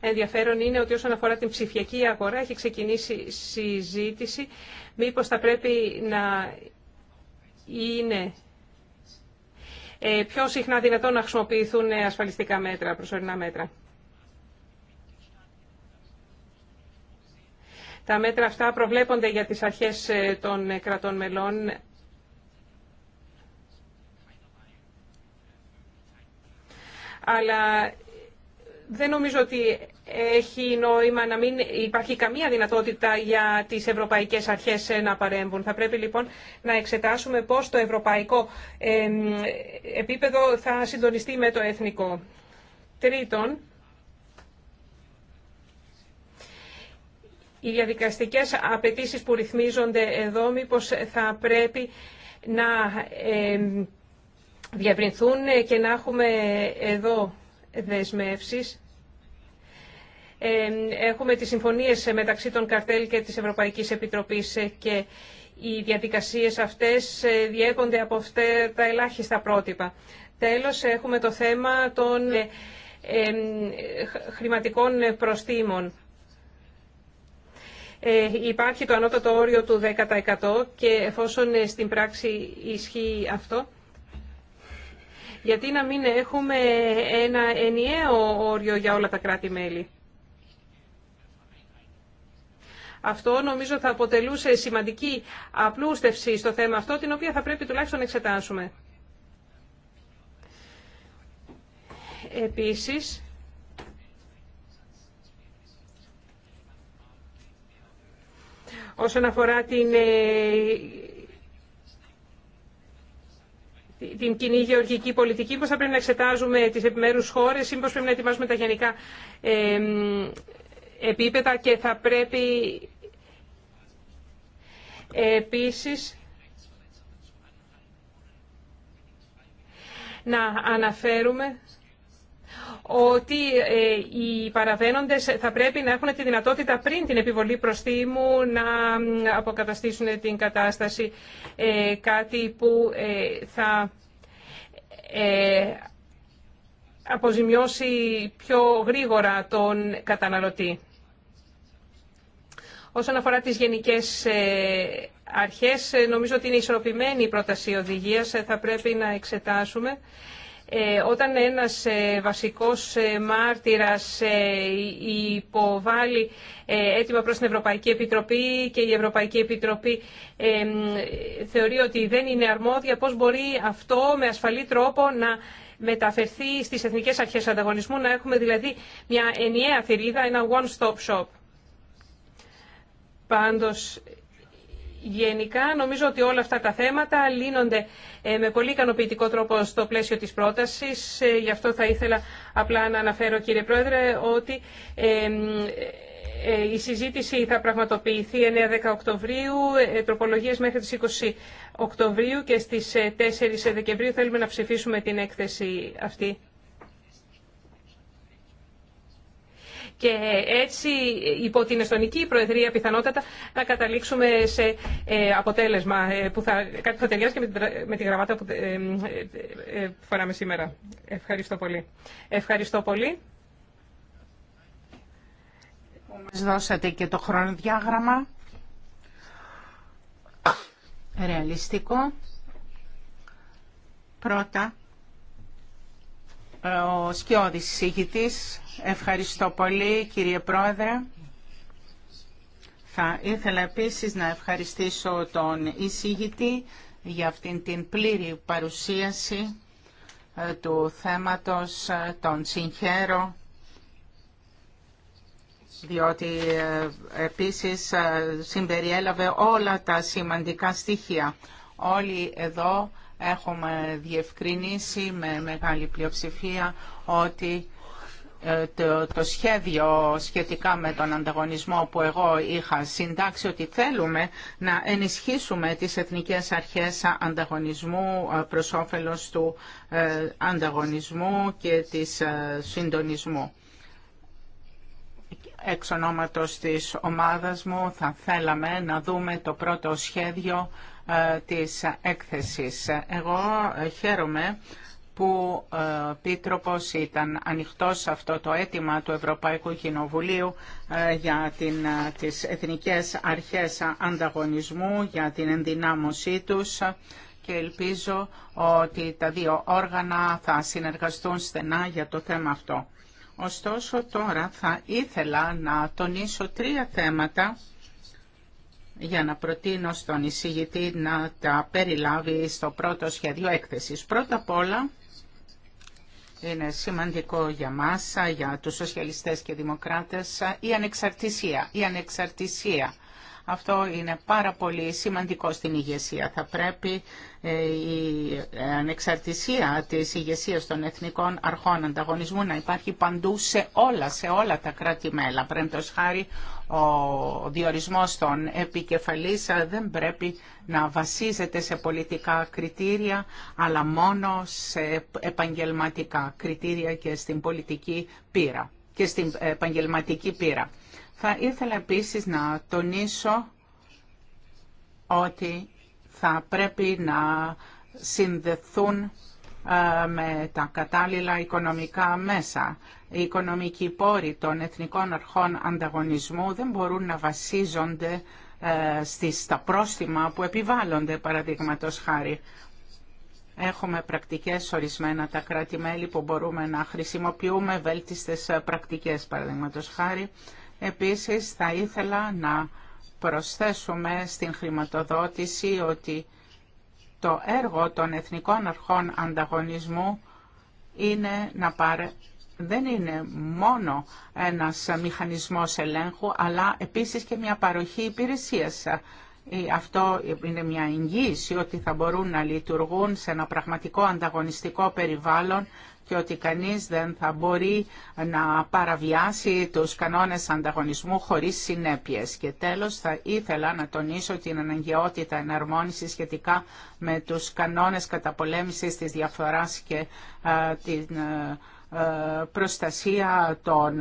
Ενδιαφέρον είναι ότι όσον αφορά την ψηφιακή αγορά έχει ξεκινήσει συζήτηση μήπως θα πρέπει να είναι ε, πιο συχνά δυνατόν να χρησιμοποιηθούν ασφαλιστικά μέτρα, προσωρινά μέτρα. Τα μέτρα αυτά προβλέπονται για τις αρχές ε, των ε, κρατών μελών. Αλλά δεν νομίζω ότι έχει νόημα να μην υπάρχει καμία δυνατότητα για τις ευρωπαϊκές αρχές ε, να παρέμβουν. Θα πρέπει λοιπόν να εξετάσουμε πώς το ευρωπαϊκό επίπεδο θα συντονιστεί με το εθνικό. Τρίτον, οι διαδικαστικές απαιτήσεις που ρυθμίζονται εδώ μήπως θα πρέπει να διαβρινθούν και να έχουμε εδώ δεσμεύσεις έχουμε τις συμφωνίες μεταξύ των καρτέλ και της Ευρωπαϊκής Επιτροπής και οι διαδικασίες αυτές ε, διέπονται από αυτά τα ελάχιστα πρότυπα. Τέλος, έχουμε το θέμα των ε, χρηματικών προστήμων. Ε, υπάρχει το ανώτατο όριο του 10% και εφόσον στην πράξη ισχύει αυτό, γιατί να μην έχουμε ένα ενιαίο όριο για όλα τα κράτη-μέλη. Αυτό νομίζω θα αποτελούσε σημαντική απλούστευση στο θέμα αυτό, την οποία θα πρέπει τουλάχιστον να εξετάσουμε. Επίσης, όσον αφορά την, ε, την κοινή γεωργική πολιτική, πώς θα πρέπει να εξετάζουμε τις επιμέρους χώρες ή πώς πρέπει να ετοιμάσουμε τα γενικά ε, επίπεδα και θα πρέπει επίσης να αναφέρουμε ότι ε, οι παραβαίνοντες θα πρέπει να έχουν τη δυνατότητα πριν την επιβολή προστίμου να αποκαταστήσουν την κατάσταση. Ε, κάτι που ε, θα αποζημιώσει πιο γρήγορα τον καταναλωτή. Όσον αφορά τις γενικές ε, αρχές, ε, νομίζω ότι είναι ισορροπημένη η πρόταση οδηγίας. Ε, θα πρέπει να εξετάσουμε όταν ένας βασικός μάρτυρας υποβάλλει έτοιμα προς την Ευρωπαϊκή Επιτροπή και η Ευρωπαϊκή Επιτροπή θεωρεί ότι δεν είναι αρμόδια, πώς μπορεί αυτό με ασφαλή τρόπο να μεταφερθεί στις Εθνικές Αρχές Ανταγωνισμού, να έχουμε δηλαδή μια ενιαία θηρίδα, ένα one-stop shop. Πάντως, γενικά νομίζω ότι όλα αυτά τα θέματα λύνονται ε, με πολύ ικανοποιητικό τρόπο στο πλαίσιο της πρότασης. Ε, γι' αυτό θα ήθελα απλά να αναφέρω, κύριε Πρόεδρε, ότι ε, η συζήτηση θα πραγματοποιηθεί 9-10 Οκτωβρίου, τροπολογίες μέχρι τις 20 Οκτωβρίου και στις 4 Δεκεμβρίου θέλουμε να ψηφίσουμε την έκθεση αυτή. και έτσι υπό την Εστονική Προεδρία πιθανότατα να καταλήξουμε σε ε, αποτέλεσμα ε, που θα, κάτι που θα ταιριάζει και με τη γραμμάτα που ε, φοράμε σήμερα. Ευχαριστώ πολύ. Ευχαριστώ πολύ. Μας δώσατε και το χρονοδιάγραμμα. Ρεαλιστικό. Πρώτα, ο Σκιώδης σύγητης. Ευχαριστώ πολύ κύριε Πρόεδρε. Θα ήθελα επίσης να ευχαριστήσω τον εισηγητή για αυτήν την πλήρη παρουσίαση ε, του θέματος, ε, τον συγχαίρω, διότι ε, επίσης συμπεριέλαβε όλα τα σημαντικά στοιχεία. Όλοι εδώ έχουμε διευκρινίσει με μεγάλη πλειοψηφία ότι ε, το, σχέδιο σχετικά με τον ανταγωνισμό που εγώ είχα συντάξει ότι θέλουμε να ενισχύσουμε τις εθνικές αρχές ανταγωνισμού ε, προς όφελος του ε, ανταγωνισμού και της συντονισμού. Εξ ονόματος της ομάδας μου θα θέλαμε να δούμε το πρώτο σχέδιο της έκθεσης. Εγώ χαίρομαι που ο ε, Πίτροπος ήταν ανοιχτός σε αυτό το αίτημα του Ευρωπαϊκού Κοινοβουλίου ε, για την, ε, τις εθνικές αρχές ανταγωνισμού, για την ενδυνάμωσή τους και ελπίζω ότι τα δύο όργανα θα συνεργαστούν στενά για το θέμα αυτό. Ωστόσο τώρα θα ήθελα να τονίσω τρία θέματα για να προτείνω στον εισηγητή να τα περιλάβει στο πρώτο σχέδιο έκθεσης. Πρώτα απ' όλα είναι σημαντικό για μας, για τους σοσιαλιστές και δημοκράτες, η ανεξαρτησία. Η ανεξαρτησία αυτό είναι πάρα πολύ σημαντικό στην ηγεσία. Θα πρέπει ε, η ανεξαρτησία της ηγεσίας των εθνικών αρχών ανταγωνισμού να υπάρχει παντού σε όλα, σε όλα τα κράτη-μέλα. το χάρη ο διορισμός των επικεφαλής δεν πρέπει να βασίζεται σε πολιτικά κριτήρια, αλλά μόνο σε επαγγελματικά κριτήρια και στην πολιτική πείρα και στην επαγγελματική πείρα. Θα ήθελα επίσης να τονίσω ότι θα πρέπει να συνδεθούν ε, με τα κατάλληλα οικονομικά μέσα. Οι οικονομικοί πόροι των εθνικών αρχών ανταγωνισμού δεν μπορούν να βασίζονται ε, στα πρόστιμα που επιβάλλονται, παραδείγματος χάρη. Έχουμε πρακτικές ορισμένα τα κράτη-μέλη που μπορούμε να χρησιμοποιούμε, βέλτιστες ε, πρακτικές, παραδείγματος χάρη, Επίσης θα ήθελα να προσθέσουμε στην χρηματοδότηση ότι το έργο των Εθνικών Αρχών Ανταγωνισμού είναι να πάρε, δεν είναι μόνο ένας μηχανισμός ελέγχου, αλλά επίσης και μια παροχή υπηρεσίας. Ε, αυτό είναι μια εγγύηση ότι θα μπορούν να λειτουργούν σε ένα πραγματικό ανταγωνιστικό περιβάλλον και ότι κανείς δεν θα μπορεί να παραβιάσει τους κανόνες ανταγωνισμού χωρίς συνέπειες. Και τέλος θα ήθελα να τονίσω την αναγκαιότητα εναρμόνιση σχετικά με τους κανόνες καταπολέμησης της διαφθοράς και την προστασία των,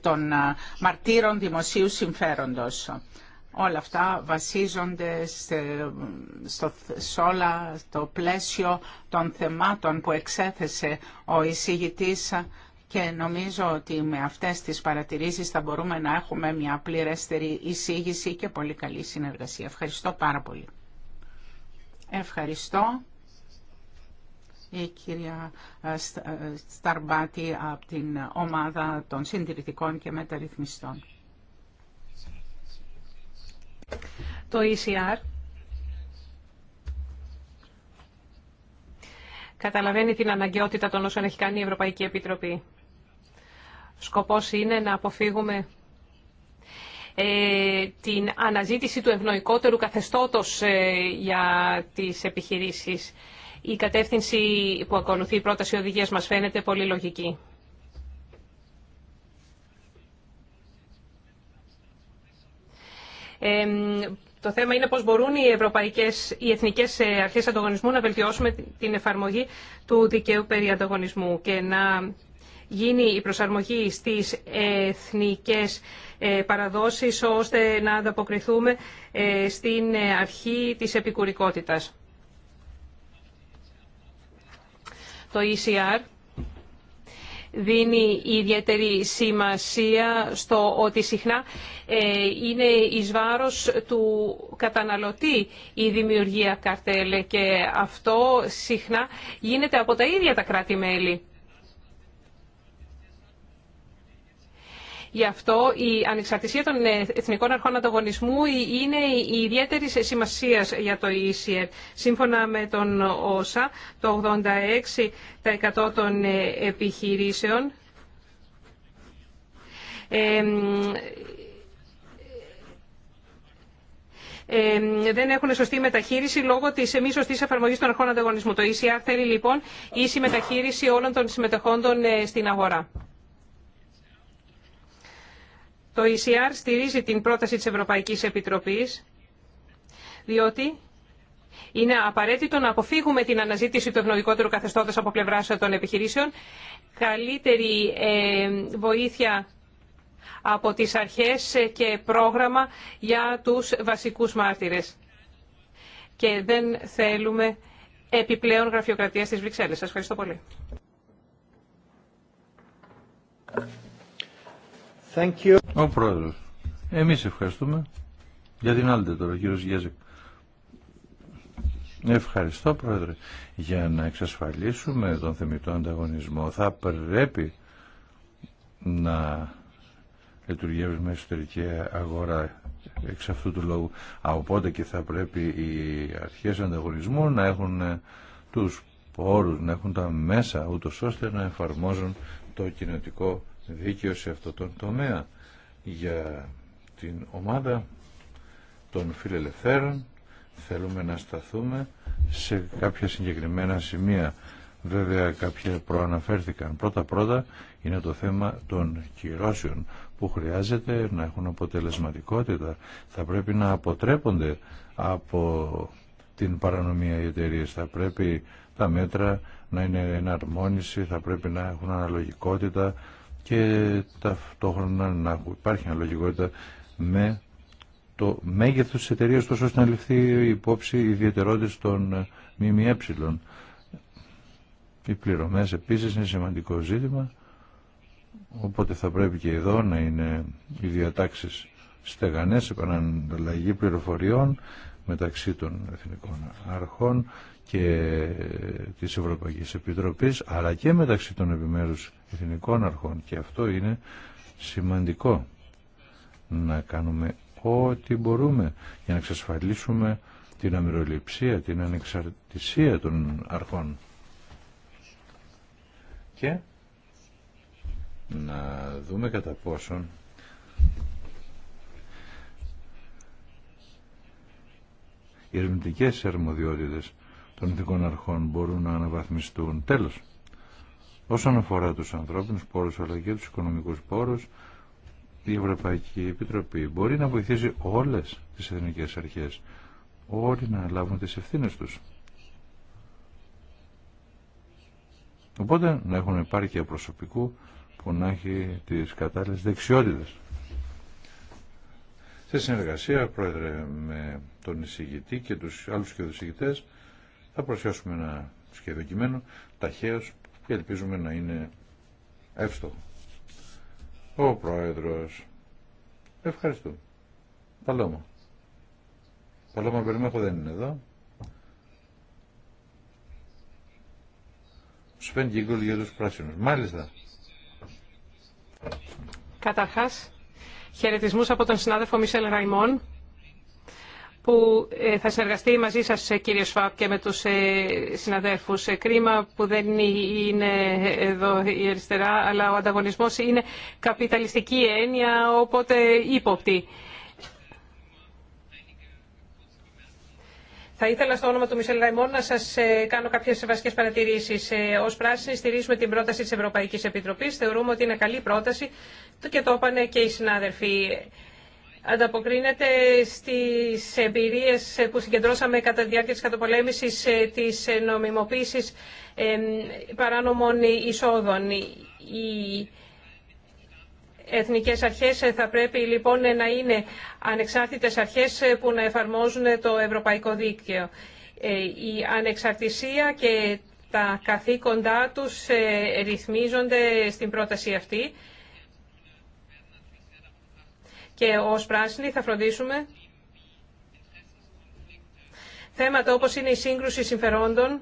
των μαρτύρων δημοσίου συμφέροντος. Όλα αυτά βασίζονται στο, σε όλα το πλαίσιο των θεμάτων που εξέθεσε ο εισηγητής και νομίζω ότι με αυτές τις παρατηρήσεις θα μπορούμε να έχουμε μια πληρέστερη εισήγηση και πολύ καλή συνεργασία. Ευχαριστώ πάρα πολύ. Ευχαριστώ. Η κυρία Σταρμπάτη από την ομάδα των συντηρητικών και μεταρρυθμιστών. Το ECR καταλαβαίνει την αναγκαιότητα των όσων έχει κάνει η Ευρωπαϊκή Επιτροπή. Σκοπός είναι να αποφύγουμε ε, την αναζήτηση του ευνοϊκότερου καθεστώτος ε, για τις επιχειρήσεις. Η κατεύθυνση που ακολουθεί η πρόταση οδηγίας μας φαίνεται πολύ λογική. το θέμα είναι πώς μπορούν οι, ευρωπαϊκές, οι εθνικές ε, αρχές ανταγωνισμού να βελτιώσουμε την εφαρμογή του δικαίου περί ανταγωνισμού και να γίνει η προσαρμογή στις εθνικές ε, παραδόσεις ώστε να ανταποκριθούμε ε, στην αρχή της επικουρικότητας. Το ECR δίνει ιδιαίτερη σημασία στο ότι συχνά ε, είναι εις βάρος του καταναλωτή η δημιουργία καρτέλ και αυτό συχνά γίνεται από τα ίδια τα κράτη-μέλη. Γι' αυτό η ανεξαρτησία των ε, εθνικών αρχών ανταγωνισμού είναι η ιδιαίτερη σημασία για το ECR. Σύμφωνα με τον ΩΣΑ, το 86% των ε, επιχειρήσεων δεν έχουν σωστή μεταχείριση λόγω τη μη σωστή εφαρμογή των αρχών ανταγωνισμού. Το ECR θέλει λοιπόν ίση μεταχείριση όλων των συμμετεχόντων ε, στην αγορά. Το ECR στηρίζει την πρόταση της Ευρωπαϊκής Επιτροπής, διότι είναι απαραίτητο να αποφύγουμε την αναζήτηση του ευνοϊκότερου καθεστώτος από πλευράς των επιχειρήσεων, καλύτερη ε, βοήθεια από τις αρχές και πρόγραμμα για τους βασικούς μάρτυρες. Και δεν θέλουμε επιπλέον γραφειοκρατία στις Βρυξέλλες. Σας ευχαριστώ πολύ. Ο Πρόεδρος. Εμείς ευχαριστούμε. Για την άλλη τώρα, κύριος Γιέζικ. Ευχαριστώ, Πρόεδρε. Για να εξασφαλίσουμε τον θεμητό ανταγωνισμό θα πρέπει να λειτουργεί με εσωτερική αγορά εξ αυτού του λόγου. οπότε και θα πρέπει οι αρχές ανταγωνισμού να έχουν ε, τους πόρους, να έχουν τα μέσα, ούτως ώστε να εφαρμόζουν το κοινωτικό δίκαιο σε αυτό τον τομέα για την ομάδα των φιλελευθέρων θέλουμε να σταθούμε σε κάποια συγκεκριμένα σημεία βέβαια κάποια προαναφέρθηκαν πρώτα πρώτα είναι το θέμα των κυρώσεων που χρειάζεται να έχουν αποτελεσματικότητα θα πρέπει να αποτρέπονται από την παρανομία οι εταιρείε. θα πρέπει τα μέτρα να είναι εναρμόνιση θα πρέπει να έχουν αναλογικότητα και ταυτόχρονα να υπάρχει αναλογικότητα με το μέγεθος της εταιρεία τόσο ώστε να ληφθεί υπόψη οι ιδιαιτερότητες των ΜΜΕ. Οι πληρωμές επίσης είναι σημαντικό ζήτημα, οπότε θα πρέπει και εδώ να είναι οι διατάξεις στεγανές, επαναλλαγή πληροφοριών, μεταξύ των εθνικών αρχών και της Ευρωπαϊκής Επιτροπής αλλά και μεταξύ των επιμέρους εθνικών αρχών και αυτό είναι σημαντικό να κάνουμε ό,τι μπορούμε για να εξασφαλίσουμε την αμυροληψία, την ανεξαρτησία των αρχών και να δούμε κατά πόσον οι ερευνητικέ αρμοδιότητε των εθνικών αρχών μπορούν να αναβαθμιστούν. Τέλος, όσον αφορά τους ανθρώπινους πόρους αλλά και τους οικονομικούς πόρους, η Ευρωπαϊκή Επιτροπή μπορεί να βοηθήσει όλες τις εθνικές αρχές, όλοι να λάβουν τις ευθύνε τους. Οπότε να έχουν επάρκεια προσωπικού που να έχει τις κατάλληλες δεξιότητες σε συνεργασία, Πρόεδρε, με τον εισηγητή και τους άλλους σχεδοσηγητές, θα προσφέρουμε ένα σχέδιο κειμένο, ταχαίως, και ελπίζουμε να είναι εύστοχο. Ο Πρόεδρος. Ευχαριστώ. Παλώμα. Παλώμα περιμένω, δεν είναι εδώ. Σφέν Γκίγκολ για τους πράσινους. Μάλιστα. Καταρχάς, χαιρετισμούς από τον συνάδελφο Μισελ Ραϊμόν που ε, θα συνεργαστεί μαζί σας ε, κύριε Σφάπ και με τους ε, συναδέλφους. Κρίμα που δεν είναι εδώ η αριστερά, αλλά ο ανταγωνισμός είναι καπιταλιστική έννοια, οπότε ύποπτη. Θα ήθελα στο όνομα του Μισελ Ραϊμόν να σα ε, κάνω κάποιε βασικέ παρατηρήσει. Ε, Ω πράσινη στηρίζουμε την πρόταση τη Ευρωπαϊκή Επιτροπή. Θεωρούμε ότι είναι καλή πρόταση και το είπαν και οι συνάδελφοι. Ανταποκρίνεται στις εμπειρίε που συγκεντρώσαμε κατά τη διάρκεια της κατοπολέμησης ε, τη νομιμοποίηση παράνομων εισόδων εθνικές αρχές ε, θα πρέπει λοιπόν ε, να είναι ανεξάρτητες αρχές ε, που να εφαρμόζουν το ευρωπαϊκό δίκαιο. Η ανεξαρτησία και τα καθήκοντά τους ρυθμίζονται στην πρόταση αυτή και ως πράσινοι θα φροντίσουμε θέματα όπως είναι η σύγκρουση συμφερόντων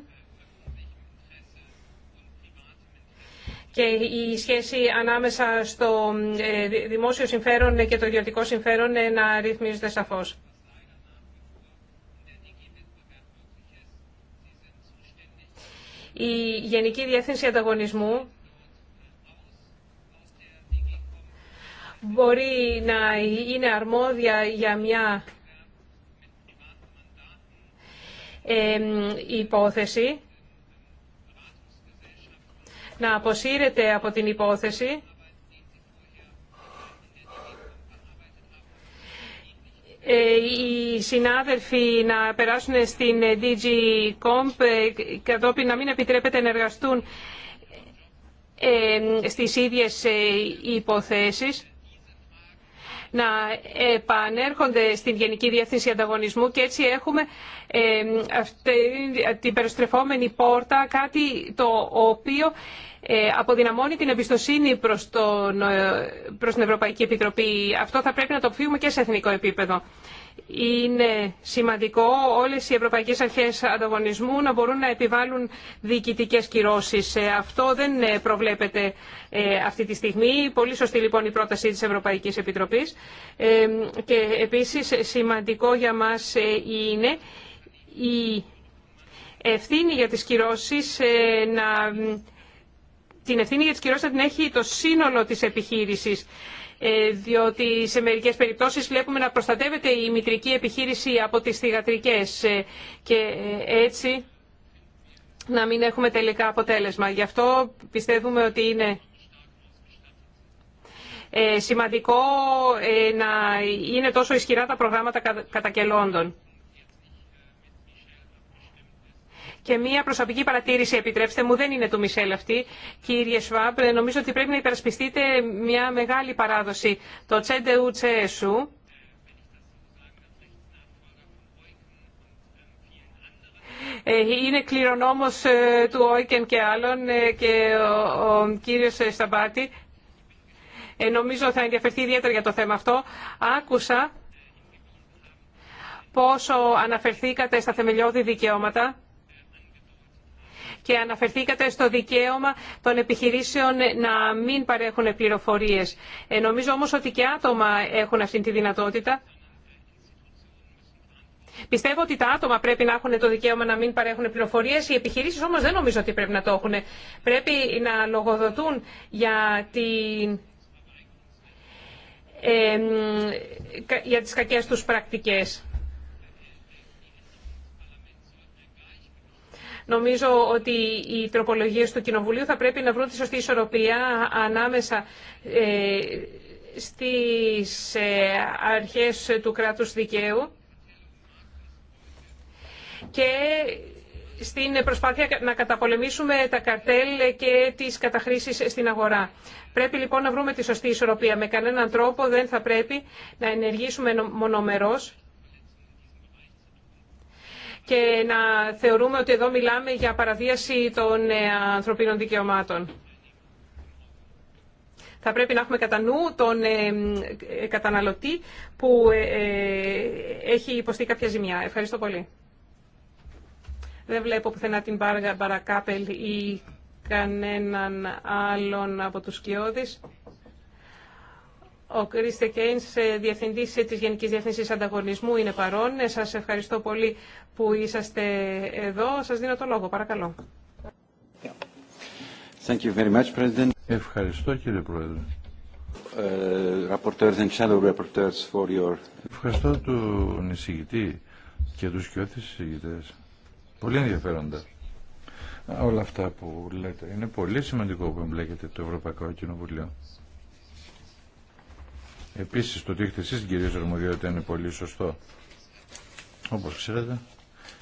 και η σχέση ανάμεσα στο ε, δημόσιο συμφέρον και το ιδιωτικό συμφέρον ε, να ρυθμίζεται σαφώς. Η Γενική Διεύθυνση Ανταγωνισμού μπορεί να είναι αρμόδια για μια ε, υπόθεση να αποσύρεται από την υπόθεση. Ε, οι συνάδελφοι να περάσουν στην DG Comp ε, κατόπιν να μην επιτρέπεται να εργαστούν ε, στις ίδιες υποθέσεις να επανέρχονται στην Γενική Διεύθυνση Ανταγωνισμού και έτσι έχουμε αυτή την περιστρεφόμενη πόρτα, κάτι το οποίο ε, αποδυναμώνει την εμπιστοσύνη προς, τον, ε, προς την Ευρωπαϊκή Επιτροπή. Αυτό θα πρέπει να το αποφύγουμε και σε εθνικό επίπεδο. Είναι σημαντικό όλες οι ευρωπαϊκές αρχές ανταγωνισμού να μπορούν να επιβάλλουν διοικητικές κυρώσεις. Ε, αυτό δεν προβλέπεται αυτή τη στιγμή. Πολύ σωστή λοιπόν η πρόταση της Ευρωπαϊκής Επιτροπής. Και επίσης σημαντικό για μας είναι η ευθύνη για τις κυρώσεις να την ευθύνη για τις κυρώσεις να την έχει το σύνολο της επιχείρησης. Ε, διότι σε μερικές περιπτώσεις βλέπουμε να προστατεύεται η μητρική επιχείρηση από τις θηγατρικές ε, και ε, έτσι να μην έχουμε τελικά αποτέλεσμα. Γι' αυτό πιστεύουμε ότι είναι σημαντικό να είναι τόσο ισχυρά τα προγράμματα κατακελώντων. Και μία προσωπική παρατήρηση, επιτρέψτε μου, δεν είναι του Μισελ αυτή. Κύριε Σουάμπ, νομίζω ότι πρέπει να υπερασπιστείτε μια μεγάλη παράδοση, το Τσέντε Τσέσου. Ε, είναι κληρονόμος ε, του Όικεν και άλλων ε, και ο κύριος Σταμπάτη. Νομίζω θα ενδιαφερθεί ιδιαίτερα για το θέμα αυτό. Άκουσα πόσο αναφερθήκατε στα θεμελιώδη δικαιώματα και αναφερθήκατε στο δικαίωμα των επιχειρήσεων να μην παρέχουν πληροφορίες. Ε, νομίζω όμως ότι και άτομα έχουν αυτή τη δυνατότητα. Πιστεύω ότι τα άτομα πρέπει να έχουν το δικαίωμα να μην παρέχουν πληροφορίε. Οι επιχειρήσει όμω δεν νομίζω ότι πρέπει να το έχουν. Πρέπει να λογοδοτούν για την ε, για τις κακές τους πρακτικές. Νομίζω ότι οι τροπολογίες του Κοινοβουλίου θα πρέπει να βρουν τη σωστή ισορροπία ανάμεσα ε, στις ε, αρχές του κράτους δικαίου και στην προσπάθεια να καταπολεμήσουμε τα καρτέλ και τις καταχρήσεις στην αγορά. Πρέπει λοιπόν να βρούμε τη σωστή ισορροπία. Με κανέναν τρόπο δεν θα πρέπει να ενεργήσουμε μονομερός και να θεωρούμε ότι εδώ μιλάμε για παραβίαση των ε, ανθρωπίνων δικαιωμάτων. Θα πρέπει να έχουμε κατά νου τον ε, ε, καταναλωτή που έχει υποστεί κάποια ζημιά. Ευχαριστώ πολύ. Δεν βλέπω πουθενά την Μπαρακάπελ ή κανέναν άλλον από τους Κιώδης. Ο Κρίστε Κέινς, ε, Διευθυντής ε, της Γενικής Διεύθυνσης Ανταγωνισμού, είναι παρόν. Ε, σας ευχαριστώ πολύ που είσαστε εδώ. Σας δίνω το λόγο, παρακαλώ. Thank you very much, President. Ευχαριστώ κύριε Πρόεδρε. Uh, and for your... Ευχαριστώ τον εισηγητή και τους κοιότητες εισηγητές. Πολύ ενδιαφέροντα. Όλα αυτά που λέτε. Είναι πολύ σημαντικό που εμπλέκεται το Ευρωπαϊκό Κοινοβουλίο. Επίσης το ότι έχετε εσείς κυρίες Ζερμοδιότητα είναι πολύ σωστό. Όπως ξέρετε,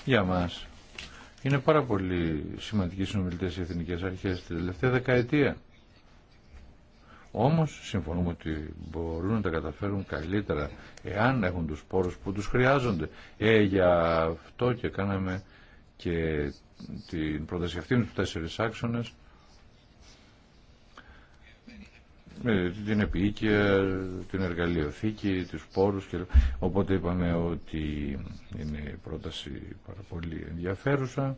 για μας είναι πάρα πολύ σημαντικοί συνομιλητές οι εθνικές αρχές τη τελευταία δεκαετία. Όμως συμφωνούμε ότι μπορούν να τα καταφέρουν καλύτερα εάν έχουν τους πόρους που τους χρειάζονται. Ε, για αυτό και κάναμε και την πρόταση αυτή με τους τέσσερις άξονες την επίοικια, την εργαλειοθήκη, τους πόρους και... οπότε είπαμε ότι είναι πρόταση πάρα πολύ ενδιαφέρουσα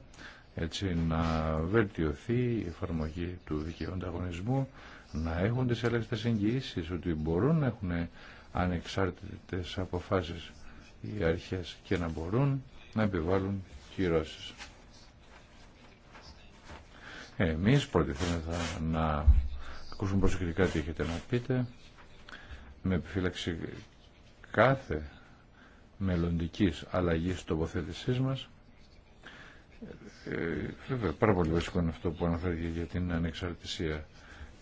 έτσι να βελτιωθεί η εφαρμογή του δικαίου ανταγωνισμού να έχουν τις ελεύθερες εγγυήσεις ότι μπορούν να έχουν ανεξάρτητες αποφάσεις οι αρχές και να μπορούν να επιβάλλουν κυρώσεις. Εμείς προτιθέμεθα να ακούσουμε προσεκτικά τι έχετε να πείτε με επιφύλαξη κάθε μελλοντικής αλλαγής τοποθέτησής μας. Ε, βέβαια, πάρα πολύ βασικό είναι αυτό που αναφέρθηκε για την ανεξαρτησία.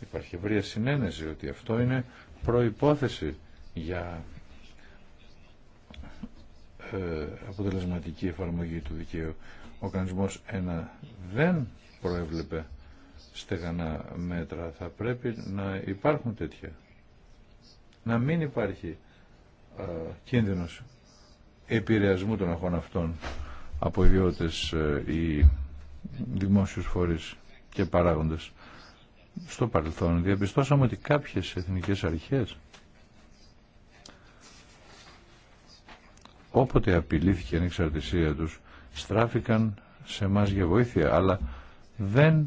Υπάρχει ευρεία συνένεση ότι αυτό είναι προϋπόθεση για ε, αποτελεσματική εφαρμογή του δικαίου. Ο κανονισμός ένα δεν προέβλεπε στεγανά μέτρα. Θα πρέπει να υπάρχουν τέτοια. Να μην υπάρχει α, κίνδυνος επηρεασμού των αγών αυτών από ιδιώτες ε, ή δημόσιους φορείς και παράγοντες. Στο παρελθόν διαπιστώσαμε ότι κάποιες εθνικές αρχές όποτε απειλήθηκε η ανεξαρτησία τους στράφηκαν σε εμά για βοήθεια αλλά δεν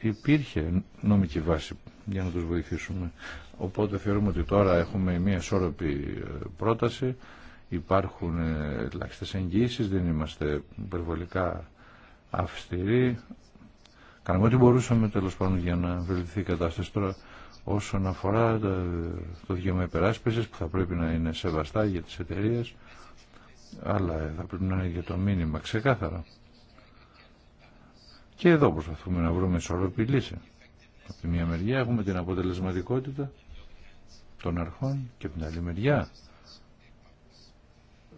υπήρχε νομική βάση για να τους βοηθήσουμε. Οπότε θεωρούμε ότι τώρα έχουμε μια σώροπη ε, πρόταση, υπάρχουν ε, ελάχιστες εγγύησεις, δεν είμαστε υπερβολικά αυστηροί. Κάναμε ό,τι μπορούσαμε τέλος πάντων για να βελτιθεί η κατάσταση τώρα όσον αφορά το δικαίωμα υπεράσπισης που θα πρέπει να είναι σεβαστά για τις εταιρείε, αλλά θα πρέπει να είναι για το μήνυμα ξεκάθαρα. Και εδώ προσπαθούμε να βρούμε ισορροπή λύση. Από τη μία μεριά έχουμε την αποτελεσματικότητα των αρχών και από την άλλη μεριά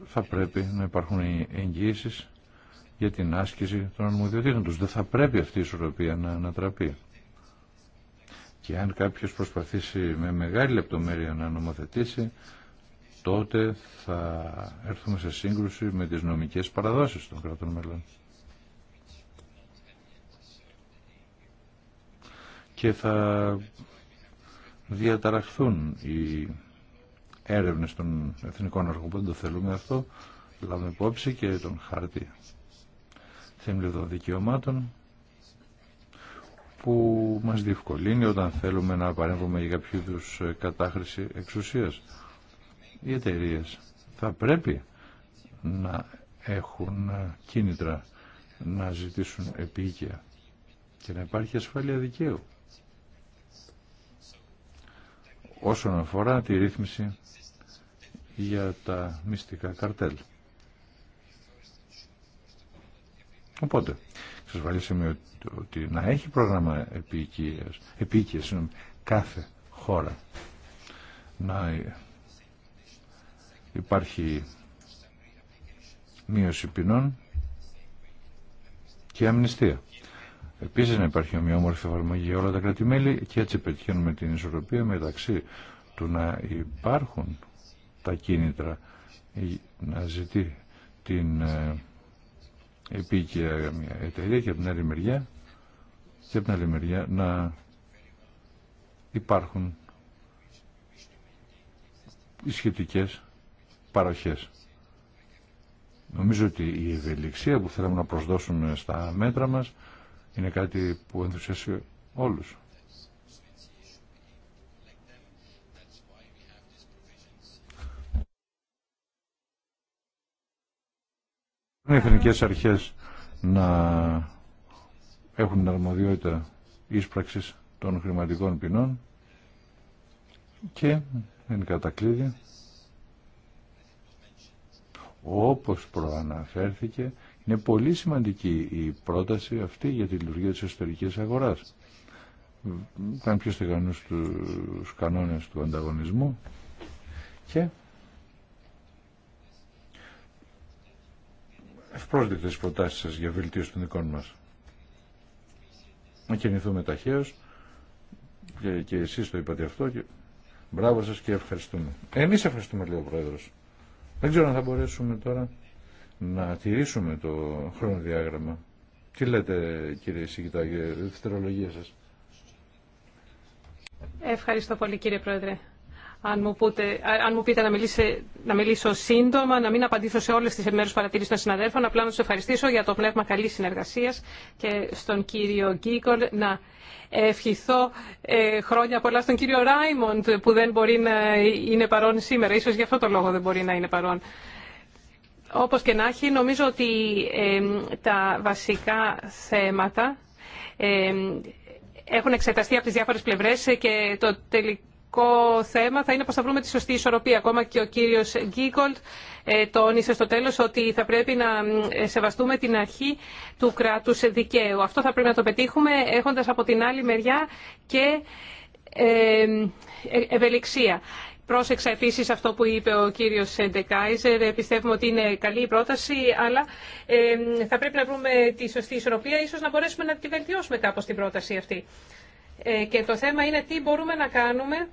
θα πρέπει να υπάρχουν εγγύησει για την άσκηση των αρμοδιοτήτων τους. Δεν θα πρέπει αυτή η ισορροπία να ανατραπεί. Και αν κάποιος προσπαθήσει με μεγάλη λεπτομέρεια να νομοθετήσει, τότε θα έρθουμε σε σύγκρουση με τις νομικές παραδόσεις των κρατών μελών. και θα διαταραχθούν οι έρευνες των εθνικών αρχοπών, το θέλουμε αυτό. Λάβουμε υπόψη και τον χάρτη θεμελιωδών δικαιωμάτων που μας διευκολύνει όταν θέλουμε να παρέμβουμε για κάποιο είδου κατάχρηση εξουσίας. Οι εταιρείε θα πρέπει να έχουν κίνητρα να ζητήσουν επίκαια και να υπάρχει ασφάλεια δικαίου όσον αφορά τη ρύθμιση για τα μυστικά καρτέλ. Οπότε, εξασφαλίσαμε ότι να έχει πρόγραμμα επί κάθε χώρα. Να υπάρχει μείωση ποινών και αμνηστία. Επίση να υπάρχει ομοιόμορφη εφαρμογή για όλα τα κρατημέλη και έτσι πετυχαίνουμε την ισορροπία μεταξύ του να υπάρχουν τα κίνητρα να ζητεί την ε, επίκαια μια εταιρεία και από την άλλη μεριά και την άλλη να υπάρχουν οι σχετικέ παροχές. Νομίζω ότι η ευελιξία που θέλουμε να προσδώσουμε στα μέτρα μας είναι κάτι που ενθουσιάσει όλους. Οι εθνικές αρχές να έχουν αρμοδιότητα ίσπραξη των χρηματικών ποινών και εν κατακλείδη όπως προαναφέρθηκε είναι πολύ σημαντική η πρόταση αυτή για τη λειτουργία της εσωτερικής αγοράς. Ήταν πιο στεγανούς τους κανόνες του ανταγωνισμού και ευπρόσδεκτες προτάσεις σας για βελτίωση των δικών μας. Να κινηθούμε ταχαίως και, και εσείς το είπατε αυτό και μπράβο σας και ευχαριστούμε. Εμείς ευχαριστούμε λέει ο Πρόεδρος. Δεν ξέρω αν θα μπορέσουμε τώρα να τηρήσουμε το χρονοδιάγραμμα. Τι λέτε κύριε Σιγητά για δευτερολογία σας. Ευχαριστώ πολύ κύριε Πρόεδρε. Αν μου, αν μου πείτε να, μιλήσε, να μιλήσω σύντομα, να μην απαντήσω σε όλες τις εμέρους παρατηρήσεις των συναδέλφων, απλά να τους ευχαριστήσω για το πνεύμα καλής συνεργασίας και στον κύριο Γκίκολ να ευχηθώ ε, χρόνια πολλά στον κύριο Ράιμοντ που δεν μπορεί να είναι παρόν σήμερα. Ίσως γι' αυτό το λόγο δεν μπορεί να είναι παρόν. Όπως και να έχει, νομίζω ότι τα βασικά θέματα έχουν εξεταστεί από τις διάφορες πλευρές και το τελικό θέμα θα είναι πώς θα βρούμε τη σωστή ισορροπία. Ακόμα και ο κύριος Γκίγκολτ ε, τόνισε στο τέλος ότι θα πρέπει να σεβαστούμε την αρχή του κράτους δικαίου. Αυτό θα πρέπει να το πετύχουμε έχοντας από την άλλη μεριά και ευελιξία. Πρόσεξα επίση αυτό που είπε ο κύριος Ντεκάιζερ. Ε, πιστεύουμε ότι είναι καλή η πρόταση, αλλά θα πρέπει να βρούμε τη σωστή ισορροπία, ίσως να μπορέσουμε να τη βελτιώσουμε κάπως την πρόταση αυτή. Ε, και το θέμα είναι τι μπορούμε να κάνουμε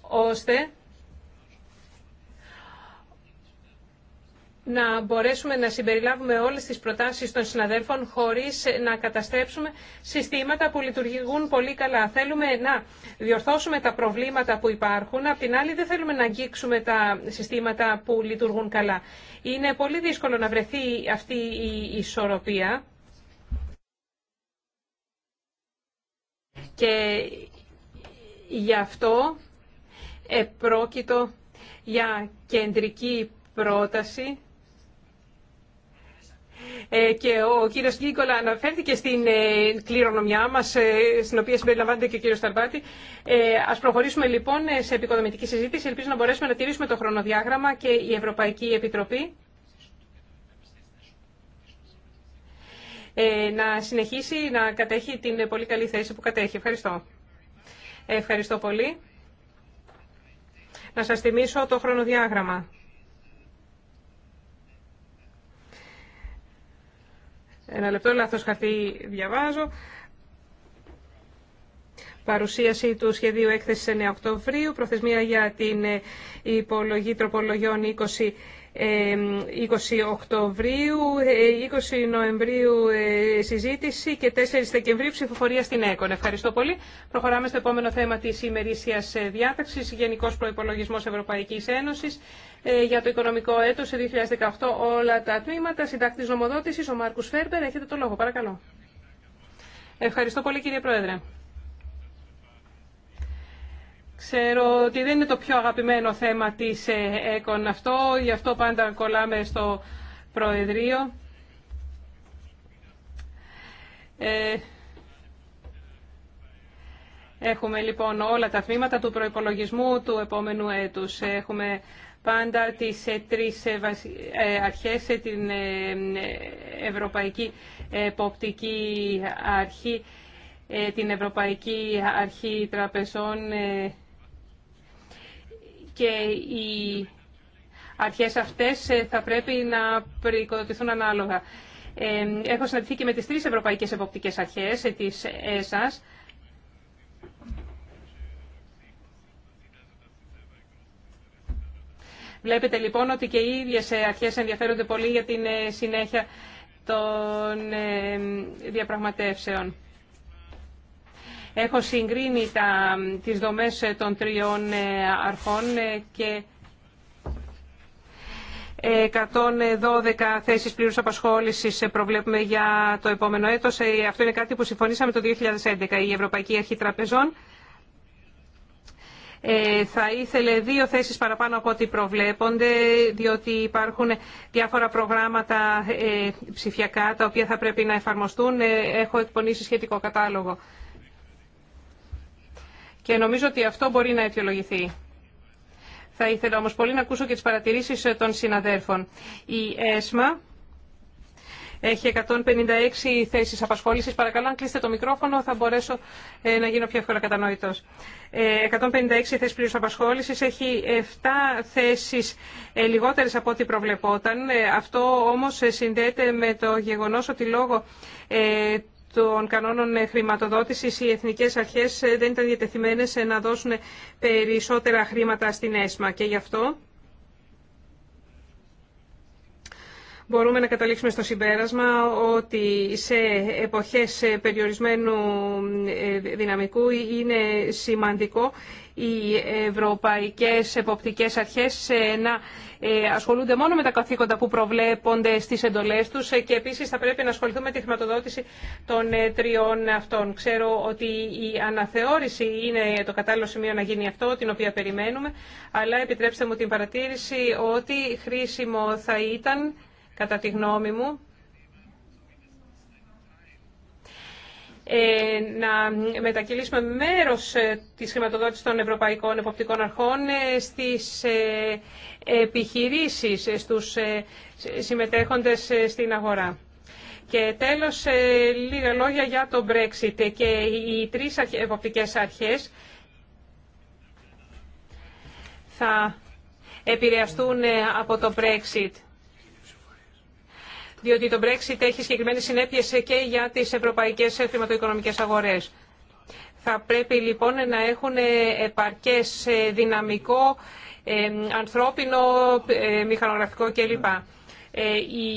ώστε να μπορέσουμε να συμπεριλάβουμε όλες τις προτάσεις των συναδέλφων χωρίς να καταστρέψουμε συστήματα που λειτουργούν πολύ καλά. Θέλουμε να διορθώσουμε τα προβλήματα που υπάρχουν, απ' την άλλη δεν θέλουμε να αγγίξουμε τα συστήματα που λειτουργούν καλά. Είναι πολύ δύσκολο να βρεθεί αυτή η ισορροπία. Και γι' αυτό επρόκειτο για κεντρική πρόταση ε, και ο κύριος Γκίγκολα αναφέρθηκε στην ε, κληρονομιά μας, ε, στην οποία συμπεριλαμβάνεται και ο κύριος Σταρμπάτη. Ας προχωρήσουμε λοιπόν σε επικοδομητική συζήτηση. Ελπίζω να μπορέσουμε να τηρήσουμε το χρονοδιάγραμμα και η Ευρωπαϊκή Επιτροπή να συνεχίσει να κατέχει την πολύ καλή θέση που κατέχει. Ευχαριστώ. Ευχαριστώ πολύ. Να σας θυμίσω το χρονοδιάγραμμα. Ένα λεπτό, λάθος χαρτί διαβάζω. Παρουσίαση του σχεδίου έκθεσης 9 Οκτωβρίου, προθεσμία για την ε, υπολογή τροπολογιών 20 20 Οκτωβρίου, 20 ε, Νοεμβρίου ε, συζήτηση και 4 Δεκεμβρίου ψηφοφορία στην ΕΚΟΝ. Ευχαριστώ πολύ. Προχωράμε στο επόμενο θέμα της ημερήσιας ε, διάταξη. Γενικό Προπολογισμό Ευρωπαϊκής Ένωσης για το οικονομικό έτος 2018 όλα τα τμήματα. Συντάκτης νομοδότηση, ο Μάρκο Φέρμπερ, έχετε το λόγο. Παρακαλώ. Ευχαριστώ πολύ κύριε Πρόεδρε. Ξέρω ότι δεν είναι το πιο αγαπημένο θέμα της ε, ΕΚΟΝ αυτό, γι' αυτό πάντα κολλάμε στο Προεδρείο. Ε, έχουμε λοιπόν όλα τα τμήματα του προϋπολογισμού του επόμενου έτους. Έχουμε πάντα τις ε, τρεις αρχές, την Ευρωπαϊκή Εποπτική Αρχή, την Ευρωπαϊκή Αρχή Τραπεζών και οι αρχές αυτές ε, θα πρέπει να περικοδοτηθούν ανάλογα. Ε, έχω συναντηθεί και με τις τρεις ευρωπαϊκές εποπτικές αρχές ε, της ΕΣΑΣ Βλέπετε λοιπόν ότι και οι ίδιες αρχές ενδιαφέρονται πολύ για την συνέχεια των διαπραγματεύσεων. Έχω συγκρίνει τα, τις δομές των τριών ε, αρχών ε, και 112 θέσεις πλήρους απασχόλησης ε, προβλέπουμε για το επόμενο έτος. Αυτό είναι κάτι που συμφωνήσαμε το 2011 η Ευρωπαϊκή Αρχή Τραπεζών. Θα ήθελε δύο θέσεις παραπάνω από ό,τι προβλέπονται, διότι υπάρχουν διάφορα προγράμματα ψηφιακά τα οποία θα πρέπει να εφαρμοστούν. Έχω εκπονήσει σχετικό κατάλογο και νομίζω ότι αυτό μπορεί να αιτιολογηθεί. Θα ήθελα όμως πολύ να ακούσω και τις παρατηρήσεις ε, των συναδέρφων. Η ΕΣΜΑ έχει 156 θέσεις απασχόλησης. Παρακαλώ, αν κλείσετε το μικρόφωνο, θα μπορέσω ε, να γίνω πιο εύκολα κατανοητός. 156 ε, θέσεις πλήρους απασχόλησης, έχει 7 θέσεις λιγότερες από ό,τι προβλεπόταν. Αυτό όμως συνδέεται με το γεγονός ότι λόγω των κανόνων χρηματοδότησης οι εθνικές αρχές ε, δεν ήταν διατεθειμένες ε, να δώσουν περισσότερα χρήματα στην ΕΣΜΑ και γι' αυτό μπορούμε να καταλήξουμε στο συμπέρασμα ότι σε εποχές ε, περιορισμένου δυναμικού είναι σημαντικό οι ευρωπαϊκές εποπτικές αρχές να ε, ασχολούνται μόνο με τα καθήκοντα που προβλέπονται στις εντολές τους ε, και επίσης θα πρέπει να ασχοληθούμε με τη χρηματοδότηση των ε, τριών αυτών. Ξέρω ότι η αναθεώρηση είναι το κατάλληλο σημείο να γίνει αυτό, την οποία περιμένουμε, αλλά επιτρέψτε μου την παρατήρηση ότι χρήσιμο θα ήταν, κατά τη γνώμη μου, Ε, να μετακυλήσουμε μέρος ε, της χρηματοδότησης των Ευρωπαϊκών Εποπτικών Αρχών ε, στις επιχειρήσεις, στους συμμετέχοντες στην αγορά. Και τέλος, λίγα λόγια για το Brexit και οι τρεις εποπτικές αρχές θα επηρεαστούν από το Brexit διότι το Brexit έχει συγκεκριμένε συνέπειες και για τις ευρωπαϊκές χρηματοοικονομικές αγορές. Θα πρέπει λοιπόν να έχουν επαρκές δυναμικό, ε, ανθρώπινο, ε, μηχανογραφικό κλπ. Ε, οι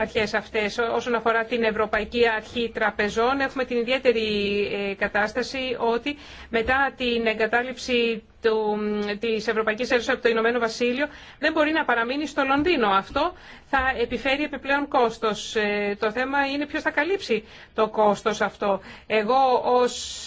αρχές αυτές. Όσον αφορά την Ευρωπαϊκή Αρχή Τραπεζών, έχουμε την ιδιαίτερη ε, κατάσταση ότι μετά την εγκατάλειψη του, της Ευρωπαϊκής Ένωσης από το Ηνωμένο Βασίλειο δεν μπορεί να παραμείνει στο Λονδίνο. Αυτό θα επιφέρει επιπλέον κόστος. Ε, το θέμα είναι ποιος θα καλύψει το κόστος αυτό. Εγώ ως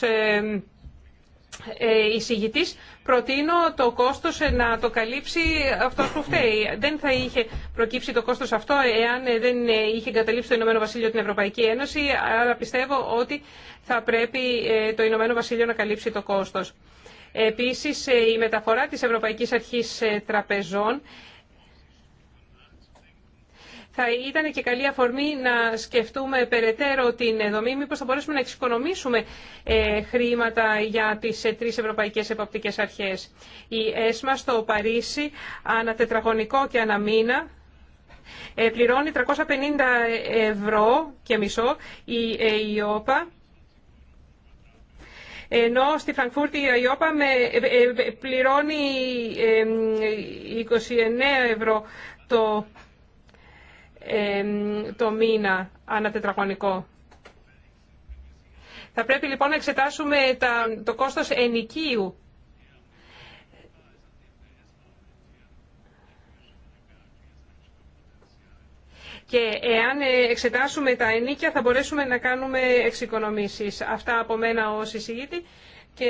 ε, εισηγητής προτείνω το κόστος ε, να το καλύψει αυτό που φταίει. Δεν θα είχε προκύψει το κόστος αυτό ε, εάν δεν είχε εγκαταλείψει το Ηνωμένο Βασίλειο την Ευρωπαϊκή Ένωση, αλλά πιστεύω ότι θα πρέπει το Ηνωμένο Βασίλειο να καλύψει το κόστος. Επίσης, η μεταφορά της Ευρωπαϊκής Αρχής Τραπεζών θα ήταν και καλή αφορμή να σκεφτούμε περαιτέρω την δομή, μήπως θα μπορέσουμε να εξοικονομήσουμε ε, χρήματα για τις ε, τρεις ευρωπαϊκές επαπτικές αρχές. Η ΕΣΜΑ στο Παρίσι, ανά τετραγωνικό και ανά μήνα, ε, πληρώνει 350 ευρώ και μισό η ΕΙΟΠΑ, ενώ στη Φραγκφούρτη η ΑΙΟΠΑ πληρώνει 29 ευρώ το το μήνα ανά τετραγωνικό. Θα πρέπει λοιπόν να εξετάσουμε το κόστος ενοικίου. Και εάν ε, εξετάσουμε τα ενίκια θα μπορέσουμε να κάνουμε εξοικονομήσεις. Αυτά από μένα ως εισηγήτη και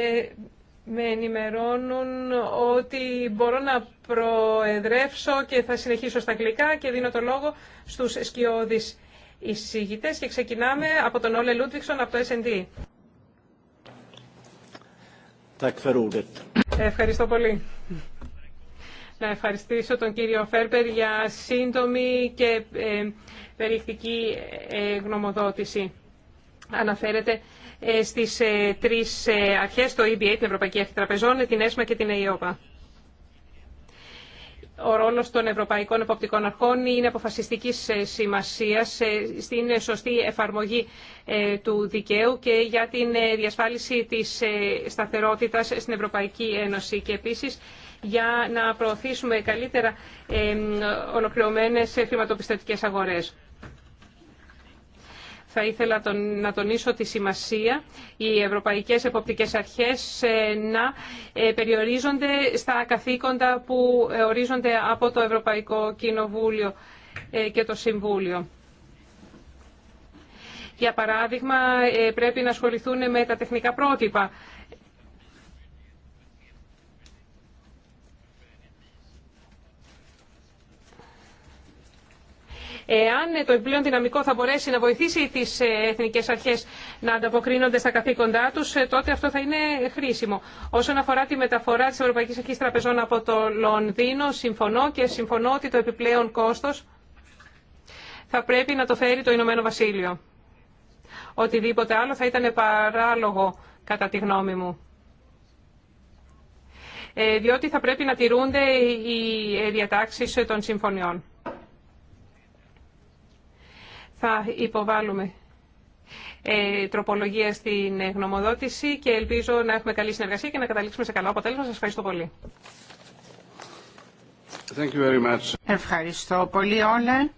με ενημερώνουν ότι μπορώ να προεδρεύσω και θα συνεχίσω στα αγγλικά και δίνω το λόγο στους σκιώδεις εισηγητές και ξεκινάμε από τον Όλε Λούντβιξον από το S&D. Ευχαριστώ πολύ. Να ευχαριστήσω τον κύριο Φέρπερ για σύντομη και ε, περιεκτική ε, γνωμοδότηση. Αναφέρεται ε, στις ε, τρεις ε, αρχές, το EBA, την Ευρωπαϊκή Αρχή Τραπεζών, την ΕΣΜΑ και την ΕΙΟΠΑ. Ο ρόλος των Ευρωπαϊκών Εποπτικών Αρχών είναι αποφασιστική σημασίας στην σωστή εφαρμογή του δικαίου και για την διασφάλιση της σταθερότητας στην Ευρωπαϊκή Ένωση και επίσης για να προωθήσουμε καλύτερα ολοκληρωμένες χρηματοπιστωτικές αγορές θα ήθελα να τονίσω τη σημασία οι ευρωπαϊκές εποπτικές αρχές ε, να ε, περιορίζονται στα καθήκοντα που ε, ορίζονται από το Ευρωπαϊκό Κοινοβούλιο και το Συμβούλιο. Για παράδειγμα, πρέπει να ασχοληθούν με τα τεχνικά πρότυπα εάν το επιπλέον δυναμικό θα μπορέσει να βοηθήσει τις ε, εθνικές αρχές να ανταποκρίνονται στα καθήκοντά τους, ε, τότε αυτό θα είναι χρήσιμο. Όσον αφορά τη μεταφορά τη ευρωπαϊκή Αρχή Τραπεζών από το Λονδίνο, συμφωνώ και συμφωνώ ότι το επιπλέον κόστος θα πρέπει να το φέρει το Ηνωμένο Βασίλειο. Οτιδήποτε άλλο θα ήταν παράλογο κατά τη γνώμη μου. Ε, διότι θα πρέπει να τηρούνται οι διατάξεις των συμφωνιών. Θα υποβάλουμε ε, τροπολογία στην ε, γνωμοδότηση και ελπίζω να έχουμε καλή συνεργασία και να καταλήξουμε σε καλό αποτέλεσμα. Σας ευχαριστώ πολύ. Thank you very much. Ευχαριστώ πολύ όλα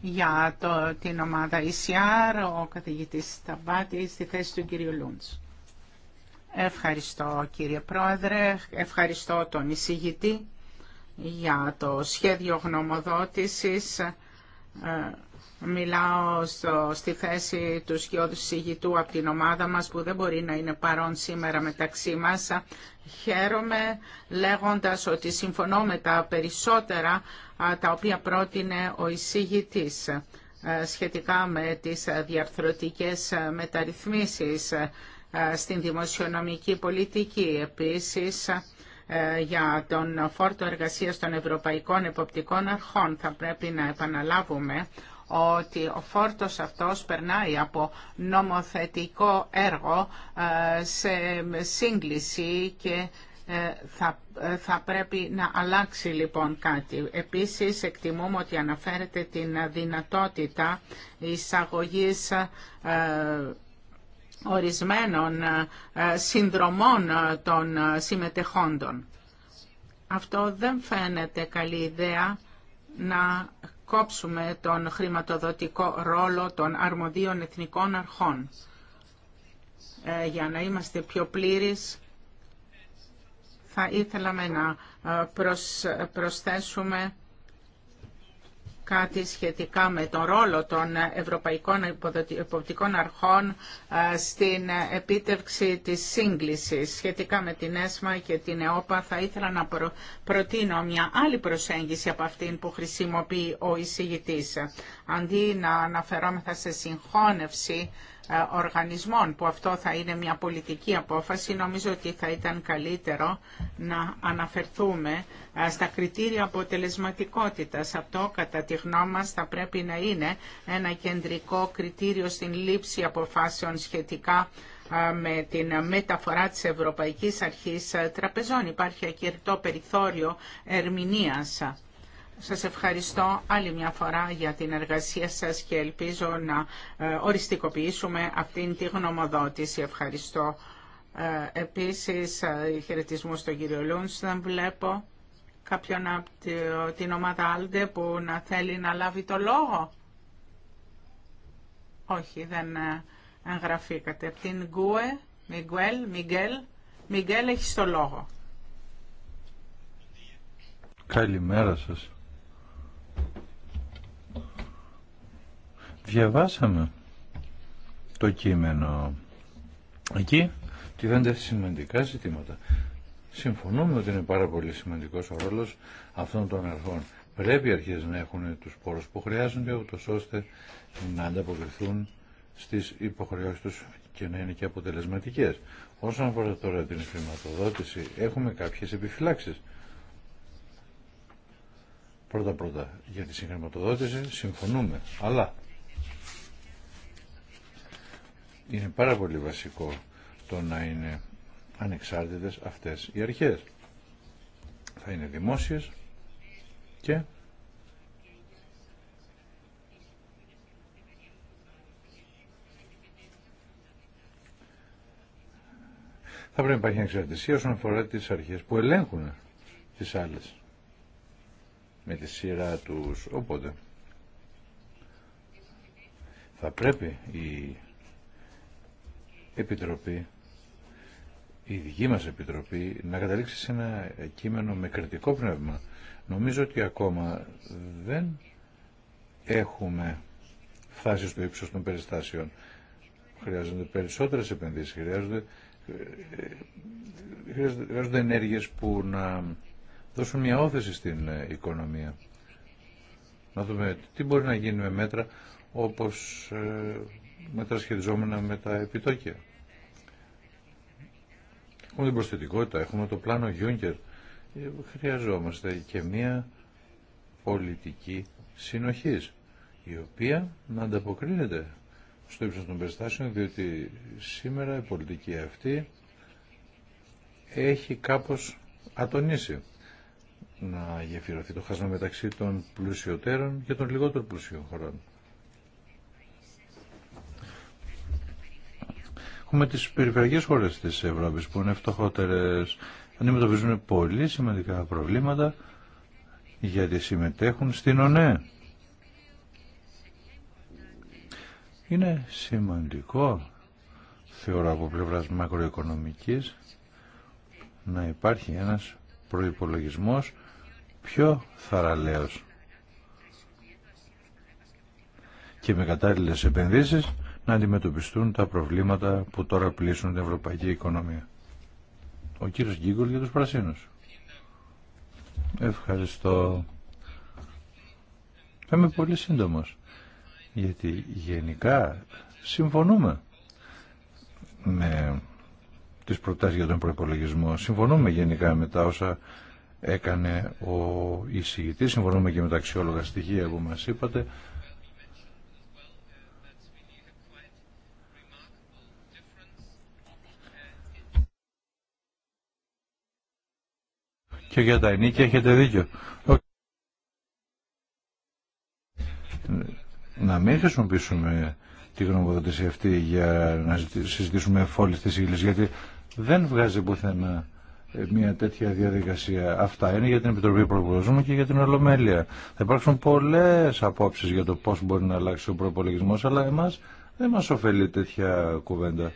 για το, την ομάδα ECR, ο καθηγητής Σταμπάτη στη θέση του κύριου Λούντς. Ευχαριστώ κύριε Πρόεδρε, ευχαριστώ τον εισηγητή για το σχέδιο γνωμοδότησης. Ε, Μιλάω στο, στη θέση του σκιώδου συγητού από την ομάδα μας που δεν μπορεί να είναι παρόν σήμερα μεταξύ μας. Χαίρομαι λέγοντας ότι συμφωνώ με τα περισσότερα τα οποία πρότεινε ο εισηγητής ε, σχετικά με τις διαρθρωτικές ε, μεταρρυθμίσεις ε, στην δημοσιονομική πολιτική. Επίσης, για τον φόρτο εργασίας των Ευρωπαϊκών Εποπτικών Αρχών θα πρέπει να επαναλάβουμε ότι ο φόρτος αυτός περνάει από νομοθετικό έργο ε, σε σύγκληση και ε, ε, θα, πρέπει να αλλάξει λοιπόν κάτι. Επίσης εκτιμούμε ότι αναφέρεται την δυνατότητα εισαγωγής ορισμένων συνδρομών των συμμετεχόντων. Αυτό δεν φαίνεται καλή ιδέα να κόψουμε τον χρηματοδοτικό ρόλο των αρμοδίων εθνικών αρχών. Ε, για να είμαστε πιο πλήρεις, θα ήθελαμε να ε, ε, προσθέσουμε κάτι σχετικά με τον ρόλο των Ευρωπαϊκών Υποπτικών Αρχών ε, στην επίτευξη της σύγκλησης. Σχετικά με την ΕΣΜΑ και την ΕΟΠΑ θα ήθελα να προτείνω μια άλλη προσέγγιση από αυτήν που χρησιμοποιεί ο εισηγητής. Αντί να αναφερόμεθα σε συγχώνευση ε, οργανισμών που αυτό θα είναι μια πολιτική απόφαση νομίζω ότι θα ήταν καλύτερο να αναφερθούμε ε, στα κριτήρια αποτελεσματικότητας. Αυτό κατά τη γνώμη μας θα πρέπει να είναι ένα κεντρικό κριτήριο στην λήψη αποφάσεων σχετικά ε, με την μεταφορά της Ευρωπαϊκής Αρχής Τραπεζών. Υπάρχει ακυρτό περιθώριο ερμηνείας σας ευχαριστώ άλλη μια φορά για την εργασία σας και ελπίζω να ε, οριστικοποιήσουμε αυτήν τη γνωμοδότηση. Ευχαριστώ. Ε, επίσης, ε, χαιρετισμού στον κύριο Λούντς, δεν βλέπω κάποιον από την ομάδα Άλντε που να θέλει να λάβει το λόγο. Όχι, δεν εγγραφήκατε. Από την Γκουε, Μιγγέλ, Μιγκέλ. Μιγκέλ, έχει το λόγο. Καλημέρα σας. Διαβάσαμε το κείμενο. Εκεί τη φαίνονται σημαντικά ζητήματα. Συμφωνούμε ότι είναι πάρα πολύ σημαντικός ο ρόλος αυτών των αρχών. Πρέπει οι αρχές να έχουν τους πόρους που χρειάζονται, ούτως ώστε να ανταποκριθούν στις υποχρεώσεις τους και να είναι και αποτελεσματικές. Όσον αφορά τώρα την χρηματοδότηση, έχουμε κάποιες επιφυλάξεις. Πρώτα πρώτα για τη συγχρηματοδότηση συμφωνούμε, αλλά είναι πάρα πολύ βασικό το να είναι ανεξάρτητες αυτές οι αρχές. Θα είναι δημόσιες και θα πρέπει να υπάρχει ανεξαρτησία όσον αφορά τις αρχές που ελέγχουν τις άλλες με τη σειρά τους. Οπότε θα πρέπει η Επιτροπή, η δική μας Επιτροπή, να καταλήξει σε ένα κείμενο με κριτικό πνεύμα. Νομίζω ότι ακόμα δεν έχουμε φτάσει στο ύψος των περιστάσεων. Χρειάζονται περισσότερες επενδύσεις, χρειάζονται, ε, ε, χρειάζονται ενέργειες που να δώσουν μια όθεση στην ε, οικονομία. Να δούμε τι μπορεί να γίνει με μέτρα όπως ε, μέτρα σχετιζόμενα με τα επιτόκια. Έχουμε την προσθετικότητα, έχουμε το πλάνο Γιούγκερ. Ε, χρειαζόμαστε και μια πολιτική συνοχής, η οποία να ανταποκρίνεται στο ύψο των περιστάσεων, διότι σήμερα η πολιτική αυτή έχει κάπως ατονίσει να γεφυρωθεί το χάσμα μεταξύ των πλουσιωτέρων και των λιγότερο πλουσιών χωρών. Έχουμε τις περιφερειακές χώρες της Ευρώπης που είναι φτωχότερες, αντιμετωπίζουν πολύ σημαντικά προβλήματα γιατί συμμετέχουν στην ΟΝΕ. Είναι σημαντικό, θεωρώ από πλευράς μακροοικονομικής, να υπάρχει ένας προϋπολογισμός πιο θαραλέως και με κατάλληλες επενδύσεις να αντιμετωπιστούν τα προβλήματα που τώρα πλήσουν την ευρωπαϊκή οικονομία. Ο κύριος Γκίγκολ για τους Πρασίνους. Ευχαριστώ. Θα είμαι πολύ σύντομος, γιατί γενικά συμφωνούμε με τις προτάσεις για τον προπολογισμό. Συμφωνούμε γενικά με τα όσα έκανε ο εισηγητής. Συμφωνούμε και με τα αξιόλογα στοιχεία που μας είπατε. Και για τα ενίκια έχετε δίκιο. Να μην χρησιμοποιήσουμε τη γνωμοδότηση αυτή για να συζητήσουμε φόλες της ύλης, γιατί δεν βγάζει πουθενά ε, μια τέτοια διαδικασία. Αυτά είναι για την Επιτροπή Προπολογισμού και για την Ολομέλεια. Θα υπάρξουν πολλέ απόψει για το πώ μπορεί να αλλάξει ο προπολογισμό, αλλά εμά δεν μα ωφελεί τέτοια κουβέντα.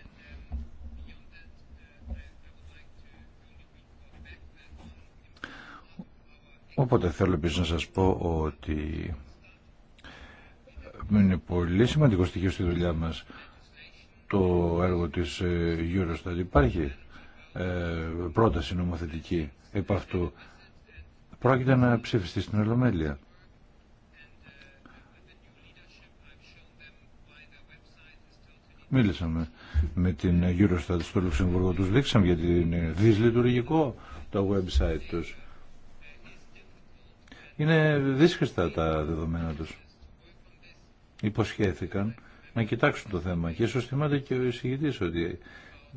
Οπότε θέλω επίση να σας πω ότι είναι πολύ σημαντικό στοιχείο στη δουλειά μας το έργο της ε, Eurostat. Υπάρχει ε, πρόταση νομοθετική επ' αυτού. Πρόκειται να ψηφιστεί στην Ολομέλεια. Μίλησαμε με την Eurostat στο Λουξεμβούργο. Τους δείξαμε γιατί είναι δυσλειτουργικό το website τους. Είναι δύσκολα τα δεδομένα τους. Υποσχέθηκαν να κοιτάξουν το θέμα και ίσως θυμάται και ο εισηγητής ότι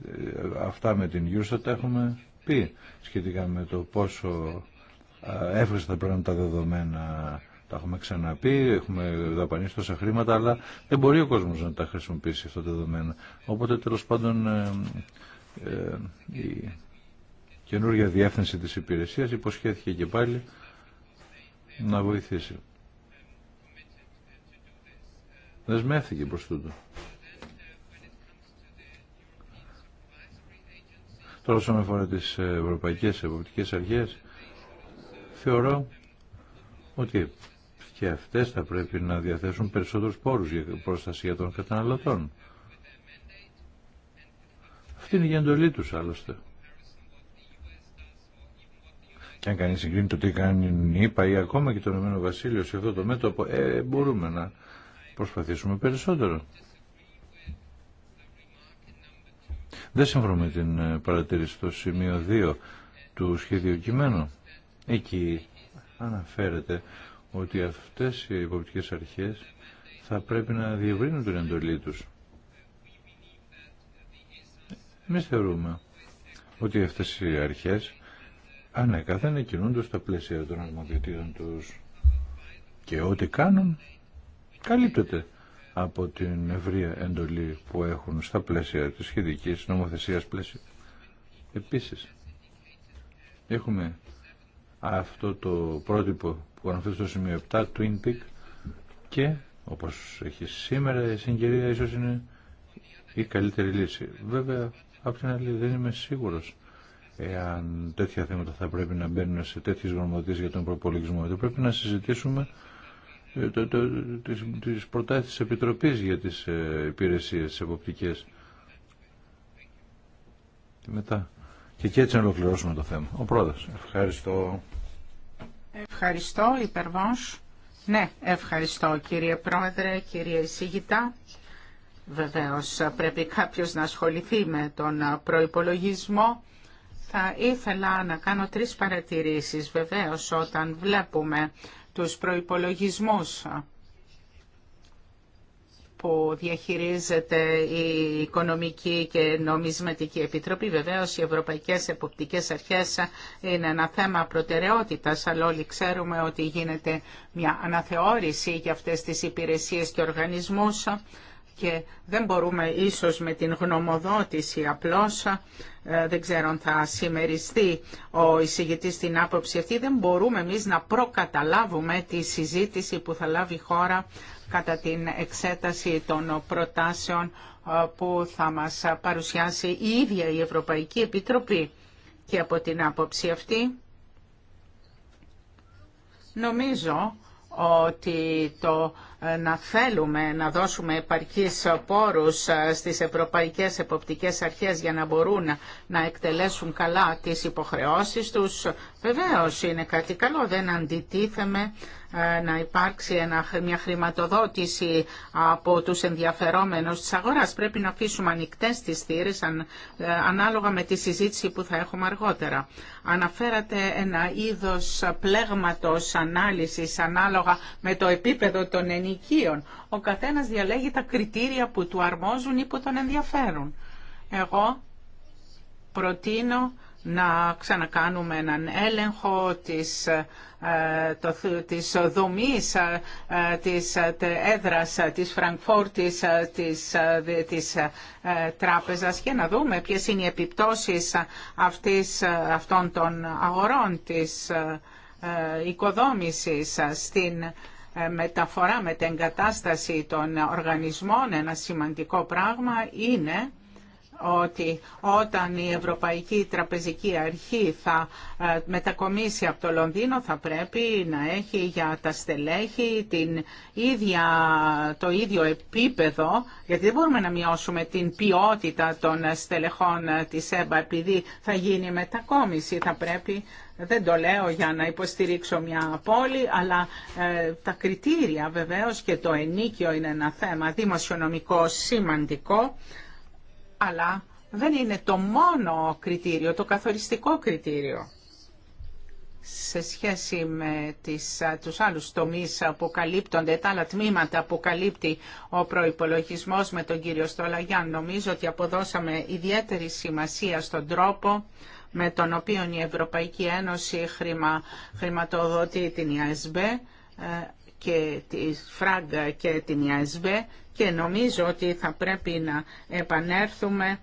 ε, αυτά με την γιούσα τα έχουμε πει σχετικά με το πόσο εύχεστα πρέπει να τα δεδομένα τα έχουμε ξαναπεί, έχουμε δαπανίσει τόσα χρήματα, αλλά δεν μπορεί ο κόσμος να τα χρησιμοποιήσει αυτά τα δεδομένα. Οπότε τέλος πάντων ε, ε, η καινούργια διεύθυνση της υπηρεσίας υποσχέθηκε και πάλι να βοηθήσει. Δεσμεύθηκε προς τούτο. Τώρα όσον αφορά τις ευρωπαϊκές εποπτικές αρχές, θεωρώ ότι και αυτές θα πρέπει να διαθέσουν περισσότερους πόρους για προστασία των καταναλωτών. Αυτή είναι η εντολή τους άλλωστε. Και αν κανείς συγκρίνει το τι κάνει η ΕΠΑ ή ακόμα και το Ηνωμένο Βασίλειο σε αυτό το μέτωπο, ε, μπορούμε να προσπαθήσουμε περισσότερο. Δεν συμφωνούμε με την ε, παρατήρηση στο σημείο 2 του σχεδίου κειμένου. Εκεί αναφέρεται ότι αυτές οι υποπτικές αρχές θα πρέπει να διευρύνουν την εντολή τους. Εμεί θεωρούμε ότι αυτές οι αρχές ανέκαθεν κινούνται στα πλαίσια των αρμοδιωτήτων τους και ό,τι κάνουν καλύπτεται από την ευρεία εντολή που έχουν στα πλαίσια της σχετικής νομοθεσίας πλαίσια. Επίσης, έχουμε αυτό το πρότυπο που αναφέρει στο σημείο 7, Twin Peak, και όπως έχει σήμερα η συγκυρία ίσως είναι η καλύτερη λύση. Βέβαια, απ' την άλλη δεν είμαι σίγουρος εάν τέτοια θέματα θα πρέπει να μπαίνουν σε τέτοιες γνωμοδίες για τον προπολογισμό. Δεν πρέπει να συζητήσουμε ε, το, το, τις, τις Επιτροπής για τις ε, υπηρεσίες τις Και μετά. Και, και έτσι να ολοκληρώσουμε το θέμα. Ο πρόεδρος. Ευχαριστώ. Ευχαριστώ, υπερβάνς. Ναι, ευχαριστώ κύριε Πρόεδρε, κύριε εισηγητά. Βεβαίως πρέπει κάποιος να ασχοληθεί με τον προϋπολογισμό. Θα ήθελα να κάνω τρεις παρατηρήσεις. Βεβαίως όταν βλέπουμε τους προϋπολογισμούς που διαχειρίζεται η Οικονομική και Νομισματική Επιτροπή. Βεβαίως, οι Ευρωπαϊκές Εποπτικές Αρχές είναι ένα θέμα προτεραιότητας, αλλά όλοι ξέρουμε ότι γίνεται μια αναθεώρηση για αυτές τις υπηρεσίες και οργανισμούς και δεν μπορούμε ίσως με την γνωμοδότηση απλώς ε, δεν ξέρω αν θα συμμεριστεί ο εισηγητής στην άποψη αυτή, δεν μπορούμε εμείς να προκαταλάβουμε τη συζήτηση που θα λάβει η χώρα κατά την εξέταση των προτάσεων ε, που θα μας παρουσιάσει η ίδια η Ευρωπαϊκή Επιτροπή. Και από την άποψη αυτή νομίζω ότι το να θέλουμε να δώσουμε επαρκείς πόρους ε, στις ευρωπαϊκές εποπτικές αρχές για να μπορούν να εκτελέσουν καλά τις υποχρεώσεις τους. Βεβαίως είναι κάτι καλό, δεν αντιτίθεμε ε, να υπάρξει μια χρηματοδότηση από τους ενδιαφερόμενους της αγοράς. Πρέπει να αφήσουμε ανοιχτές τις θύρες ε, ανάλογα με τη συζήτηση που θα έχουμε αργότερα. Αναφέρατε ένα είδος πλέγματος ανάλυσης ανάλογα με το επίπεδο των ο καθένας διαλέγει τα κριτήρια που του αρμόζουν ή που τον ενδιαφέρουν. Εγώ προτείνω να ξανακάνουμε έναν έλεγχο της, ε, το, της δομής ε, της ε, έδρας της Φραγκφόρτης της, της τράπεζας και να δούμε ποιες είναι οι επιπτώσεις αυτής, αυτών των αγορών της οικοδόμησης στην ε, μεταφορά, με την εγκατάσταση των οργανισμών, ένα σημαντικό πράγμα είναι ότι όταν η Ευρωπαϊκή Τραπεζική Αρχή θα ε, μετακομίσει από το Λονδίνο θα πρέπει να έχει για τα στελέχη την ίδια, το ίδιο επίπεδο γιατί δεν μπορούμε να μειώσουμε την ποιότητα των στελεχών ε, της ΕΜΠΑ επειδή θα γίνει μετακόμιση θα πρέπει δεν το λέω για να υποστηρίξω μια πόλη, αλλά ε, τα κριτήρια βεβαίως και το ενίκιο είναι ένα θέμα δημοσιονομικό σημαντικό, αλλά δεν είναι το μόνο κριτήριο, το καθοριστικό κριτήριο σε σχέση με τις, ε, τους άλλους τομείς που καλύπτονται, τα άλλα τμήματα που καλύπτει ο προϋπολογισμός με τον κύριο Στολαγιάν. Νομίζω ότι αποδώσαμε ιδιαίτερη σημασία στον τρόπο με τον οποίο η Ευρωπαϊκή Ένωση χρηματοδοτεί την ε, και τη ΦΡΑΓ και την ΙΑΣΒ και νομίζω ότι θα πρέπει να επανέλθουμε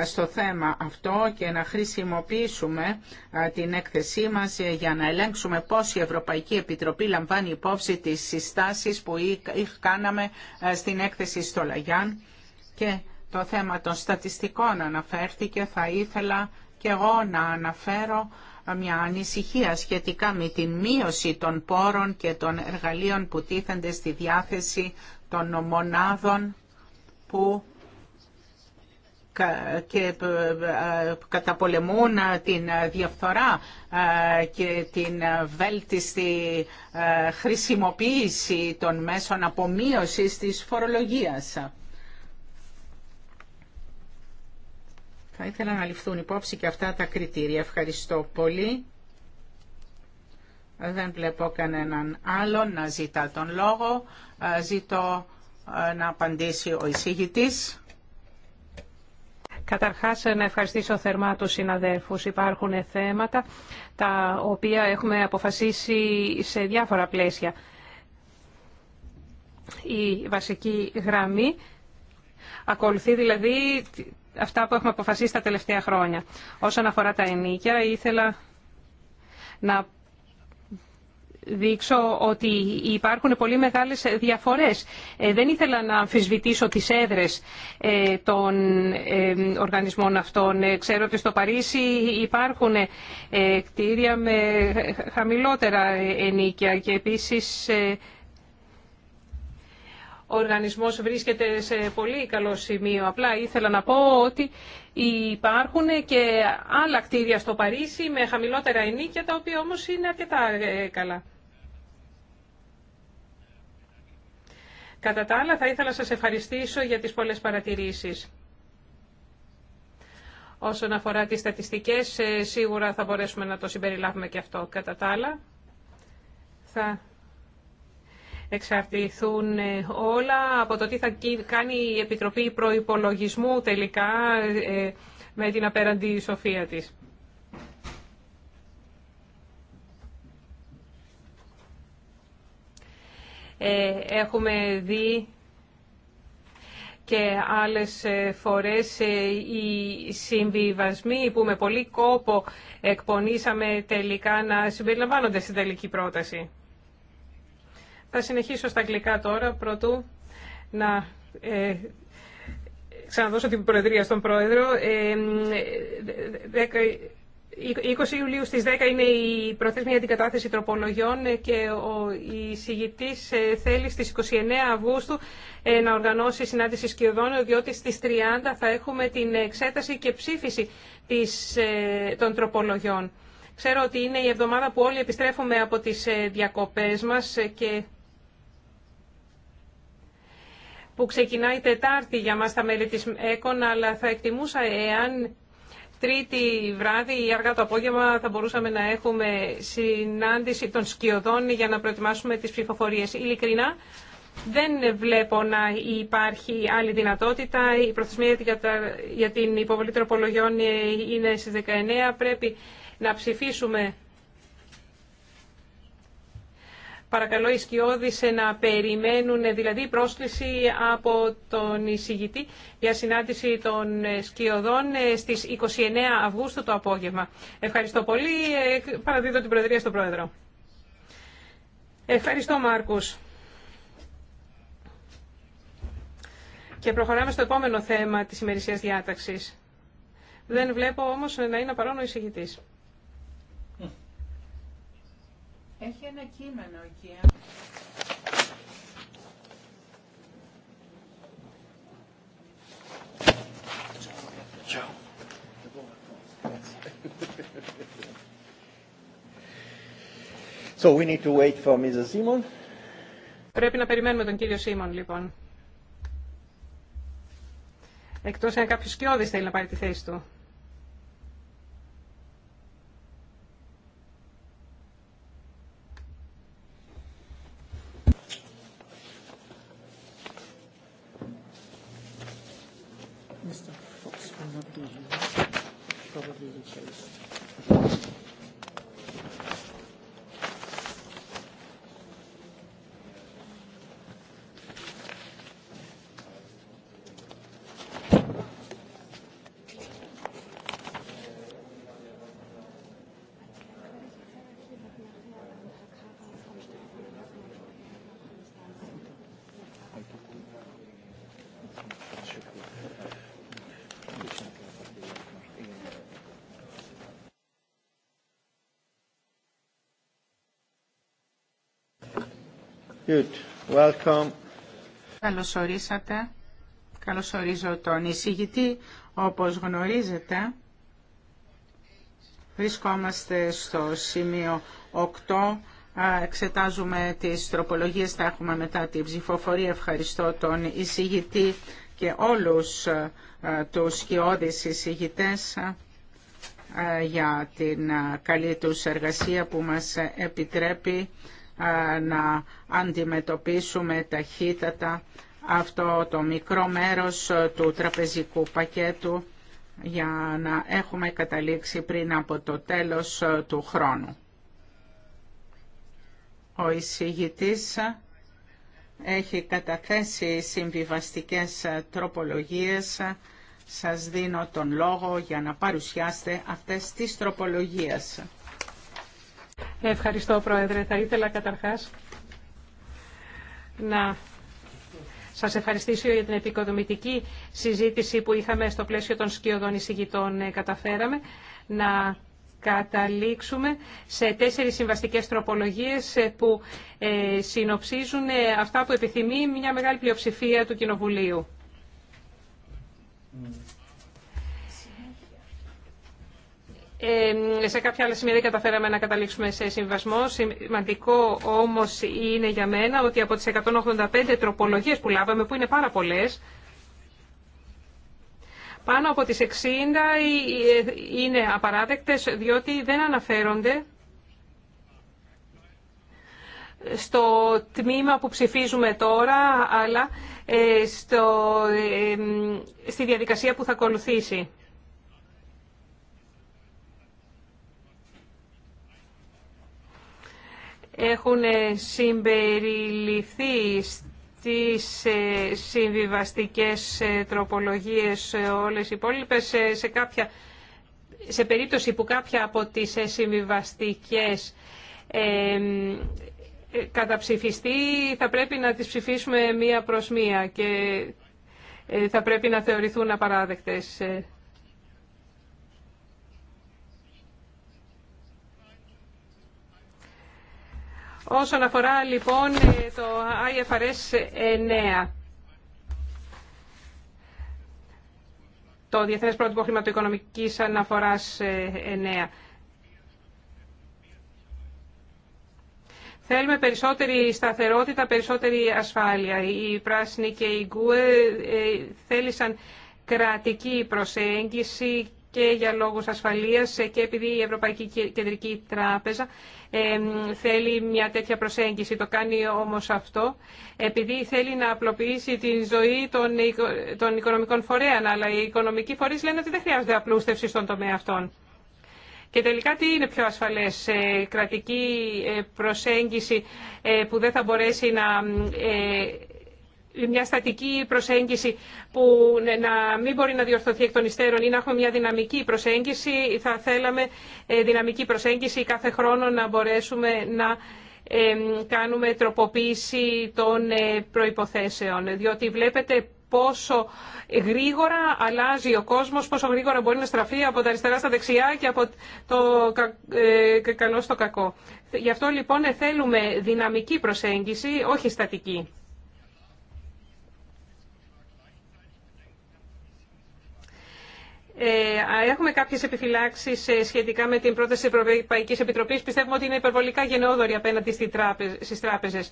ε, στο θέμα αυτό και να χρησιμοποιήσουμε ε, την έκθεσή μας για να ελέγξουμε πώς η Ευρωπαϊκή Επιτροπή λαμβάνει υπόψη τις συστάσεις που κάναμε ε, στην έκθεση στο Λαγιάν και το θέμα των στατιστικών αναφέρθηκε θα ήθελα και εγώ να αναφέρω μια ανησυχία σχετικά με την μείωση των πόρων και των εργαλείων που τίθενται στη διάθεση των μονάδων που και ε, ε, καταπολεμούν ε, την διαφθορά και την βέλτιστη χρησιμοποίηση των μέσων απομείωσης της φορολογίας. Θα ήθελα να ληφθούν υπόψη και αυτά τα κριτήρια. Ευχαριστώ πολύ. Δεν βλέπω κανέναν άλλον να ζητά τον λόγο. Ε, ζητώ ε, να απαντήσει ο εισηγητής. Καταρχάς ε, να ευχαριστήσω θερμά τους συναδέλφους. Υπάρχουν θέματα τα οποία έχουμε αποφασίσει σε διάφορα πλαίσια. Η βασική γραμμή ακολουθεί δηλαδή αυτά που έχουμε αποφασίσει τα τελευταία χρόνια. Όσον αφορά τα ενίκια, ήθελα να δείξω ότι υπάρχουν πολύ μεγάλες διαφορές. Ε, δεν ήθελα να αμφισβητήσω τις έδρες ε, των ε, οργανισμών αυτών. Ξέρω ότι στο Παρίσι υπάρχουν κτίρια με χαμηλότερα ενίκια και επίσης ο οργανισμός βρίσκεται σε πολύ καλό σημείο. Απλά ήθελα να πω ότι υπάρχουν και άλλα κτίρια στο Παρίσι με χαμηλότερα ενίκια, τα οποία όμως είναι αρκετά ε, καλά. Κατά τα άλλα, θα ήθελα να σας ευχαριστήσω για τις πολλές παρατηρήσεις. Όσον αφορά τις στατιστικές, ε, σίγουρα θα μπορέσουμε να το συμπεριλάβουμε και αυτό. Κατά τα άλλα, θα εξαρτηθούν ε, όλα από το τι θα κάνει η Επιτροπή Προϋπολογισμού τελικά ε, με την απέραντη σοφία της. Ε, έχουμε δει και άλλες φορές οι συμβιβασμοί που με πολύ κόπο εκπονήσαμε τελικά να συμπεριλαμβάνονται στην τελική πρόταση. Θα συνεχίσω στα αγγλικά τώρα, πρωτού να ε, ξαναδώσω την Προεδρία στον Πρόεδρο. Ε, 20 Ιουλίου στις 10 είναι η προθέσμια την κατάθεση τροπολογιών και ο εισηγητής ε, θέλει στις 29 Αυγούστου ε, να οργανώσει συνάντηση σκιωδών, διότι στις 30 θα έχουμε την εξέταση και ψήφιση της, ε, των τροπολογιών. Ξέρω ότι είναι η εβδομάδα που όλοι επιστρέφουμε από τις διακοπές μας και που ξεκινάει Τετάρτη για μας τα μέλη της ΕΚΟΝ, αλλά θα εκτιμούσα εάν Τρίτη βράδυ ή αργά το απόγευμα θα μπορούσαμε να έχουμε συνάντηση των σκιωδών για να προετοιμάσουμε τις ψηφοφορίες. Ειλικρινά, δεν βλέπω να υπάρχει άλλη δυνατότητα. Η προθεσμία για την υποβολή τροπολογιών είναι στις 19. Πρέπει να ψηφίσουμε Παρακαλώ οι σκιώδεις να περιμένουν δηλαδή πρόσκληση από τον εισηγητή για συνάντηση των σκιωδών ε, στις 29 Αυγούστου το απόγευμα. Ευχαριστώ πολύ. Ε, παραδίδω την Προεδρία στον Πρόεδρο. Ευχαριστώ Μάρκους. Και προχωράμε στο επόμενο θέμα της ημερησίας διάταξης. Δεν βλέπω όμως να είναι παρόν ο εισηγητής. Έχει ένα κείμενο εκεί. Ε. So we need Πρέπει να περιμένουμε τον κύριο Σίμων, λοιπόν. Εκτός αν κάποιος σκιώδης θέλει να πάρει τη θέση του. Welcome. Καλώς ορίσατε. Καλώς ορίζω τον εισηγητή. Όπως γνωρίζετε, βρισκόμαστε στο σημείο 8. Εξετάζουμε τις τροπολογίες, θα έχουμε μετά την ψηφοφορία. Ευχαριστώ τον εισηγητή και όλους τους σκιώδεις εισηγητές για την καλή τους εργασία που μας επιτρέπει να αντιμετωπίσουμε ταχύτατα αυτό το μικρό μέρος του τραπεζικού πακέτου για να έχουμε καταλήξει πριν από το τέλος του χρόνου. Ο εισηγητής έχει καταθέσει συμβιβαστικές τροπολογίες. Σας δίνω τον λόγο για να παρουσιάσετε αυτές τις τροπολογίες. Ευχαριστώ, Πρόεδρε. Θα ήθελα καταρχάς να σας ευχαριστήσω για την επικοδομητική συζήτηση που είχαμε στο πλαίσιο των σκιωδών εισηγητών. Ε, καταφέραμε να καταλήξουμε σε τέσσερις συμβαστικές τροπολογίες ε, που ε, συνοψίζουν αυτά που επιθυμεί μια μεγάλη πλειοψηφία του Κοινοβουλίου. Mm. σε κάποια άλλα σημεία δεν καταφέραμε να καταλήξουμε σε συμβασμό. Σημαντικό όμως είναι για μένα ότι από τις 185 τροπολογίες που λάβαμε, που είναι πάρα πολλέ, πάνω από τις 60 ε, είναι απαράδεκτες διότι δεν αναφέρονται στο τμήμα που ψηφίζουμε τώρα, αλλά ε, στο, ε, στη διαδικασία που θα ακολουθήσει. έχουν συμπεριληφθεί στις ε, συμβιβαστικές ε, τροπολογίες ε, όλες οι υπόλοιπες σε, κάποια, σε περίπτωση που κάποια από τις συμβιβαστικές ε, καταψηφιστεί θα πρέπει να τις ψηφίσουμε μία προς μία και θα πρέπει να θεωρηθούν απαράδεκτες. Όσον αφορά λοιπόν το IFRS 9, το Διεθνές Πρότυπο Χρηματοοικονομικής Αναφοράς 9. Ε, Θέλουμε περισσότερη σταθερότητα, περισσότερη ασφάλεια. Οι πράσινοι και οι γκουε ε, θέλησαν κρατική προσέγγιση και για λόγους ασφαλείας ε, και επειδή η Ευρωπαϊκή Κεντρική Τράπεζα θέλει μια τέτοια προσέγγιση. Το κάνει όμως αυτό επειδή θέλει να απλοποιήσει την ζωή των οικονομικών φορέων. Αλλά οι οικονομικοί φορείς λένε ότι δεν χρειάζεται απλούστευση στον τομέα αυτών. Και τελικά τι είναι πιο ασφαλές, ε, κρατική ε, προσέγγιση που δεν θα μπορέσει να μια στατική προσέγγιση που ναι, να μην μπορεί να διορθωθεί εκ των υστέρων ή να έχουμε μια δυναμική προσέγγιση. Θα θέλαμε ε, δυναμική προσέγγιση κάθε χρόνο να μπορέσουμε να κάνουμε τροποποίηση των ε, προϋποθέσεων. Διότι βλέπετε πόσο γρήγορα αλλάζει ο κόσμος, πόσο γρήγορα μπορεί να στραφεί από τα αριστερά στα δεξιά και από το ε, καλό στο κακό. Γι' αυτό λοιπόν θέλουμε δυναμική προσέγγιση, όχι στατική. Ε, έχουμε κάποιε επιφυλάξει ε, σχετικά με την πρόταση τη Ευρωπαϊκή Επιτροπή. Πιστεύουμε ότι είναι υπερβολικά γενναιόδορη απέναντι στι τράπεζε.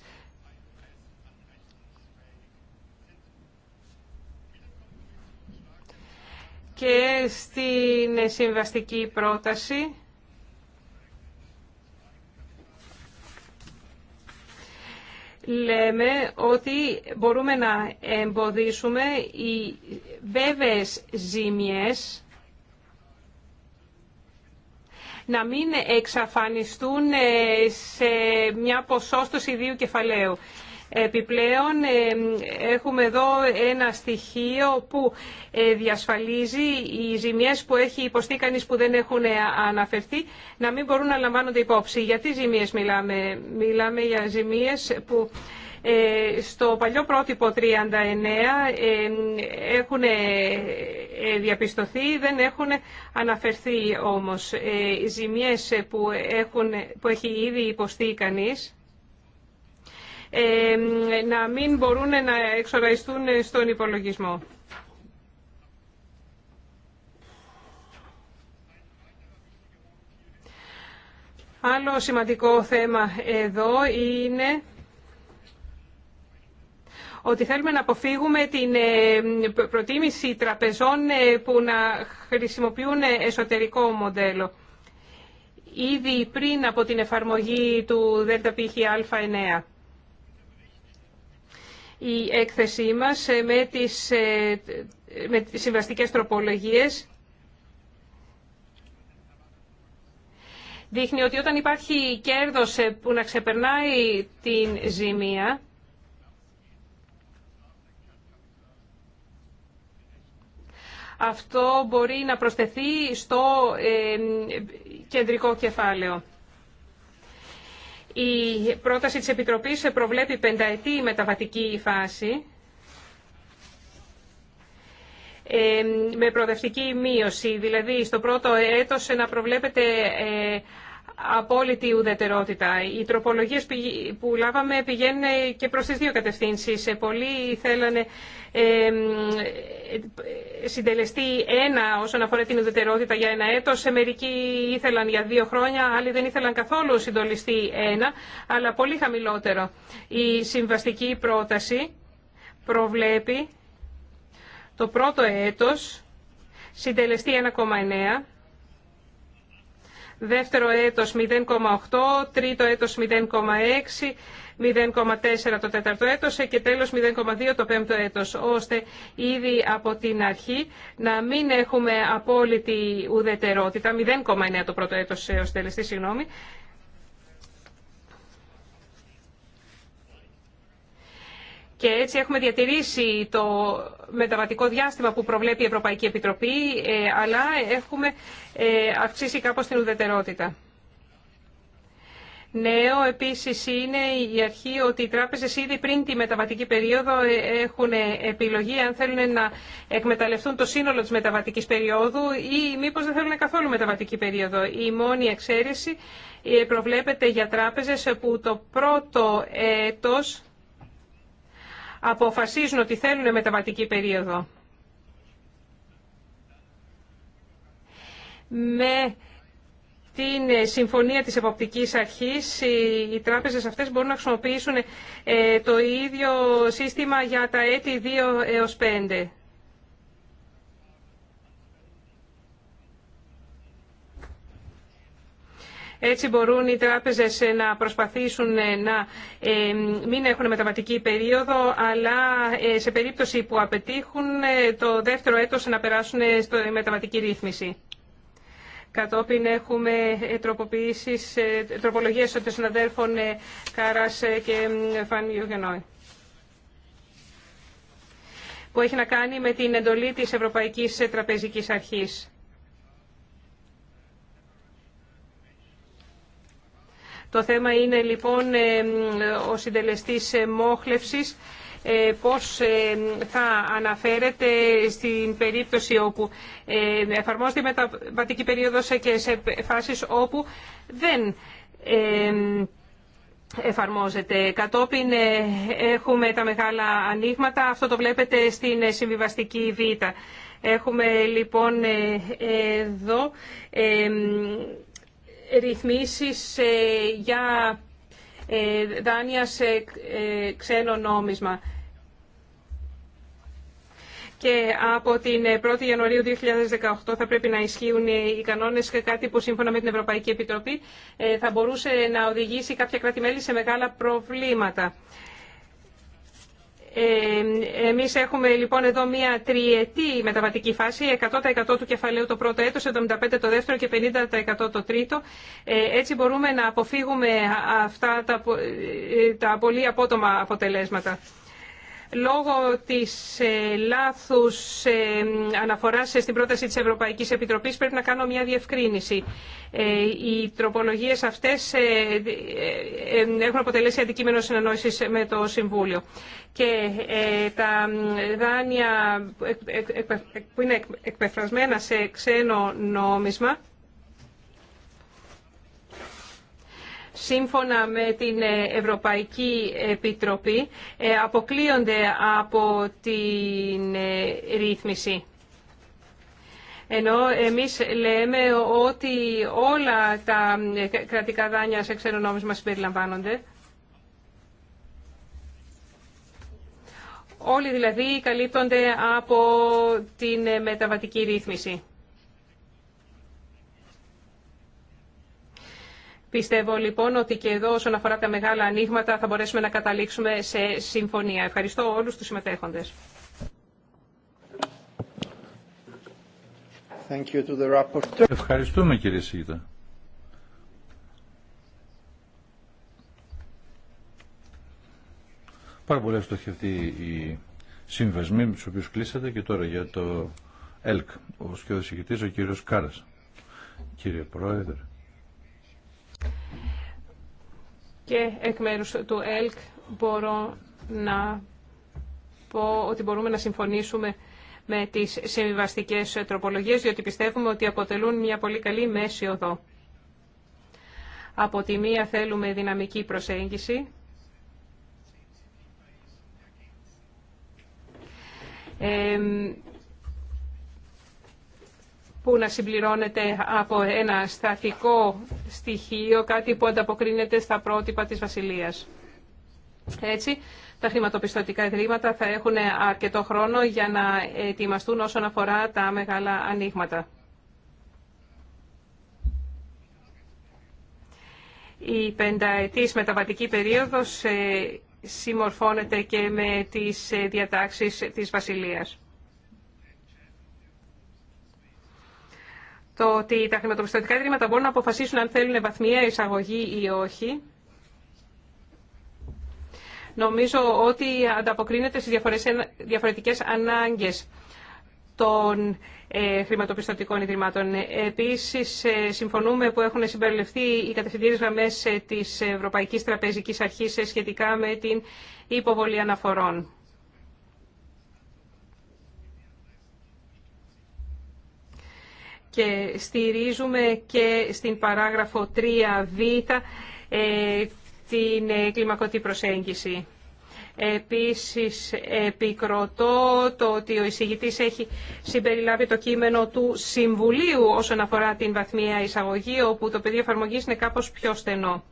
Και στην συμβαστική πρόταση λέμε ότι μπορούμε να εμποδίσουμε οι βέβαιες ζήμιες να μην εξαφανιστούν ε, σε μια ποσόστοση δύο κεφαλαίου. Επιπλέον ε, έχουμε εδώ ένα στοιχείο που ε, διασφαλίζει οι ζημιές που έχει υποστεί κανείς που δεν έχουν ε, αναφερθεί να μην μπορούν να λαμβάνονται υπόψη. Γιατί τι ζημίες μιλάμε. Μιλάμε για ζημίες που στο παλιό πρότυπο 39 έχουν διαπιστωθεί, δεν έχουν αναφερθεί όμως. Οι ζημιές που, έχουν, που έχει ήδη υποστεί κανείς να μην μπορούν να εξοραϊστούν στον υπολογισμό. Άλλο σημαντικό θέμα εδώ είναι ότι θέλουμε να αποφύγουμε την προτίμηση τραπεζών ε, που να χρησιμοποιούν εσωτερικό μοντέλο. Ήδη πριν από την εφαρμογή του Δύχ 9 η έκθεσή μας ε, με τις, ε, με τις συμβαστικές τροπολογίες δείχνει ότι όταν υπάρχει κέρδος ε, που να ξεπερνάει την ζημία αυτό μπορεί να προσθεθεί στο κεντρικό κεφάλαιο. Η πρόταση της Επιτροπής προβλέπει πενταετή μεταβατική φάση ε, με προοδευτική μείωση, δηλαδή στο πρώτο έτος να προβλέπεται ε, απόλυτη ουδετερότητα. Οι τροπολογίες που λάβαμε πηγαίνουν και προς τις δύο κατευθύνσεις. Ε, πολλοί θέλανε ε, συντελεστεί ένα όσον αφορά την ουδετερότητα για ένα έτος. Ε, μερικοί ήθελαν για δύο χρόνια, άλλοι δεν ήθελαν καθόλου συντολιστεί ένα, αλλά πολύ χαμηλότερο. Η συμβαστική πρόταση προβλέπει το πρώτο έτος συντελεστεί 1,9 δεύτερο έτος 0,8, τρίτο έτος 0,6, 0,4 το τέταρτο έτος και τέλος 0,2 το πέμπτο έτος, ώστε ήδη από την αρχή να μην έχουμε απόλυτη ουδετερότητα, 0,9 το πρώτο έτος ως τελεστή, συγγνώμη, Και έτσι έχουμε διατηρήσει το μεταβατικό διάστημα που προβλέπει η Ευρωπαϊκή Επιτροπή, ε, αλλά έχουμε ε, αυξήσει κάπως την ουδετερότητα. Νέο επίσης είναι η αρχή ότι οι τράπεζες ήδη πριν τη μεταβατική περίοδο ε, έχουν επιλογή αν θέλουν να εκμεταλλευτούν το σύνολο της μεταβατικής περίοδου ή μήπως δεν θέλουν καθόλου μεταβατική περίοδο. Η μόνη εξαίρεση προβλέπεται για τράπεζες που το πρώτο έτος αποφασίζουν ότι θέλουν μεταβατική περίοδο. Με την συμφωνία της εποπτικής αρχής οι τράπεζες αυτές μπορούν να χρησιμοποιήσουν ε, το ίδιο σύστημα για τα έτη 2 έως 5. Έτσι μπορούν οι τράπεζες ε, να προσπαθήσουν ε, να ε, μην έχουν μεταβατική περίοδο, αλλά σε περίπτωση που απετύχουν το δεύτερο έτος να περάσουν στη μεταβατική ρύθμιση. Κατόπιν έχουμε τροπολογίε τροπολογίες των συναδέλφων Κάρας και Φαν Ιουγενόη που έχει να κάνει με την εντολή της Ευρωπαϊκής Τραπεζικής Αρχής. Το θέμα είναι λοιπόν ο συντελεστής μόχλευσης ε, πώς θα αναφέρεται στην περίπτωση όπου εφαρμόζεται η μεταβατική περίοδος και σε φάσεις όπου δεν εφαρμόζεται. Κατόπιν ε, έχουμε τα μεγάλα ανοίγματα. Αυτό το βλέπετε στην συμβιβαστική β. Έχουμε λοιπόν ε, εδώ ρυθμίσεις ε, για ε, δάνεια σε ε, ξένο νόμισμα. Και από την 1η Ιανουαρίου 2018 θα πρέπει να ισχύουν οι κανόνες και κάτι που σύμφωνα με την Ευρωπαϊκή Επιτροπή θα μπορούσε να οδηγήσει κάποια κράτη-μέλη σε μεγάλα προβλήματα. Ε, εμείς έχουμε λοιπόν εδώ μία τριετή μεταβατική φάση, 100% του κεφαλαίου το πρώτο έτος, 75% το δεύτερο και 50% το τρίτο. Ε, έτσι μπορούμε να αποφύγουμε αυτά τα, ε, τα πολύ απότομα αποτελέσματα. Λόγω της λάθους αναφοράς στην πρόταση της Ευρωπαϊκής Επιτροπής πρέπει να κάνω μια διευκρίνηση. Οι τροπολογίες αυτές έχουν αποτελέσει αντικείμενο συνεννόησης με το Συμβούλιο και ε, τα δάνεια που είναι εκπεφρασμένα σε ξένο νόμισμα σύμφωνα με την Ευρωπαϊκή Επιτροπή ε, αποκλείονται από την ε, ρύθμιση. Ενώ εμείς λέμε ότι όλα τα κρατικά δάνεια σε ξένο νόμισμα συμπεριλαμβάνονται. Όλοι δηλαδή καλύπτονται από την μεταβατική ρύθμιση. Πιστεύω λοιπόν ότι και εδώ όσον αφορά τα μεγάλα ανοίγματα θα μπορέσουμε να καταλήξουμε σε συμφωνία. Ευχαριστώ όλους τους συμμετέχοντες. Ευχαριστούμε κύριε Σίγητα. Πάρα πολύ εύστοχοι η οι με του κλείσατε και τώρα για το ΕΛΚ. Ο σκέδος ο κύριος Κάρας. Κύριε Πρόεδρε. Και εκ μέρου του ΕΛΚ μπορώ να πω ότι μπορούμε να συμφωνήσουμε με τις συμβιβαστικέ τροπολογίες, διότι πιστεύουμε ότι αποτελούν μια πολύ καλή μέση οδό. Από τη μία θέλουμε δυναμική προσέγγιση, που να συμπληρώνεται από ένα στατικό στοιχείο, κάτι που ανταποκρίνεται στα πρότυπα της Βασιλείας. Έτσι, τα χρηματοπιστωτικά ιδρύματα θα έχουν αρκετό χρόνο για να ετοιμαστούν όσον αφορά τα μεγάλα ανοίγματα. Η πενταετής μεταβατική περίοδος ε, συμμορφώνεται και με τις ε, διατάξεις της Βασιλείας. Το ότι τα χρηματοπιστωτικά ιδρύματα μπορούν να αποφασίσουν αν θέλουν βαθμία εισαγωγή ή όχι, νομίζω ότι ανταποκρίνεται στις διαφορετικές ανάγκες των ε, χρηματοπιστωτικών ιδρυμάτων. Επίσης, ε, συμφωνούμε που έχουν συμπεριληφθεί οι κατευθυντήριες γραμμές ε, της Ευρωπαϊκής Τραπεζικής Αρχής σχετικά με την υποβολή αναφορών. Και στηρίζουμε και στην παράγραφο 3β την κλιμακωτή προσέγγιση. Επίσης επικροτώ το ότι ο εισηγητής έχει συμπεριλάβει το κείμενο του Συμβουλίου όσον αφορά την βαθμία εισαγωγή, όπου το πεδίο εφαρμογή είναι κάπως πιο στενό.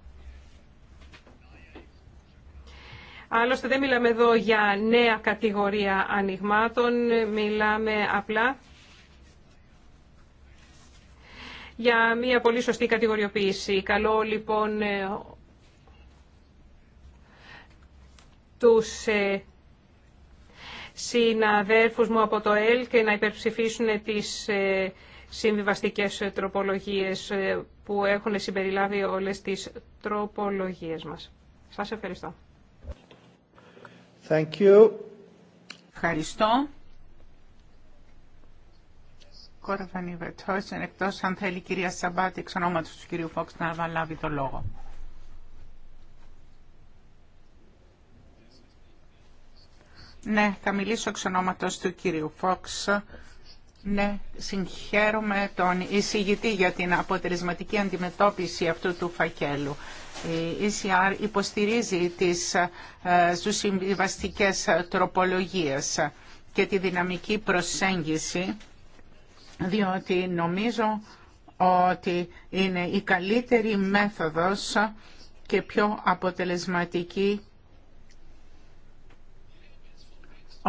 Άλλωστε δεν μιλάμε εδώ για νέα κατηγορία ανοιγμάτων, μιλάμε απλά για μια πολύ σωστή κατηγοριοποίηση. Καλό λοιπόν τους ε, συναδέρφους μου από το ΕΛ και να υπερψηφίσουν τις ε, συμβιβαστικές τροπολογίες ε, που έχουν συμπεριλάβει όλες τις τροπολογίες μας. Σας ευχαριστώ. Thank you. Ευχαριστώ. Κοραφανή εκτός αν θέλει η κυρία Σαμπάτη εξ ονόματος του κυρίου Φόξ να λάβει το λόγο. Ναι, θα μιλήσω εξ ονόματος του κύριου Φόξ. Ναι, συγχαίρομαι τον εισηγητή για την αποτελεσματική αντιμετώπιση αυτού του φακέλου. Η ECR υποστηρίζει τις ε, συμβιβαστικέ τροπολογίες και τη δυναμική προσέγγιση, διότι νομίζω ότι είναι η καλύτερη μέθοδος και πιο αποτελεσματική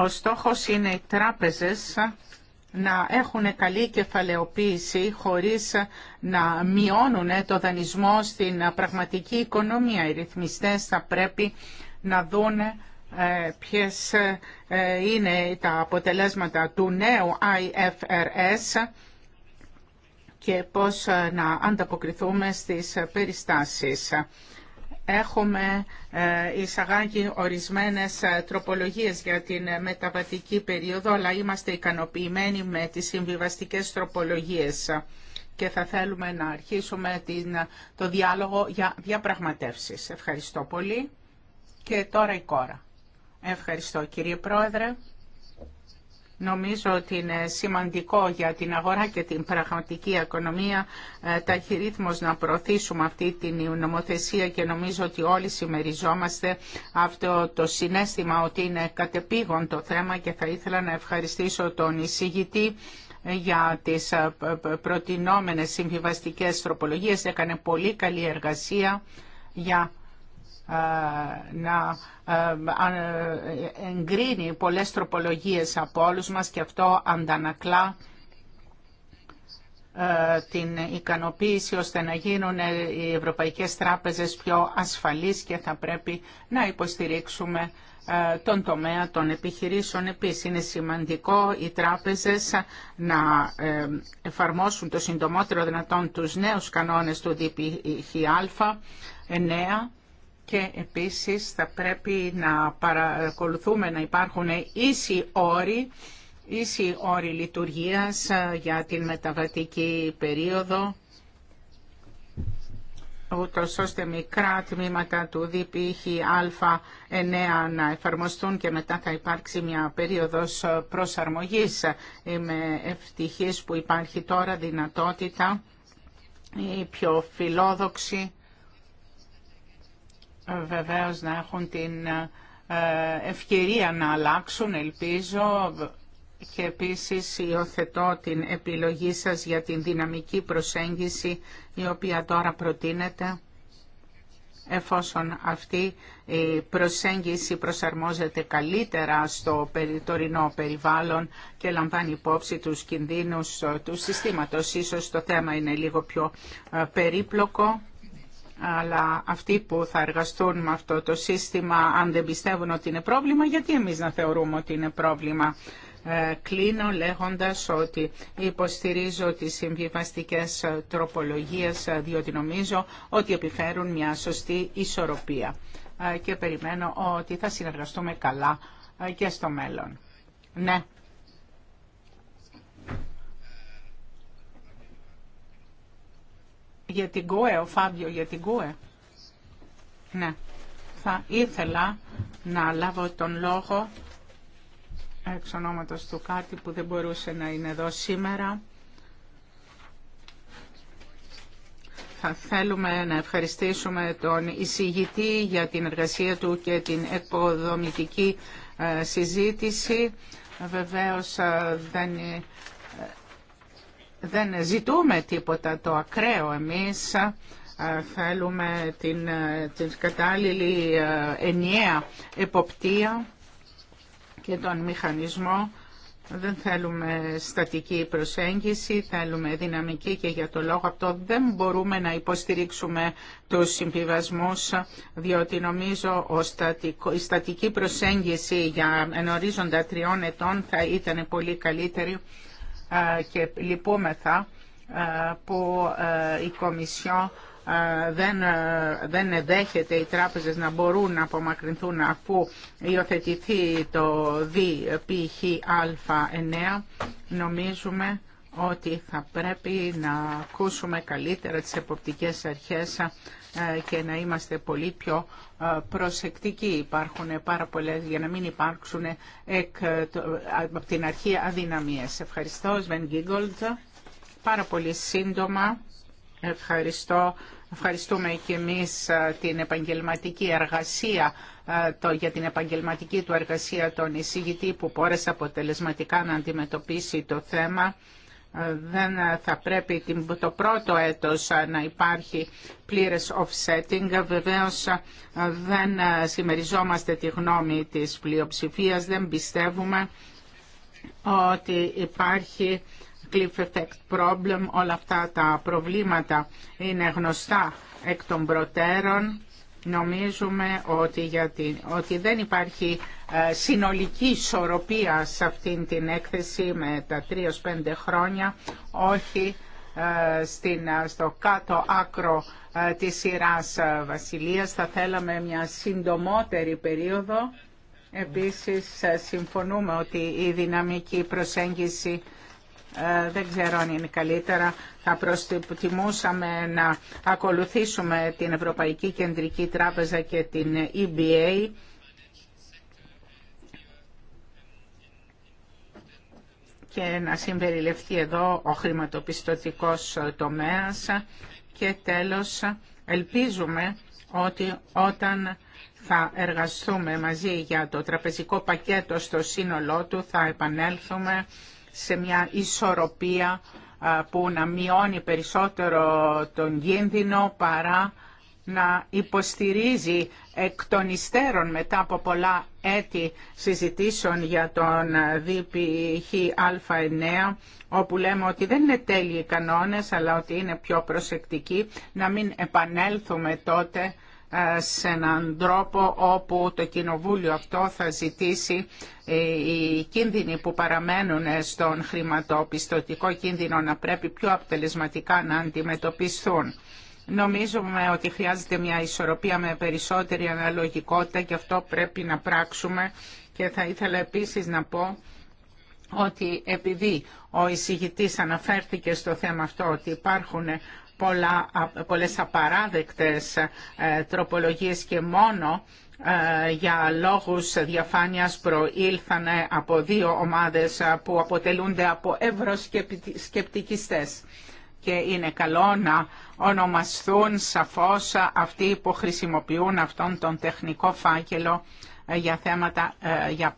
Ο στόχος είναι οι τράπεζες να έχουν καλή κεφαλαιοποίηση χωρίς να μειώνουν το δανεισμό στην πραγματική οικονομία. Οι ρυθμιστές θα πρέπει να δουν ε, ποιες ε, είναι τα αποτελέσματα του νέου IFRS και πώς ε, να ανταποκριθούμε στις περιστάσεις. Έχουμε ε, εισαγάγει ορισμένες ε, τροπολογίες για την ε, μεταβατική περίοδο, αλλά είμαστε ικανοποιημένοι με τις συμβιβαστικές τροπολογίες και θα θέλουμε να αρχίσουμε την, το διάλογο για διαπραγματεύσεις. Ευχαριστώ πολύ. Και τώρα η κόρα. Ευχαριστώ κύριε Πρόεδρε. Νομίζω ότι είναι σημαντικό για την αγορά και την πραγματική οικονομία ε, ταχυρύθμως να προωθήσουμε αυτή την νομοθεσία και νομίζω ότι όλοι συμμεριζόμαστε αυτό το συνέστημα ότι είναι κατεπήγον το θέμα και θα ήθελα να ευχαριστήσω τον εισηγητή ε, για τις ε, προτινόμενες συμβιβαστικές τροπολογίες. Έκανε πολύ καλή εργασία για να ε, ε, εγκρίνει πολλές τροπολογίες από όλους μας και αυτό αντανακλά ε, την ικανοποίηση ώστε να γίνουν οι ευρωπαϊκές τράπεζες πιο ασφαλείς και θα πρέπει να υποστηρίξουμε τον τομέα των επιχειρήσεων. Επίσης είναι σημαντικό οι τράπεζες να εφαρμόσουν το συντομότερο δυνατόν τους νέους κανόνες του ΔΠΧΑ νέα και επίσης θα πρέπει να παρακολουθούμε να υπάρχουν ίσοι όροι, ίσοι όροι λειτουργίας ε, για την μεταβατική περίοδο ούτως ώστε μικρά τμήματα του α 9 να εφαρμοστούν και μετά θα υπάρξει μια περίοδος προσαρμογής. Είμαι ευτυχής που υπάρχει τώρα δυνατότητα η πιο φιλόδοξη ε, βεβαίως να έχουν την ε, ευκαιρία να αλλάξουν, ελπίζω, και επίσης υιοθετώ την επιλογή σας για την δυναμική προσέγγιση η οποία τώρα προτείνεται εφόσον αυτή η προσέγγιση προσαρμόζεται καλύτερα στο περιτορινό περιβάλλον και λαμβάνει υπόψη τους κινδύνους ε, του συστήματος. Ίσως το θέμα είναι λίγο πιο περίπλοκο αλλά αυτοί που θα εργαστούν με αυτό το σύστημα, αν δεν πιστεύουν ότι είναι πρόβλημα, γιατί εμείς να θεωρούμε ότι είναι πρόβλημα. Ε, κλείνω λέγοντας ότι υποστηρίζω τις συμβιβαστικές τροπολογίες, διότι νομίζω ότι επιφέρουν μια σωστή ισορροπία ε, και περιμένω ότι θα συνεργαστούμε καλά ε, και στο μέλλον. Ναι. για την ΚΟΕ, ο Φάβιο, για την ΚΟΕ. Ναι. Θα ήθελα να λάβω τον λόγο εξ ονόματος του κάτι που δεν μπορούσε να είναι εδώ σήμερα. Θα θέλουμε να ευχαριστήσουμε τον εισηγητή για την εργασία του και την εκποδομητική ε, συζήτηση. Βεβαίως ε, δεν δεν ζητούμε τίποτα το ακραίο εμείς ε, θέλουμε την, ε, την κατάλληλη ε, ενιαία εποπτεία και τον μηχανισμό. Δεν θέλουμε στατική προσέγγιση, θέλουμε δυναμική και για το λόγο αυτό δεν μπορούμε να υποστηρίξουμε τους συμβιβασμούς, διότι νομίζω ο η στατική προσέγγιση για ορίζοντα τριών ετών θα ήταν πολύ καλύτερη και λυπούμεθα που η Κομισιό δεν, δεν δέχεται οι τράπεζες να μπορούν να απομακρυνθούν αφού υιοθετηθεί το ΔΠΧΑ9 νομίζουμε ότι θα πρέπει να ακούσουμε καλύτερα τις εποπτικές αρχές και να είμαστε πολύ πιο ε, προσεκτικοί. Υπάρχουν πάρα πολλέ για να μην υπάρξουν εκ, από την αρχή αδυναμίες. Ευχαριστώ, Σβεν Γκίγκολτ. Πάρα πολύ σύντομα. Ευχαριστώ. Ευχαριστούμε και εμείς ε, την επαγγελματική εργασία, ε, το, για την επαγγελματική του εργασία των εισηγητή που πόρεσε αποτελεσματικά να αντιμετωπίσει το θέμα δεν θα πρέπει το πρώτο έτος να υπάρχει πλήρες offsetting. Βεβαίως δεν συμμεριζόμαστε τη γνώμη της πλειοψηφίας, δεν πιστεύουμε ότι υπάρχει cliff effect problem, όλα αυτά τα προβλήματα είναι γνωστά εκ των προτέρων Νομίζουμε ότι, γιατί, ότι δεν υπάρχει ε, συνολική ισορροπία σε αυτήν την έκθεση με τα 3-5 χρόνια, όχι ε, στην, ε, στο κάτω άκρο της σειράς Βασιλείας. Θα θέλαμε μια συντομότερη περίοδο. Επίσης, συμφωνούμε ότι η δυναμική προσέγγιση ε, δεν ξέρω αν είναι καλύτερα. Θα προτιμούσαμε να ακολουθήσουμε την Ευρωπαϊκή Κεντρική Τράπεζα και την EBA. και να συμπεριληφθεί εδώ ο χρηματοπιστωτικός τομέας και τέλος ελπίζουμε ότι όταν θα εργαστούμε μαζί για το τραπεζικό πακέτο στο σύνολό του θα επανέλθουμε σε μια ισορροπία που να μειώνει περισσότερο τον κίνδυνο παρά να υποστηρίζει εκ των υστέρων μετά από πολλά έτη συζητήσεων για τον ΔΠΧΑ9 όπου λέμε ότι δεν είναι τέλειοι οι κανόνες αλλά ότι είναι πιο προσεκτικοί να μην επανέλθουμε τότε ε, σε έναν τρόπο όπου το κοινοβούλιο αυτό θα ζητήσει ε, οι κίνδυνοι που παραμένουν στον χρηματοπιστωτικό κίνδυνο να πρέπει πιο αποτελεσματικά να αντιμετωπιστούν. Νομίζουμε ότι χρειάζεται μια ισορροπία με περισσότερη αναλογικότητα και αυτό πρέπει να πράξουμε και θα ήθελα επίσης να πω ότι επειδή ο εισηγητής αναφέρθηκε στο θέμα αυτό ότι υπάρχουν πολλά, πολλές απαράδεκτες ε, τροπολογίες και μόνο ε, για λόγους διαφάνειας προήλθαν από δύο ομάδες ε, που αποτελούνται από ευρωσκεπτικιστές. Και είναι καλό να ονομαστούν σαφώς αυτοί που χρησιμοποιούν αυτόν τον τεχνικό φάκελο για θέματα, για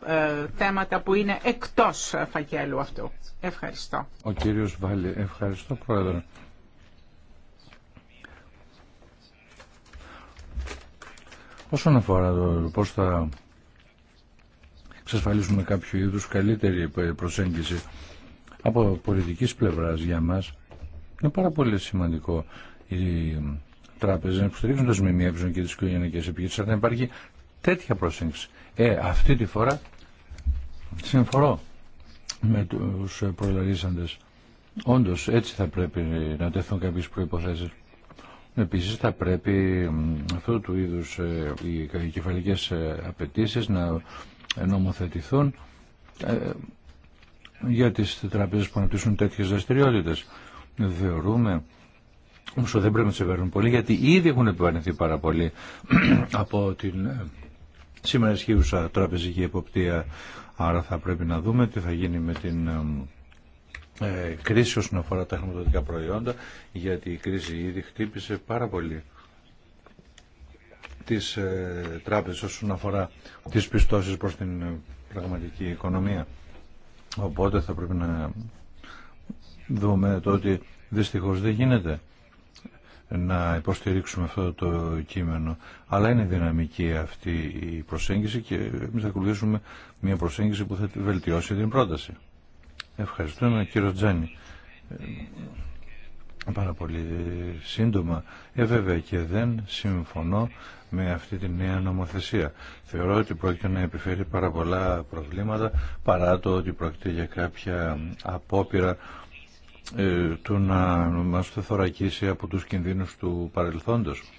θέματα που είναι εκτός φακέλου αυτού. Ευχαριστώ. Ο κύριος ευχαριστώ πρόεδρε. Όσον αφορά το πώς θα εξασφαλίσουμε κάποιο είδου καλύτερη προσέγγιση από πολιτικής πλευράς για μας, είναι πάρα πολύ σημαντικό οι τράπεζε να υποστηρίξουν το ΣΜΜΕ και τι οικογενειακέ επιχειρήσεις, αλλά να υπάρχει τέτοια προσέγγιση. Ε, αυτή τη φορά συμφορώ με τους προλαλήσαντε. όντω έτσι θα πρέπει να τεθούν κάποιε προποθέσει. Επίση, θα πρέπει αυτού του είδους ε, οι κεφαλικές ε, απαιτήσει να νομοθετηθούν ε, για τι τραπέζες που αναπτύσσουν τέτοιε δραστηριότητε. Θεωρούμε όσο δεν πρέπει να τις πολύ γιατί ήδη έχουν επιβαρυνθεί πάρα πολύ [clears throat] από την σήμερα ισχύουσα τραπεζική εποπτεία άρα θα πρέπει να δούμε τι θα γίνει με την ε, κρίση όσον αφορά τα χρηματοδοτικά προϊόντα, γιατί η κρίση ήδη χτύπησε πάρα πολύ τις ε, τράπεζες όσον αφορά τις πιστώσεις προς την ε, πραγματική οικονομία. Οπότε θα πρέπει να δούμε το ότι δυστυχώς δεν γίνεται να υποστηρίξουμε αυτό το κείμενο. Αλλά είναι δυναμική αυτή η προσέγγιση και εμείς θα ακολουθήσουμε μια προσέγγιση που θα βελτιώσει την πρόταση. Ευχαριστούμε κύριο Τζάνι. Ε, πάρα πολύ σύντομα. Ε, βέβαια και δεν συμφωνώ με αυτή τη νέα νομοθεσία. Θεωρώ ότι πρόκειται να επιφέρει πάρα πολλά προβλήματα παρά το ότι πρόκειται για κάποια απόπειρα ε, του να μας το θωρακίσει από τους κινδύνους του παρελθόντος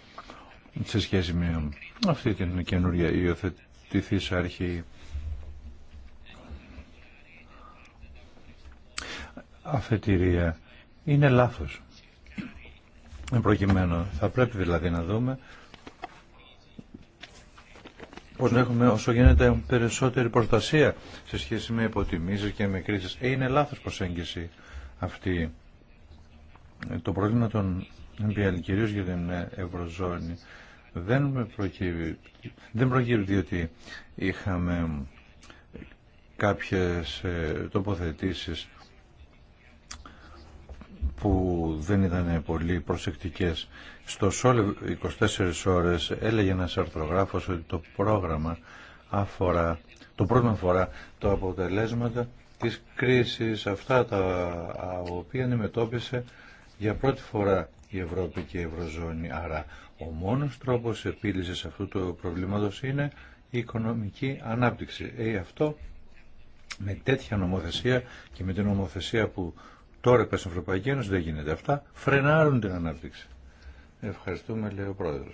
σε σχέση με αυτή την καινούργια υιοθετηθής αρχή αφετηρία είναι λάθος. Εν προκειμένου θα πρέπει δηλαδή να δούμε πώς να έχουμε όσο γίνεται περισσότερη προστασία σε σχέση με υποτιμήσεις και με κρίσεις. Ε, είναι λάθος προσέγγιση αυτή. Το πρόβλημα των MPL κυρίως για την Ευρωζώνη δεν προκύπτει, δεν προκύπτει διότι είχαμε κάποιες ε, τοποθετήσεις που δεν ήταν πολύ προσεκτικές. Στο ΣΟΛ 24 ώρες έλεγε ένας αρθρογράφος ότι το πρόγραμμα αφορά, το πρώτο αφορά το αποτελέσματα της κρίσης, αυτά τα οποία αντιμετώπισε για πρώτη φορά η Ευρώπη και η Ευρωζώνη. Άρα ο μόνος τρόπος επίλυσης αυτού του προβλήματος είναι η οικονομική ανάπτυξη. Ε, αυτό με τέτοια νομοθεσία και με την νομοθεσία που Τώρα πέσει στην Ευρωπαϊκή Ένωση δεν γίνεται αυτά. Φρενάρουν την ανάπτυξη. Ευχαριστούμε, λέει ο πρόεδρο.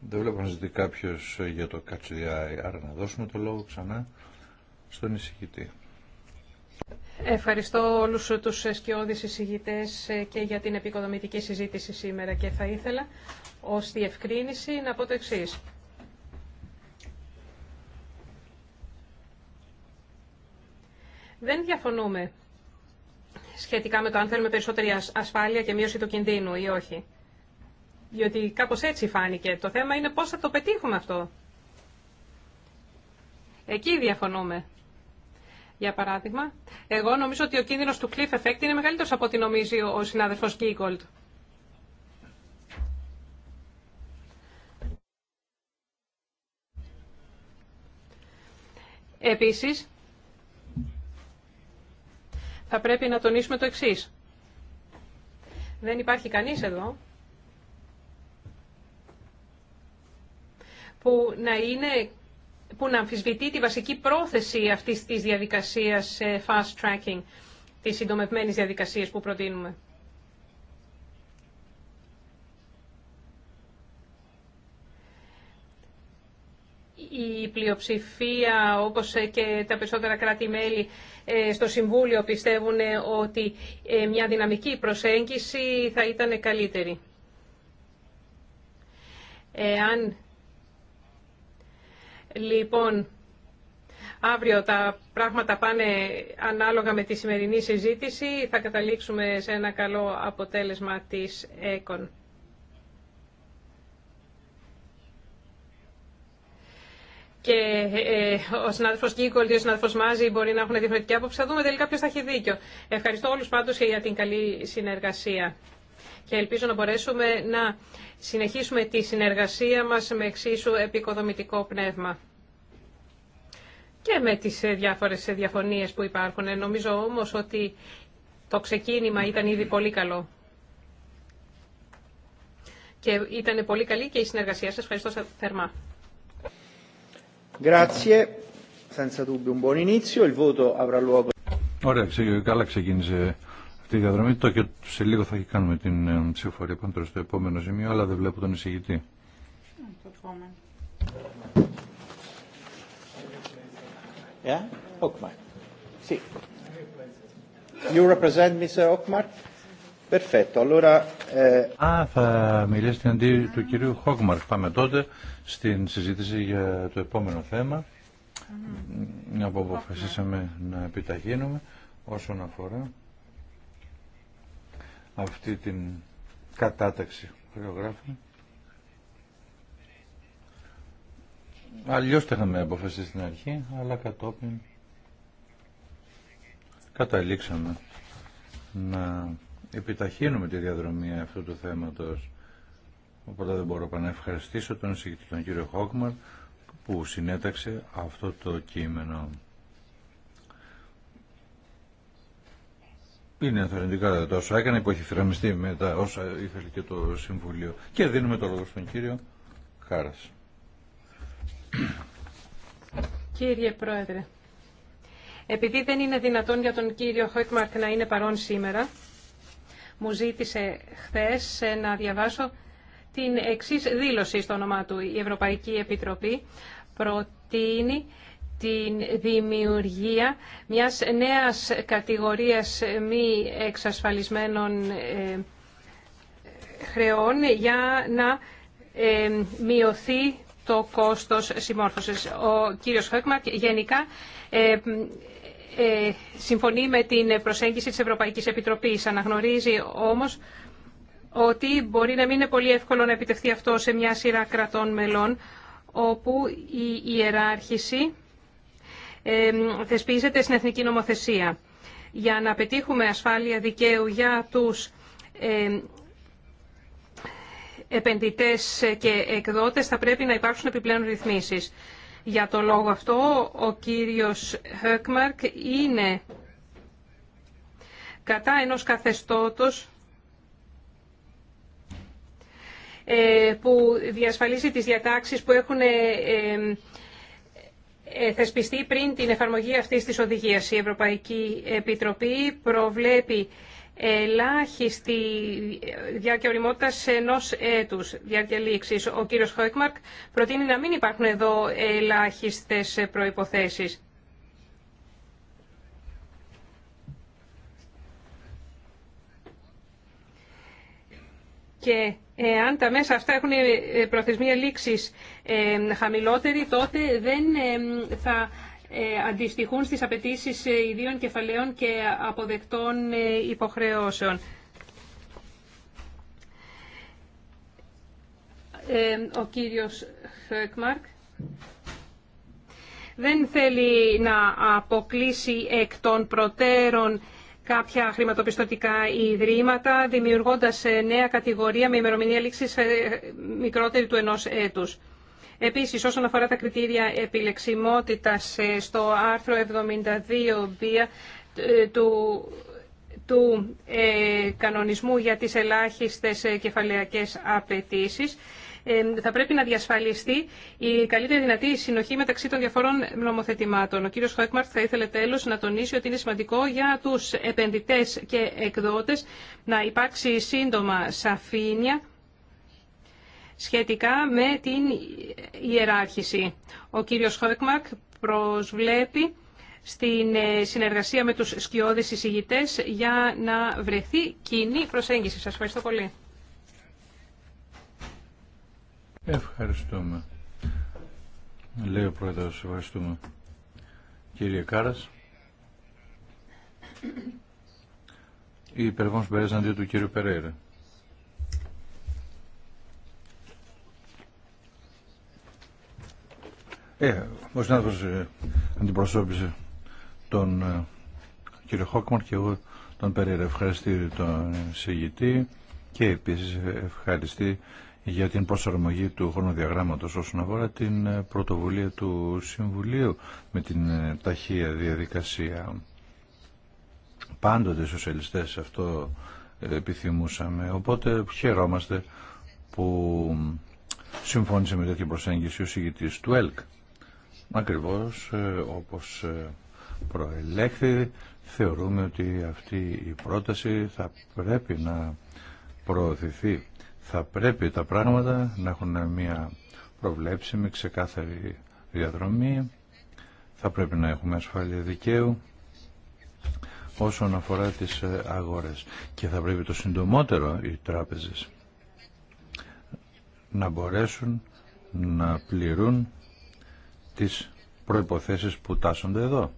Δεν βλέπω να ζητεί κάποιο για το Κατσουδιάι. Άρα να δώσουμε το λόγο ξανά στον εισηγητή. Ευχαριστώ όλους τους σκιώδεις εισηγητές ε, και για την επικοδομητική συζήτηση σήμερα και θα ήθελα ως διευκρίνηση να πω το εξής. Δεν διαφωνούμε σχετικά με το αν θέλουμε περισσότερη ασφάλεια και μείωση του κινδύνου ή όχι. Διότι κάπως έτσι φάνηκε. Το θέμα είναι πώς θα το πετύχουμε αυτό. Εκεί διαφωνούμε. Για παράδειγμα, εγώ νομίζω ότι ο κίνδυνος του cliff effect είναι μεγαλύτερος από ό,τι νομίζει ο συνάδελφος Γκίγκολτ. Επίσης, θα πρέπει να τονίσουμε το εξή. Δεν υπάρχει κανείς εδώ που να, είναι, που να αμφισβητεί τη βασική πρόθεση αυτής της διαδικασίας ε, fast tracking, της συντομευμένης διαδικασίας που προτείνουμε. η πλειοψηφία όπως και τα περισσότερα κράτη-μέλη ε, στο Συμβούλιο πιστεύουν ε, ότι ε, μια δυναμική προσέγγιση θα ήταν καλύτερη. Εάν λοιπόν αύριο τα πράγματα πάνε ανάλογα με τη σημερινή συζήτηση θα καταλήξουμε σε ένα καλό αποτέλεσμα της ΕΚΟΝ. Ε, και ο συνάδελφο Κίκολ και ο συνάδελφο Μάζη μπορεί να έχουν διαφορετική άποψη. Θα δούμε τελικά ποιο θα έχει δίκιο. Ευχαριστώ όλου πάντω για την καλή συνεργασία. Και ελπίζω να μπορέσουμε να συνεχίσουμε τη συνεργασία μα με εξίσου επικοδομητικό πνεύμα και με τις ε, διάφορες ε, διαφωνίες που υπάρχουν. Νομίζω όμως ότι το ξεκίνημα ήταν ήδη πολύ καλό. Και ήταν πολύ καλή και η συνεργασία σας. Ευχαριστώ θερμά. Grazie. Senza dubbio un buon inizio. Il voto avrà Ωραία, καλά ξεκίνησε αυτή η διαδρομή. Το και σε λίγο θα κάνουμε την ε, ψηφοφορία πάνω στο επόμενο σημείο, αλλά δεν βλέπω τον εισηγητή. Sì. You represent Mr. Eh, Α, θα μιλήσετε αντί του κυρίου Χόγμαρ. Πάμε τότε στην συζήτηση για το επόμενο θέμα. Να αποφασίσαμε να επιταχύνουμε όσον αφορά αυτή την κατάταξη χορογράφη. Αλλιώς τα είχαμε αποφασίσει στην αρχή, αλλά κατόπιν καταλήξαμε να επιταχύνουμε τη διαδρομή αυτού του θέματος. Οπότε δεν μπορώ να ευχαριστήσω τον τον κύριο Χόκμαρ που συνέταξε αυτό το κείμενο. Είναι ενθαρρυντικά τα όσα έκανε που έχει θεραμιστεί με τα όσα ήθελε και το Συμβουλίο. Και δίνουμε το λόγο στον κύριο Χάρας. Κύριε Πρόεδρε, επειδή δεν είναι δυνατόν για τον κύριο Χόκμαρκ να είναι παρόν σήμερα, μου ζήτησε χθες ε, να διαβάσω την εξής δήλωση στο όνομά του. Η Ευρωπαϊκή Επιτροπή προτείνει την δημιουργία μιας νέας κατηγορίας μη εξασφαλισμένων ε, χρεών για να ε, μειωθεί το κόστος συμμόρφωσης. Ο κύριος Χέκμαρκ γενικά ε, συμφωνεί με την προσέγγιση της Ευρωπαϊκής Επιτροπής. Αναγνωρίζει όμως ότι μπορεί να μην είναι πολύ εύκολο να επιτευχθεί αυτό σε μια σειρά κρατών μελών, όπου η ιεράρχηση ε, θεσπίζεται στην εθνική νομοθεσία. Για να πετύχουμε ασφάλεια δικαίου για τους ε, επενδυτές και εκδότες θα πρέπει να υπάρξουν επιπλέον ρυθμίσεις. Για το λόγο αυτό, ο κύριος Χέκμαρκ είναι κατά ενός καθεστώτος ε, που διασφαλίζει τις διατάξεις που έχουν ε, ε, θεσπιστεί πριν την εφαρμογή αυτής της οδηγίας. Η Ευρωπαϊκή Επιτροπή προβλέπει ελάχιστη διάρκεια οριμότητα ενό έτου διάρκεια λήξη. Ο κύριο Χόικμαρκ προτείνει να μην υπάρχουν εδώ ελάχιστε προποθέσει. Και αν τα μέσα αυτά έχουν ε, προθεσμία λήξης ε, χαμηλότερη, τότε δεν ε, θα ε, αντιστοιχούν στις απαιτήσει ε, ιδίων κεφαλαίων και αποδεκτών ε, υποχρεώσεων. Ο κύριος Χέκμαρκ δεν θέλει να αποκλείσει εκ των προτέρων κάποια χρηματοπιστωτικά ιδρύματα, δημιουργώντας νέα κατηγορία με ημερομηνία λήξης μικρότερη του ενός έτους. Επίσης, όσον αφορά τα κριτήρια επιλεξιμότητας ε, στο άρθρο 72 ε, του του ε, κανονισμού για τις ελάχιστες κεφαλαιακές απαιτήσεις θα πρέπει να διασφαλιστεί η καλύτερη δυνατή συνοχή μεταξύ των διαφορών νομοθετημάτων. Ο κ. Χόικμαρτ θα ήθελε τέλος να τονίσει ότι είναι σημαντικό για τους επενδυτές και εκδότες να υπάρξει σύντομα σαφήνεια σχετικά με την ιεράρχηση. Ο κύριος Χόδεκμακ προσβλέπει στην ε, συνεργασία με τους σκιώδεις εισηγητές για να βρεθεί κοινή προσέγγιση. Σας ευχαριστώ πολύ. Ευχαριστούμε. Λέει ο Πρόεδρος, ευχαριστούμε. Κύριε Κάρας. Η υπερβόνς περέσαν αντί του κύριου Περέιρα. Ε, ο συνάδελφος ε, αντιπροσώπησε τον ε, κύριο Χόκμαρ και εγώ τον Περίρα. Ευχαριστή τον συγητή και επίσης ευχαριστή για την προσαρμογή του χρονοδιαγράμματος όσον αφορά την ε, πρωτοβουλία του Συμβουλίου με την ε, ταχεία διαδικασία. Πάντοτε οι σοσιαλιστές αυτό επιθυμούσαμε, οπότε χαιρόμαστε που συμφώνησε με τέτοια προσέγγιση ο συγητής του ΕΛΚ. Ακριβώς ε, όπως ε, προελέχθη θεωρούμε ότι αυτή η πρόταση θα πρέπει να προωθηθεί. Θα πρέπει τα πράγματα να έχουν μια προβλέψιμη, ξεκάθαρη διαδρομή. Θα πρέπει να έχουμε ασφάλεια δικαίου όσον αφορά τις ε, αγορές. Και θα πρέπει το συντομότερο οι τράπεζες να μπορέσουν να πληρούν τις προϋποθέσεις που τάσσονται εδώ.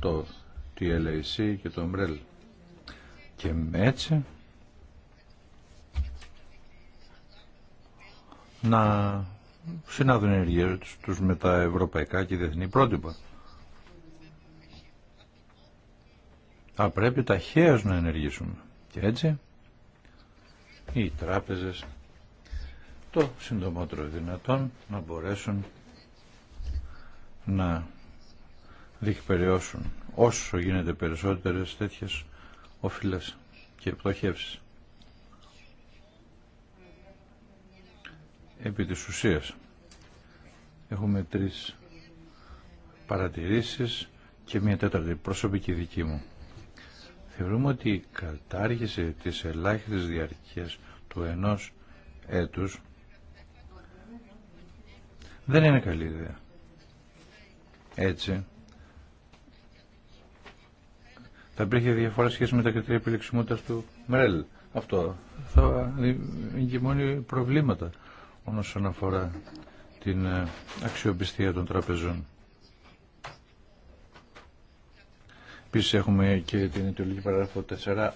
Το TLAC και το MREL. Και έτσι να συνάδουν τους με τα ευρωπαϊκά και διεθνή πρότυπα. Θα πρέπει ταχαίως να ενεργήσουμε. Και έτσι οι τράπεζες το συντομότερο δυνατόν να μπορέσουν να διεκπεριώσουν όσο γίνεται περισσότερες τέτοιες οφειλές και πτωχεύσεις. Επί της ουσίας έχουμε τρεις παρατηρήσεις και μία τέταρτη προσωπική δική μου. Θεωρούμε ότι η κατάργηση της ελάχιστης διαρκείας του ενός έτους δεν είναι καλή ιδέα. Έτσι. Θα υπήρχε διαφορά σχέση με τα κριτήρια επιλεξιμότητας του ΜΡΕΛ. Αυτό θα εγκυμώνει προβλήματα όσον αφορά την ε, αξιοπιστία των τραπεζών. Επίσης έχουμε και την ιδιωτικη παραγραφο παράγραφο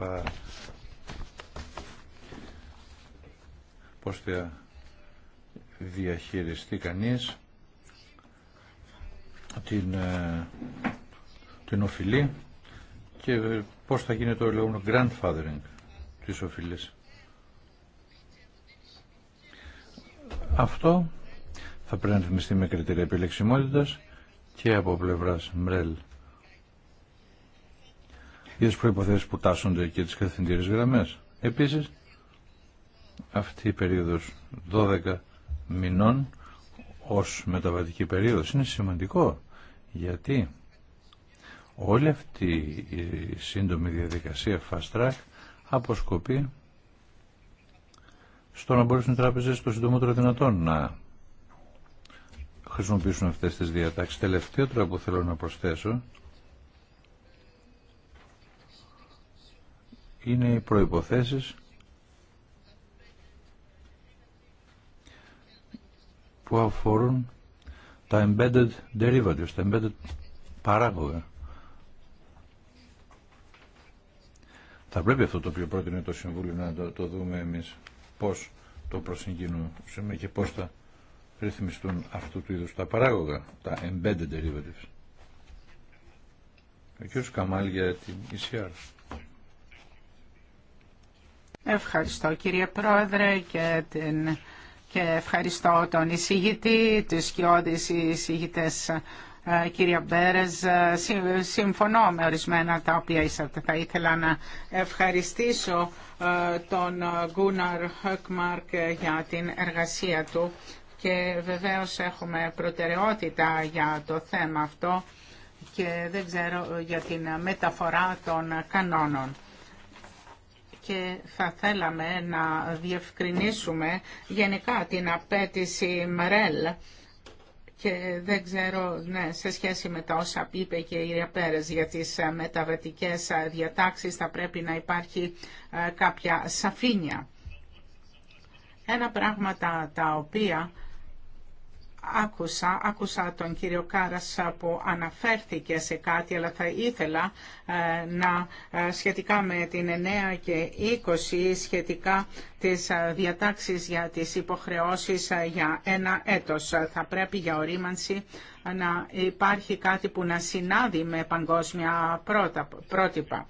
4α. Πώς θα διαχειριστεί κανείς την, ε, την οφειλή και ε, πώς θα γίνεται το λεγόμενο grandfathering της οφειλής. Αυτό θα πρέπει να ρυθμιστεί με κριτήρια επιλεξιμότητας και από πλευράς ΜΡΕΛ για τις προϋποθέσεις που τάσσονται και τις καθεντήρες γραμμές. Επίσης, αυτή η περίοδος 12 μηνών ως μεταβατική περίοδος. Είναι σημαντικό γιατί όλη αυτή η σύντομη διαδικασία fast track αποσκοπεί στο να μπορέσουν οι τράπεζες το συντομότερο δυνατόν να χρησιμοποιήσουν αυτές τις διατάξεις. Τελευταίο τώρα που θέλω να προσθέσω είναι οι προϋποθέσεις που αφορούν τα embedded derivatives, τα embedded παράγωγα. Θα πρέπει αυτό το οποίο πρότεινε το Συμβούλιο να το, δούμε εμείς πώς το προσυγκινούμε και πώς θα ρυθμιστούν αυτού του είδους τα παράγωγα, τα embedded derivatives. Ο κ. Καμάλ για την ECR. Ευχαριστώ κύριε Πρόεδρε και την και ευχαριστώ τον εισηγητή, τους σκιώδεις εισηγητές ε, Κύριε Μπέρες, ε, συμφωνώ με ορισμένα τα οποία είσατε. Θα ήθελα να ευχαριστήσω ε, τον Γκούναρ Χεκμάρκ για την εργασία του και βεβαίως έχουμε προτεραιότητα για το θέμα αυτό και δεν ξέρω για την μεταφορά των κανόνων και θα θέλαμε να διευκρινίσουμε γενικά την απέτηση ΜΡΕΛ και δεν ξέρω ναι, σε σχέση με τα όσα είπε και η Ρεπέρες για τις ε, μεταβατικές ε, διατάξεις θα πρέπει να υπάρχει ε, κάποια σαφήνεια. Ένα πράγματα τα οποία Άκουσα, άκουσα τον κύριο Κάρας που αναφέρθηκε σε κάτι, αλλά θα ήθελα ε, να ε, σχετικά με την 9 και 20, σχετικά τις ε, διατάξεις για τις υποχρεώσεις για ένα έτος. Θα πρέπει για ορίμανση να υπάρχει κάτι που να συνάδει με παγκόσμια πρότυπα.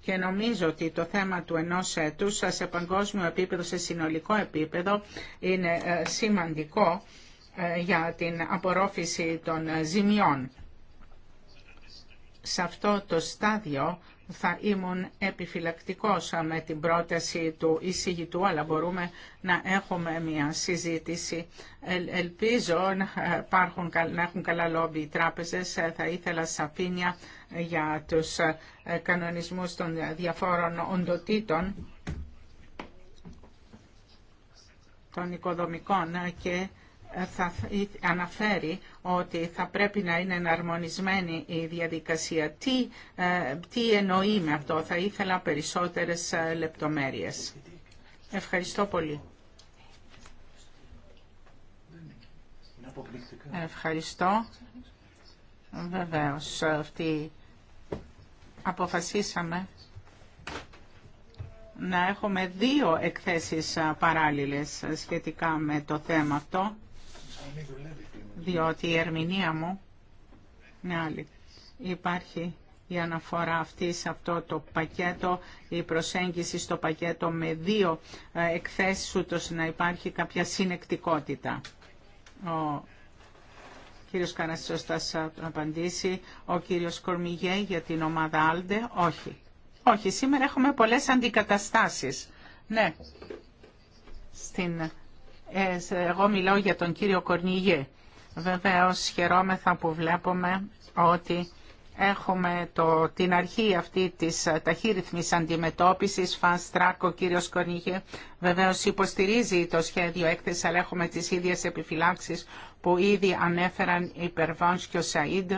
Και νομίζω ότι το θέμα του ενός έτους σε παγκόσμιο επίπεδο, σε συνολικό επίπεδο, είναι σημαντικό ε, για την απορρόφηση των ζημιών. Σε αυτό το στάδιο θα ήμουν επιφυλακτικός με την πρόταση του εισηγητού, αλλά μπορούμε να έχουμε μια συζήτηση. ελπίζω ε, να, έχουν καλά λόμπι οι τράπεζες. Ε, θα ήθελα σαφήνεια για τους κανονισμούς των διαφόρων οντοτήτων των οικοδομικών και θα αναφέρει ότι θα πρέπει να είναι εναρμονισμένη η διαδικασία. Τι, ε, τι εννοεί με αυτό, θα ήθελα περισσότερες ε, λεπτομέρειες. Ευχαριστώ πολύ. Ευχαριστώ. Βεβαίως, αυτή αποφασίσαμε να έχουμε δύο εκθέσεις ε, παράλληλες σχετικά με το θέμα αυτό διότι η ερμηνεία μου είναι άλλη. Υπάρχει η αναφορά αυτή σε αυτό το πακέτο, η προσέγγιση στο πακέτο με δύο ε, εκθέσεις, ούτως να υπάρχει κάποια συνεκτικότητα. Ο κύριος Κανασσός θα τον απαντήσει, ο κύριος Κορμιγέ για την ομάδα Άλντε, όχι. Όχι, σήμερα έχουμε πολλές αντικαταστάσεις. Ναι, στην ε, εγώ μιλάω για τον κύριο Κορνιγέ. Βεβαίως χαιρόμεθα που βλέπουμε ότι έχουμε το, την αρχή αυτή της ταχύρυθμης αντιμετώπισης, fast track, ο κύριος Κορνιγέ βεβαίως υποστηρίζει το σχέδιο έκθεση, αλλά έχουμε τις ίδιες επιφυλάξεις που ήδη ανέφεραν η Περβάνς και ο Σαΐντ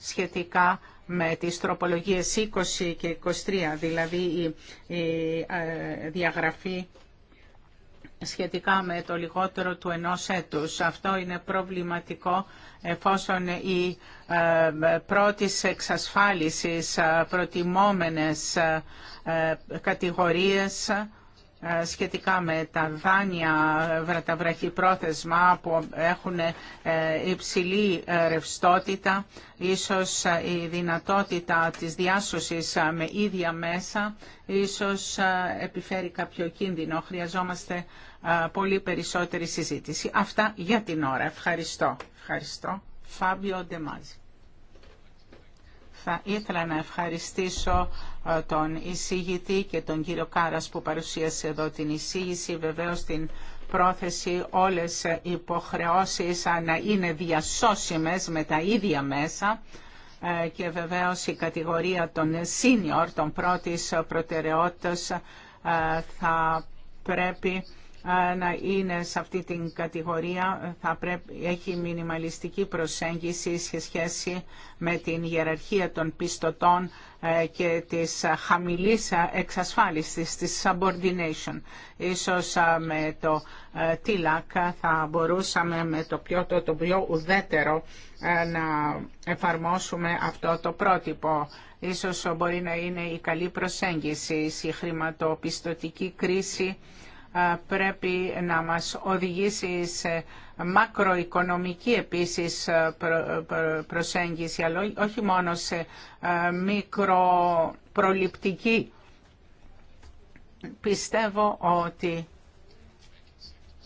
σχετικά με τις τροπολογίες 20 και 23, δηλαδή η, ε, διαγραφή σχετικά με το λιγότερο του ενός έτους. Αυτό είναι προβληματικό εφόσον οι ε, πρώτης εξασφάλισης ε, προτιμόμενες ε, κατηγορίες σχετικά με τα δάνεια, τα βραχυπρόθεσμα που έχουν υψηλή ρευστότητα, ίσως η δυνατότητα της διάσωσης με ίδια μέσα, ίσως επιφέρει κάποιο κίνδυνο. Χρειαζόμαστε πολύ περισσότερη συζήτηση. Αυτά για την ώρα. Ευχαριστώ. Ευχαριστώ. Φάβιο Ντεμάζη. Θα ήθελα να ευχαριστήσω τον εισηγητή και τον κύριο Κάρας που παρουσίασε εδώ την εισήγηση. Βεβαίως την πρόθεση όλες οι υποχρεώσεις να είναι διασώσιμες με τα ίδια μέσα ε, και βεβαίως η κατηγορία των senior, των πρώτης προτεραιότητας, ε, θα πρέπει να είναι σε αυτή την κατηγορία θα πρέπει, έχει μινιμαλιστική προσέγγιση σε σχέση με την ιεραρχία των πιστωτών ε, και της χαμηλής εξασφάλισης, της subordination. Ίσως με το ε, TILAC θα μπορούσαμε με το πιο, το, το πιο ουδέτερο ε, να εφαρμόσουμε αυτό το πρότυπο. Ίσως μπορεί να είναι η καλή προσέγγιση, η χρηματοπιστωτική κρίση πρέπει να μας οδηγήσει σε μακροοικονομική επίσης ε, προσέγγιση, αλλά όχι μόνο σε ε, μικροπροληπτική. Πιστεύω ότι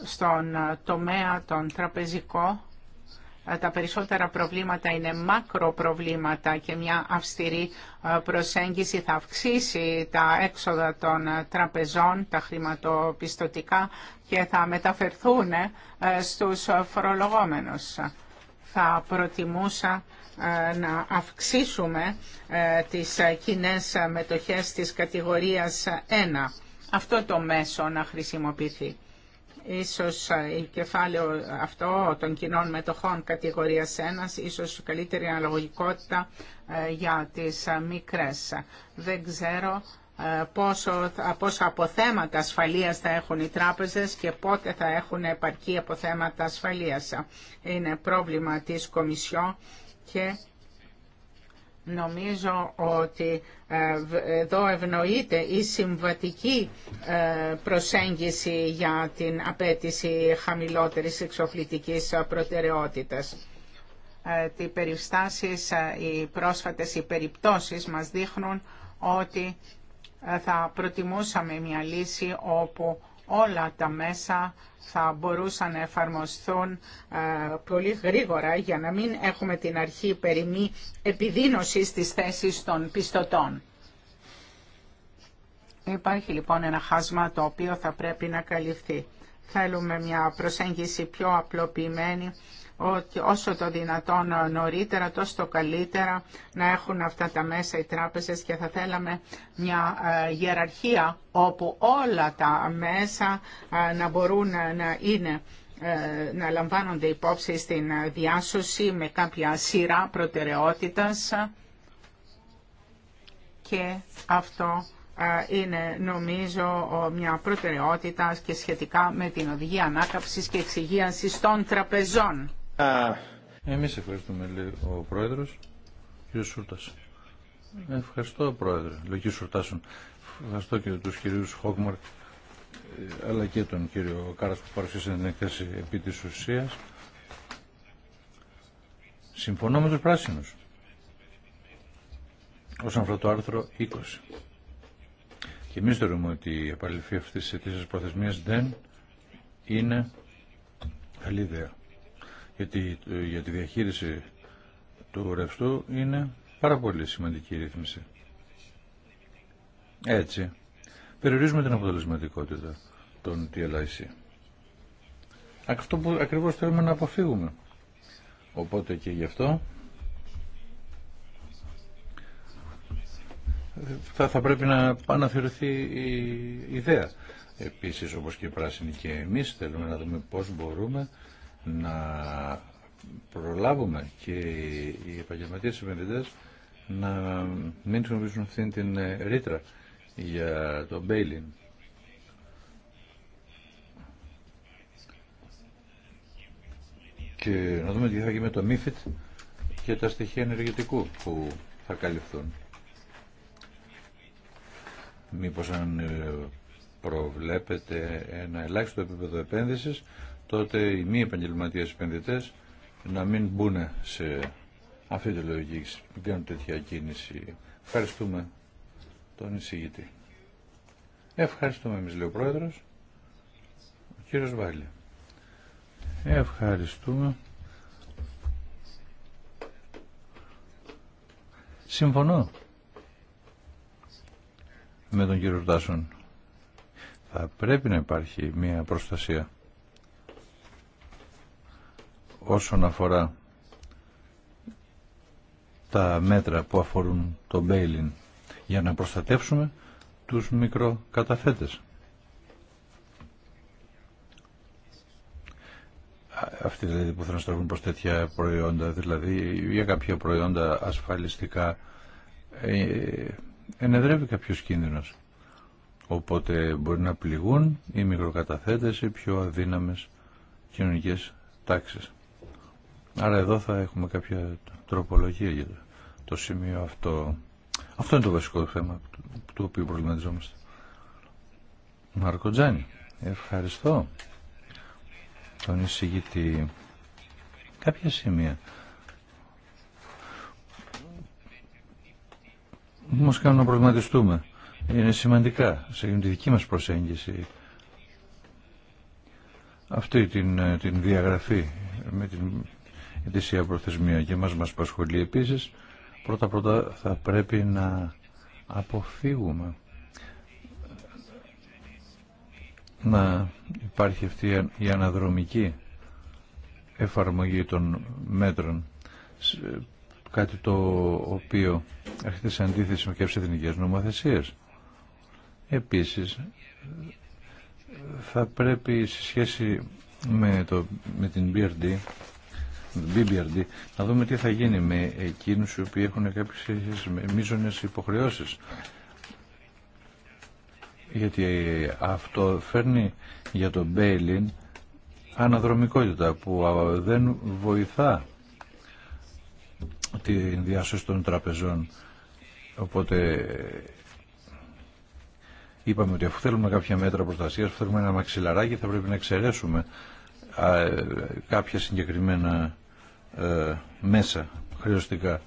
στον ε, τομέα των τραπεζικό τα περισσότερα προβλήματα είναι μακροπροβλήματα και μια αυστηρή ε, προσέγγιση θα αυξήσει τα έξοδα των ε, τραπεζών, τα χρηματοπιστωτικά και θα μεταφερθούν ε, στους φορολογόμενους. Θα προτιμούσα να αυξήσουμε τις κοινέ μετοχές της κατηγορίας 1. Αυτό το μέσο να χρησιμοποιηθεί. Ίσως ε, η κεφάλαιο αυτό των κοινών μετοχών κατηγορίας 1, ίσως καλύτερη αναλογικότητα ε, για τις ε, μικρές. Δεν ξέρω πόσο, πόσα αποθέματα ασφαλείας θα έχουν οι τράπεζες και πότε θα έχουν επαρκή αποθέματα ασφαλείας. Είναι πρόβλημα της Κομισιό και Νομίζω ότι ε, εδώ ευνοείται η συμβατική ε, προσέγγιση για την απέτηση χαμηλότερης εξοφλητικής προτεραιότητας. Ε, τι περιστάσεις, οι πρόσφατες οι περιπτώσεις μας δείχνουν ότι θα προτιμούσαμε μια λύση όπου όλα τα μέσα θα μπορούσαν να εφαρμοστούν ε, πολύ γρήγορα για να μην έχουμε την αρχή περί επιδίνωσης της θέσης των πιστωτών. Υπάρχει λοιπόν ένα χάσμα το οποίο θα πρέπει να καλυφθεί. Θέλουμε μια προσέγγιση πιο απλοποιημένη ότι όσο το δυνατόν νωρίτερα, τόσο καλύτερα να έχουν αυτά τα μέσα οι τράπεζες και θα θέλαμε μια ε, γεραρχία όπου όλα τα μέσα ε, να μπορούν να είναι ε, να λαμβάνονται υπόψη στην διάσωση με κάποια σειρά προτεραιότητας και αυτό είναι νομίζω μια προτεραιότητα και σχετικά με την οδηγία ανάκαψης και εξυγίανσης των τραπεζών. Εμείς ευχαριστούμε, λέει ο Πρόεδρος, κύριο Σούρτας. Ευχαριστώ, Πρόεδρε, λογική Σουρτάσον. Ευχαριστώ και τους κυρίους Χόκμαρ, ε, αλλά και τον κύριο Κάρας που παρουσίασε την εκθέση επί της ουσίας. Συμφωνώ με τους πράσινους όσον αφορά το άρθρο 20. Και εμεί θεωρούμε ότι η επαληφή αυτή τη αιτήσια προθεσμία δεν είναι καλή ιδέα γιατί ε, για τη διαχείριση του ρευστού είναι πάρα πολύ σημαντική η ρύθμιση. Έτσι, περιορίζουμε την αποτελεσματικότητα των TLIC. Αυτό που ακριβώς θέλουμε να αποφύγουμε. Οπότε και γι' αυτό θα, θα πρέπει να αναθεωρηθεί η ιδέα. Επίσης, όπως και οι πράσινοι και εμείς, θέλουμε να δούμε πώς μπορούμε να προλάβουμε και οι επαγγελματίες επενδυτές να μην χρησιμοποιήσουν αυτήν την ε, ρήτρα για το bail Και να δούμε τι θα γίνει με το MIFID και τα στοιχεία ενεργητικού που θα καλυφθούν. Μήπως αν ε, προβλέπετε ένα ελάχιστο επίπεδο επένδυσης τότε οι μη επαγγελματίες επενδυτέ να μην μπουν σε αυτή τη λογική, μην κάνουν τέτοια κίνηση. Ευχαριστούμε τον εισηγητή. Ευχαριστούμε εμείς, λέει ο Πρόεδρος. Ο κύριος Βάλλη. Ευχαριστούμε. Συμφωνώ με τον κύριο Τάσον. Θα πρέπει να υπάρχει μια προστασία όσον αφορά τα μέτρα που αφορούν το μπέιλιν για να προστατεύσουμε τους μικροκαταθέτες. Αυτοί δηλαδή που θέλουν να στραφούν προς τέτοια προϊόντα, δηλαδή για κάποια προϊόντα ασφαλιστικά, ε, ενεδρεύει κάποιος κίνδυνος. Οπότε μπορεί να πληγούν οι μικροκαταθέτες, οι πιο αδύναμες κοινωνικές τάξεις. Άρα εδώ θα έχουμε κάποια τροπολογία για το σημείο αυτό. Αυτό είναι το βασικό θέμα του οποίου προβληματιζόμαστε. Μάρκο Τζάνι, ευχαριστώ τον εισηγητή. Κάποια σημεία μας κάνουν να προβληματιστούμε. Είναι σημαντικά σε τη δική μας προσέγγιση αυτή την, την διαγραφή με την ετήσια προθεσμία και μας μας απασχολεί επίσης. Πρώτα πρώτα θα πρέπει να αποφύγουμε να υπάρχει αυτή η αναδρομική εφαρμογή των μέτρων κάτι το οποίο έρχεται σε αντίθεση με κάποιες εθνικές νομοθεσίες. Επίσης, θα πρέπει σε σχέση με, το, με την BRD BBRD, να δούμε τι θα γίνει με εκείνους οι οποίοι έχουν κάποιες μείζονες υποχρεώσεις. Γιατί αυτό φέρνει για τον Μπέιλιν αναδρομικότητα που δεν βοηθά τη διάσωση των τραπεζών. Οπότε είπαμε ότι αφού θέλουμε κάποια μέτρα προστασίας, αφού θέλουμε ένα μαξιλαράκι θα πρέπει να εξαιρέσουμε κάποια συγκεκριμένα ε, μέσα χρεωστικά.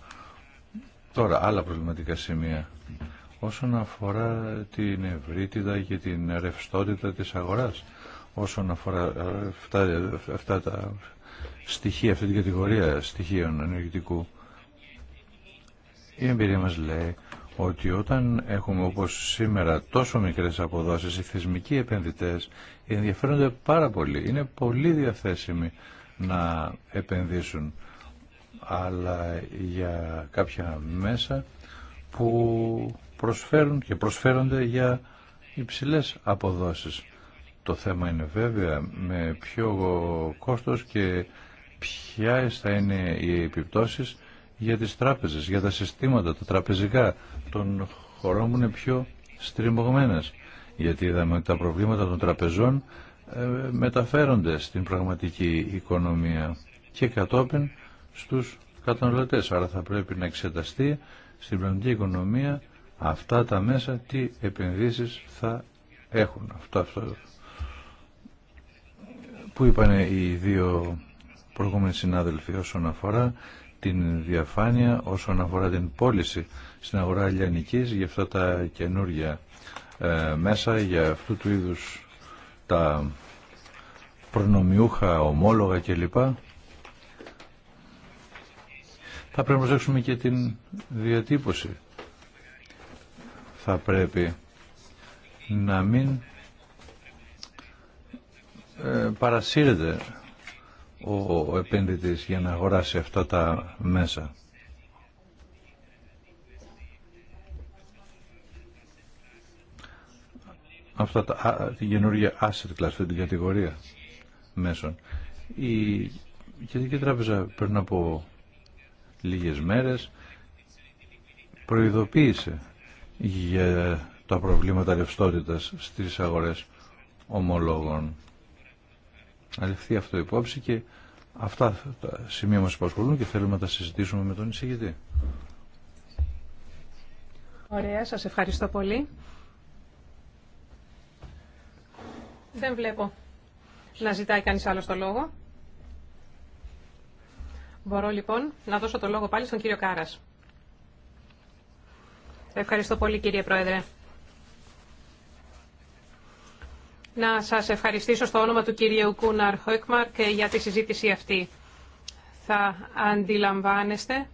Τώρα, άλλα προβληματικά σημεία. Όσον αφορά την ευρύτητα και την ρευστότητα της αγοράς, όσον αφορά αυτά, τα στοιχεία, αυτή την κατηγορία στοιχείων ενεργητικού, η εμπειρία μας λέει ότι όταν έχουμε όπως σήμερα τόσο μικρές αποδόσεις, οι θεσμικοί επενδυτές ενδιαφέρονται πάρα πολύ, είναι πολύ διαθέσιμοι να επενδύσουν αλλά για κάποια μέσα που προσφέρουν και προσφέρονται για υψηλές αποδόσεις. Το θέμα είναι βέβαια με ποιο κόστος και ποια θα είναι οι επιπτώσεις για τις τράπεζες, για τα συστήματα, τα τραπεζικά των χωρών που είναι πιο στριμωγμένες. Γιατί είδαμε ότι τα προβλήματα των τραπεζών ε, μεταφέρονται στην πραγματική οικονομία και κατόπιν στους καταναλωτές. Άρα θα πρέπει να εξεταστεί στην πραγματική οικονομία αυτά τα μέσα τι επενδύσεις θα έχουν. Αυτό, αυτό που είπαν οι δύο προηγούμενοι συνάδελφοι όσον αφορά την διαφάνεια, όσον αφορά την πώληση στην αγορά λιανικής για αυτά τα καινούργια ε, μέσα, για αυτού του είδους τα προνομιούχα, ομόλογα κλπ. Θα πρέπει να προσέξουμε και την διατύπωση. Θα πρέπει να μην ε, παρασύρεται ο επένδυτης για να αγοράσει αυτά τα μέσα. αυτά τα, την καινούργια asset class, αυτή την κατηγορία μέσων. Η Κεντρική Τράπεζα πριν από λίγες μέρες προειδοποίησε για τα προβλήματα ρευστότητας στις αγορές ομολόγων. Αληφθεί αυτό υπόψη και αυτά τα σημεία μας υπασχολούν και θέλουμε να τα συζητήσουμε με τον εισηγητή. Ωραία, σας ευχαριστώ πολύ. Δεν βλέπω να ζητάει κανείς άλλο το λόγο. Μπορώ λοιπόν να δώσω το λόγο πάλι στον κύριο Κάρας. Ευχαριστώ πολύ κύριε Πρόεδρε. Να σας ευχαριστήσω στο όνομα του κυρίου Κούναρ Χόικμαρκ για τη συζήτηση αυτή. Θα αντιλαμβάνεστε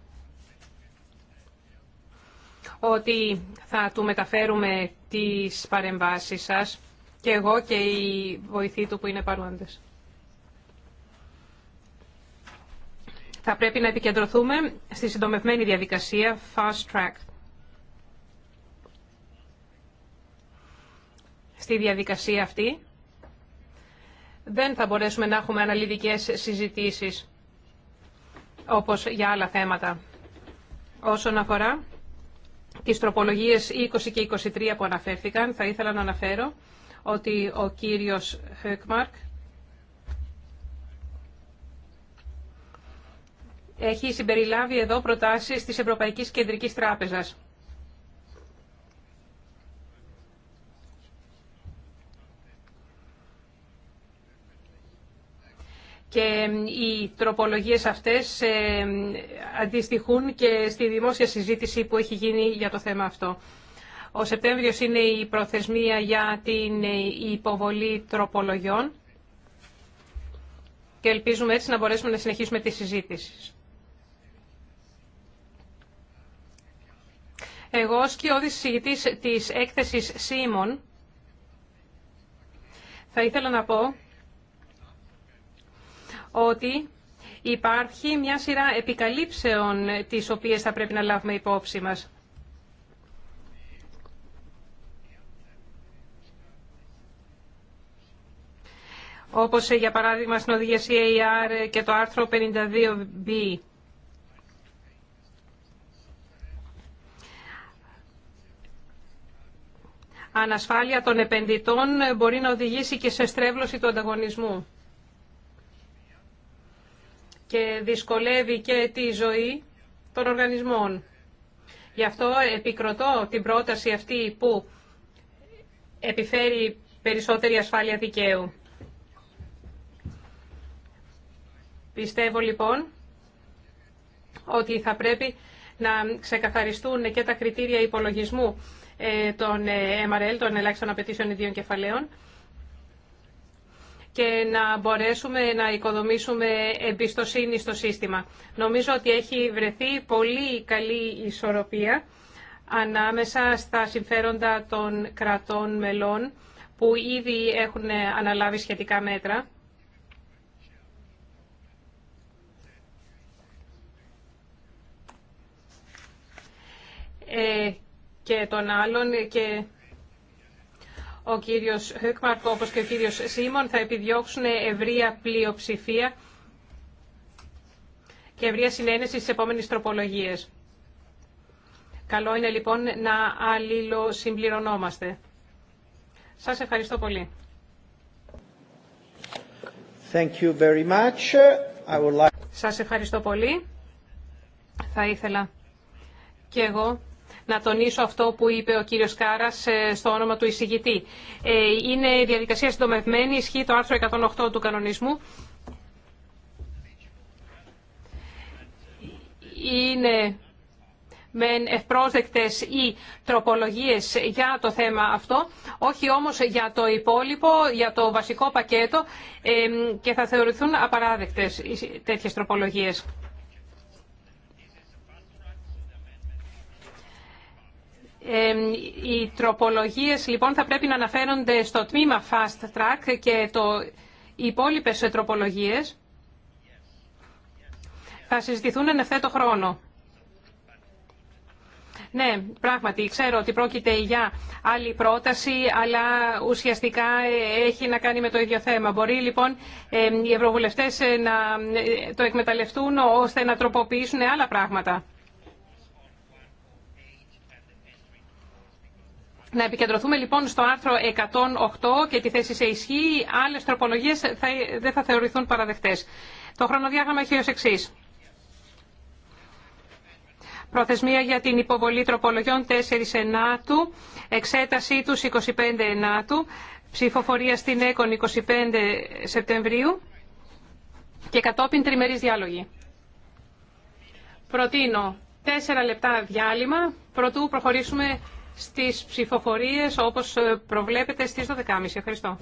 ότι θα του μεταφέρουμε τις παρεμβάσεις σας και εγώ και η βοηθοί του που είναι παρόντες. Θα πρέπει να επικεντρωθούμε στη συντομευμένη διαδικασία fast track. Στη διαδικασία αυτή δεν θα μπορέσουμε να έχουμε αναλυτικές συζητήσεις όπως για άλλα θέματα. Όσον αφορά τις τροπολογίες 20 και 23 που αναφέρθηκαν, θα ήθελα να αναφέρω ότι ο κύριος Χεκμαρκ έχει συμπεριλάβει εδώ προτάσεις της Ευρωπαϊκής Κεντρικής Τράπεζας. Και οι τροπολογίες αυτές αντιστοιχούν και στη δημόσια συζήτηση που έχει γίνει για το θέμα αυτό. Ο Σεπτέμβριος είναι η προθεσμία για την υποβολή τροπολογιών και ελπίζουμε έτσι να μπορέσουμε να συνεχίσουμε τη συζήτηση. Εγώ ως κοιόδης της έκθεσης Σίμων θα ήθελα να πω ότι υπάρχει μια σειρά επικαλύψεων τις οποίες θα πρέπει να λάβουμε υπόψη μας. όπως ε, για παράδειγμα στην οδηγία CAR και το άρθρο 52B. Ανασφάλεια των επενδυτών μπορεί να οδηγήσει και σε στρέβλωση του ανταγωνισμού και δυσκολεύει και τη ζωή των οργανισμών. Γι' αυτό επικροτώ την πρόταση αυτή που επιφέρει περισσότερη ασφάλεια δικαίου. Πιστεύω λοιπόν ότι θα πρέπει να ξεκαθαριστούν και τα κριτήρια υπολογισμού ε, των ε, MRL, των ελάχιστων απαιτήσεων ιδίων κεφαλαίων, και να μπορέσουμε να οικοδομήσουμε εμπιστοσύνη στο σύστημα. Νομίζω ότι έχει βρεθεί πολύ καλή ισορροπία ανάμεσα στα συμφέροντα των κρατών μελών που ήδη έχουν αναλάβει σχετικά μέτρα Ε, και των άλλων και ο κύριος Χεκμαρκ όπως και ο κύριος Σίμων θα επιδιώξουν ευρεία πλειοψηφία και ευρεία συνένεση στις επόμενες τροπολογίες. Καλό είναι λοιπόν να αλληλοσυμπληρωνόμαστε. Σας ευχαριστώ πολύ. Thank you very much. I would like... Σας ευχαριστώ πολύ. Θα ήθελα και εγώ να τονίσω αυτό που είπε ο κύριος Κάρας ε, στο όνομα του εισηγητή. Ε, είναι διαδικασία συντομευμένη, ισχύει το άρθρο 108 του κανονισμού. Είναι με ευπρόσδεκτες ή τροπολογίες για το θέμα αυτό, όχι όμως για το υπόλοιπο, για το βασικό πακέτο ε, και θα θεωρηθούν απαράδεκτες τέτοιες τροπολογίες. οι τροπολογίες λοιπόν θα πρέπει να αναφέρονται στο τμήμα Fast Track και το, οι υπόλοιπε τροπολογίες θα συζητηθούν εν ευθέτω χρόνο. Ναι, πράγματι, ξέρω ότι πρόκειται για άλλη πρόταση, αλλά ουσιαστικά ε, έχει να κάνει με το ίδιο θέμα. Μπορεί λοιπόν οι ευρωβουλευτές ε, να ε, το εκμεταλλευτούν ώστε να τροποποιήσουν άλλα πράγματα. Να επικεντρωθούμε λοιπόν στο άρθρο 108 και τη θέση σε ισχύ. Άλλε τροπολογίε ε, δεν θα θεωρηθούν παραδεκτέ. Το χρονοδιάγραμμα έχει ω εξή. Προθεσμία για την υποβολή τροπολογιών 4 Ενάτου, εξέτασή τους 25 Ενάτου, ψηφοφορία στην ΕΚΟΝ 25 Σεπτεμβρίου και κατόπιν τριμερής διάλογη. Προτείνω 4 λεπτά διάλειμμα, προτού προχωρήσουμε στις ψηφοφορίες όπως ε, προβλέπετε στις 12.30. Ευχαριστώ.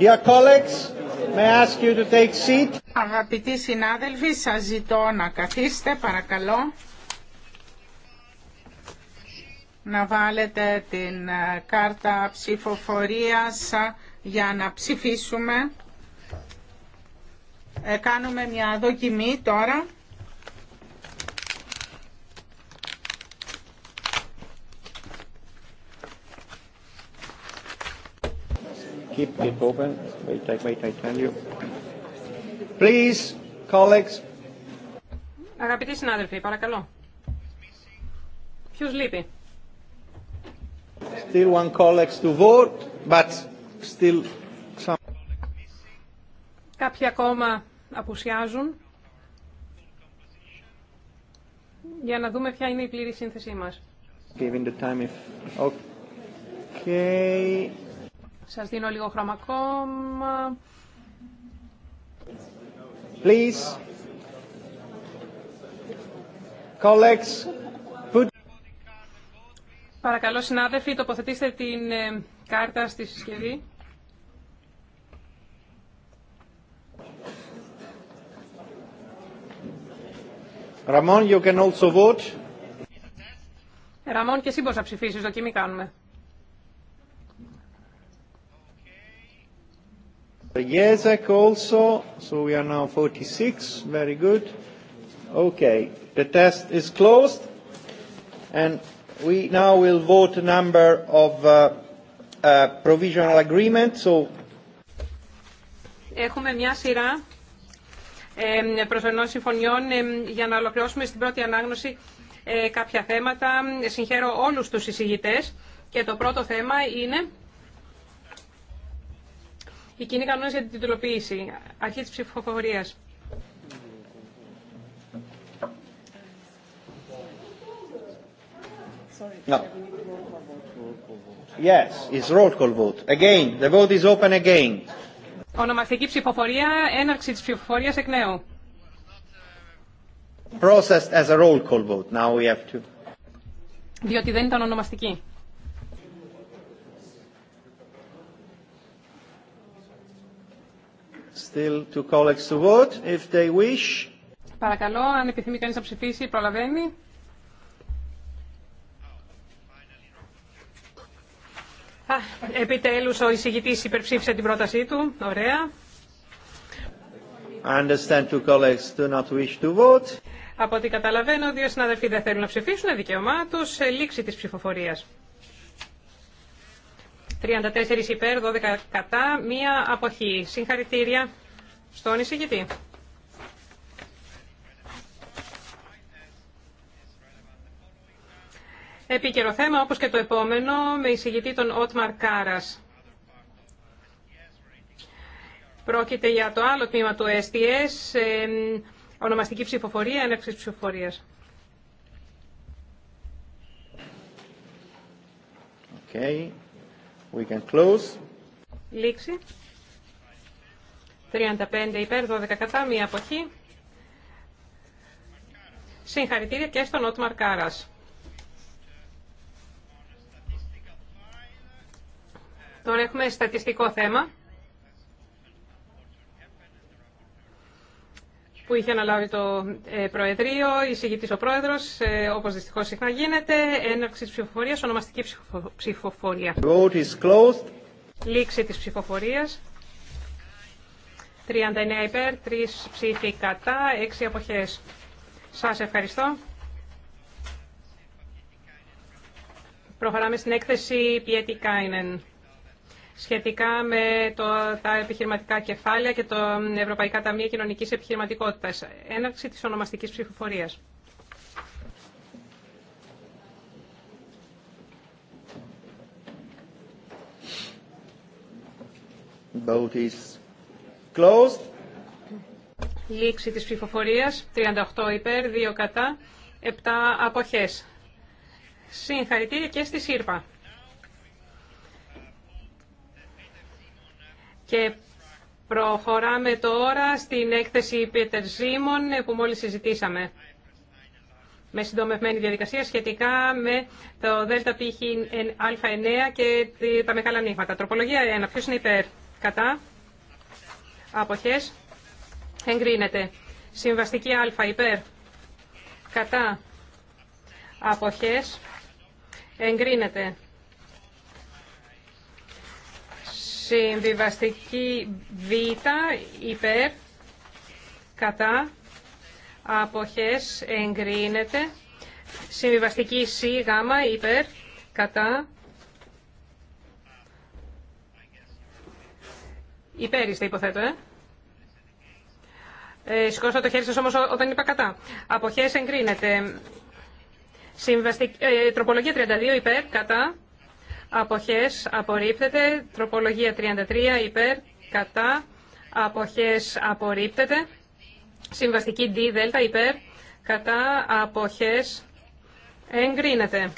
Dear colleagues, may I ask you to take seat. Αγαπητοί συνάδελφοι, σας ζητώ να καθίστε, παρακαλώ. Να βάλετε την ε, κάρτα ψηφοφορίας ε, για να ψηφίσουμε. Ε, κάνουμε μια δοκιμή τώρα. keep it open. Wait, I, wait, I tell you. Please, colleagues. Αγαπητοί συνάδελφοι, παρακαλώ. Ποιος λείπει. Still one colleagues to vote, but still some... Κάποιοι ακόμα απουσιάζουν. Για να δούμε ποια είναι η πλήρη σύνθεσή μας. Giving the time if... Okay. Σας δίνω λίγο χρώμα ακόμα. Please. Colleagues, put... Παρακαλώ συνάδελφοι, τοποθετήστε την ε, κάρτα στη συσκευή. Ραμόν, you can also vote. Ραμόν, και εσύ μπορείς να ψηφίσεις, δοκιμή κάνουμε. Jezek also, so we are now 46, very good. Okay, the test is closed and we now will vote a number of uh, uh, provisional agreements. So... Έχουμε μια σειρά ε, προσωρινών συμφωνιών ε, για να ολοκληρώσουμε στην πρώτη ανάγνωση ε, κάποια θέματα. Συγχαίρω όλους τους εισηγητές και το πρώτο θέμα είναι οι κοινοί κανόνες για την τιτλοποίηση. Αρχή της ψηφοφορίας. No. Yes, it's roll call vote. Again, the vote is open again. Ονομαστική ψηφοφορία, έναρξη της ψηφοφορίας εκ νέου. Processed as a roll call vote. Now we have to. Διότι δεν ήταν ονομαστική. still colleagues to vote if they wish. Παρακαλώ, αν επιθυμεί κανείς να ψηφίσει, προλαβαίνει. Α, επιτέλους ο εισηγητής υπερψήφισε την πρότασή του. Ωραία. understand colleagues do not wish to vote. Από ό,τι καταλαβαίνω, δύο συναδελφοί δεν θέλουν να ψηφίσουν, δικαίωμά τους, λήξη της ψηφοφορίας. 34 υπέρ, 12 κατά, μία αποχή. Συγχαρητήρια στον εισηγητή. Επίκαιρο θέμα, όπως και το επόμενο, με εισηγητή τον Ότμαρ Κάρας. Πρόκειται για το άλλο τμήμα του STS, ονομαστική ψηφοφορία, έναρξη ψηφοφορίας. Okay. We can close. Λήξη. 35 υπέρ, 12 κατά, μία αποχή. Συγχαρητήρια και στον Ότμαρ Κάρας. Τώρα έχουμε στατιστικό θέμα. που είχε αναλάβει το ε, Προεδρείο, εισηγητή ο Πρόεδρο, ε, όπω δυστυχώ συχνά γίνεται, έναρξη τη ψηφοφορία, ονομαστική ψηφοφορία. Λήξη τη ψηφοφορία. 39 υπέρ, 3 ψήφοι κατά, 6 αποχέ. Σα ευχαριστώ. Προχωράμε στην έκθεση Πιέτη Κάινεν σχετικά με το, τα επιχειρηματικά κεφάλαια και το Ευρωπαϊκά Ταμεία Κοινωνικής Επιχειρηματικότητας. Έναρξη της ονομαστικής ψηφοφορίας. closed. Λήξη της ψηφοφορίας, 38 υπέρ, 2 κατά, 7 αποχές. Συγχαρητήρια και στη ΣΥΡΠΑ. Και προχωράμε τώρα στην έκθεση Πίτερ Ζήμων που μόλις συζητήσαμε με συντομευμένη διαδικασία σχετικά με το ΔΠΧ α9 και τα μεγάλα νύχματα. Τροπολογία 1. Ποιος είναι υπέρ. Κατά. Αποχές. Εγκρίνεται. Συμβαστική α υπέρ. Κατά. Αποχές. Εγκρίνεται. Συμβιβαστική Β υπέρ κατά αποχές εγκρίνεται. Συμβιβαστική Σ γάμα υπέρ κατά υπέρ είστε υποθέτω ε. ε το χέρι σας όμως όταν είπα κατά. Αποχές εγκρίνεται. Συμβαστική, ε, τροπολογία 32 υπέρ κατά αποχές απορρίπτεται. Τροπολογία 33 υπέρ κατά αποχές απορρίπτεται. Συμβαστική D δέλτα υπέρ κατά αποχές εγκρίνεται.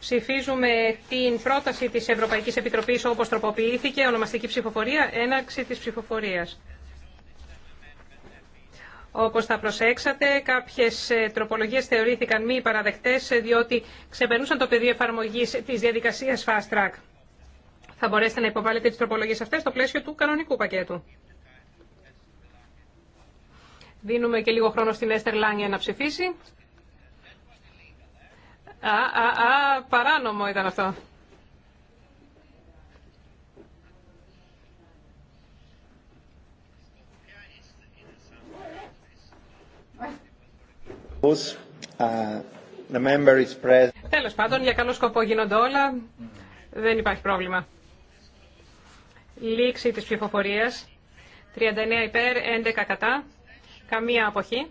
Ψηφίζουμε την πρόταση της Ευρωπαϊκής Επιτροπής όπως τροποποιήθηκε, ονομαστική ψηφοφορία, έναρξη της ψηφοφορίας. Όπως θα προσέξατε, κάποιες ε, τροπολογίες θεωρήθηκαν μη παραδεκτές ε, διότι ξεπερνούσαν το πεδίο εφαρμογής της διαδικασίας Fast Track. Θα μπορέσετε να υποβάλλετε τις τροπολογίες αυτές στο πλαίσιο του κανονικού πακέτου. Δίνουμε και λίγο χρόνο στην Έστερ Λάνια να ψηφίσει. Α, α, α, παράνομο ήταν αυτό. Τέλος πάντων, για καλό σκοπό γίνονται όλα. Δεν υπάρχει πρόβλημα. Λήξη της ψηφοφορία. 39 υπέρ, 11 κατά. Καμία αποχή.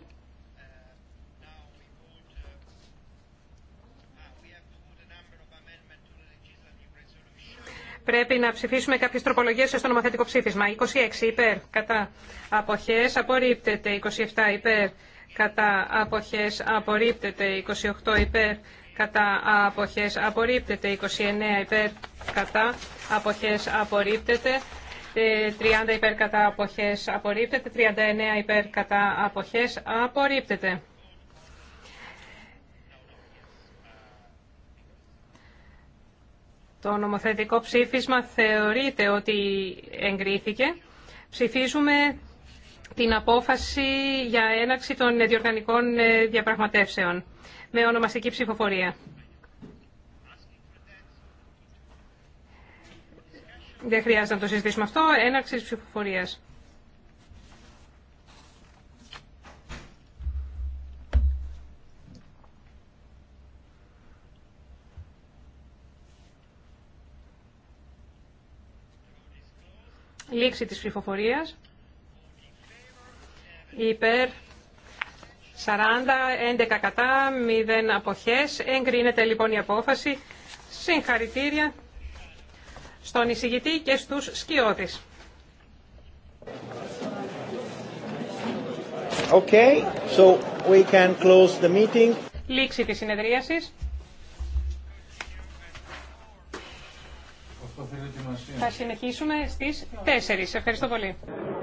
Πρέπει να ψηφίσουμε κάποιες τροπολογίες στο νομοθετικό ψήφισμα. 26 υπέρ, κατά αποχές. Απορρίπτεται. 27 υπέρ, κατά αποχές απορρίπτεται 28 υπέρ, κατά αποχές απορρίπτεται 29 υπέρ, κατά αποχές απορρίπτεται 30 ε, υπέρ κατά αποχές απορρίπτεται, 39 υπέρ κατά αποχές απορρίπτεται. Το νομοθετικό ψήφισμα θεωρείται ότι εγκρίθηκε. Ψηφίζουμε την απόφαση για έναρξη των διοργανικών ε, διαπραγματεύσεων με ονομαστική ψηφοφορία. Δεν χρειάζεται να το συζητήσουμε αυτό. Έναρξη της ψηφοφορίας. Λήξη της ψηφοφορίας υπέρ 40, 11 κατά, 0 αποχές. Εγκρίνεται λοιπόν η απόφαση. Συγχαρητήρια στον εισηγητή και στους σκιώτες. Okay, so we can close the meeting. Λήξη της συνεδρίασης. Θα συνεχίσουμε στις 4. Ευχαριστώ πολύ.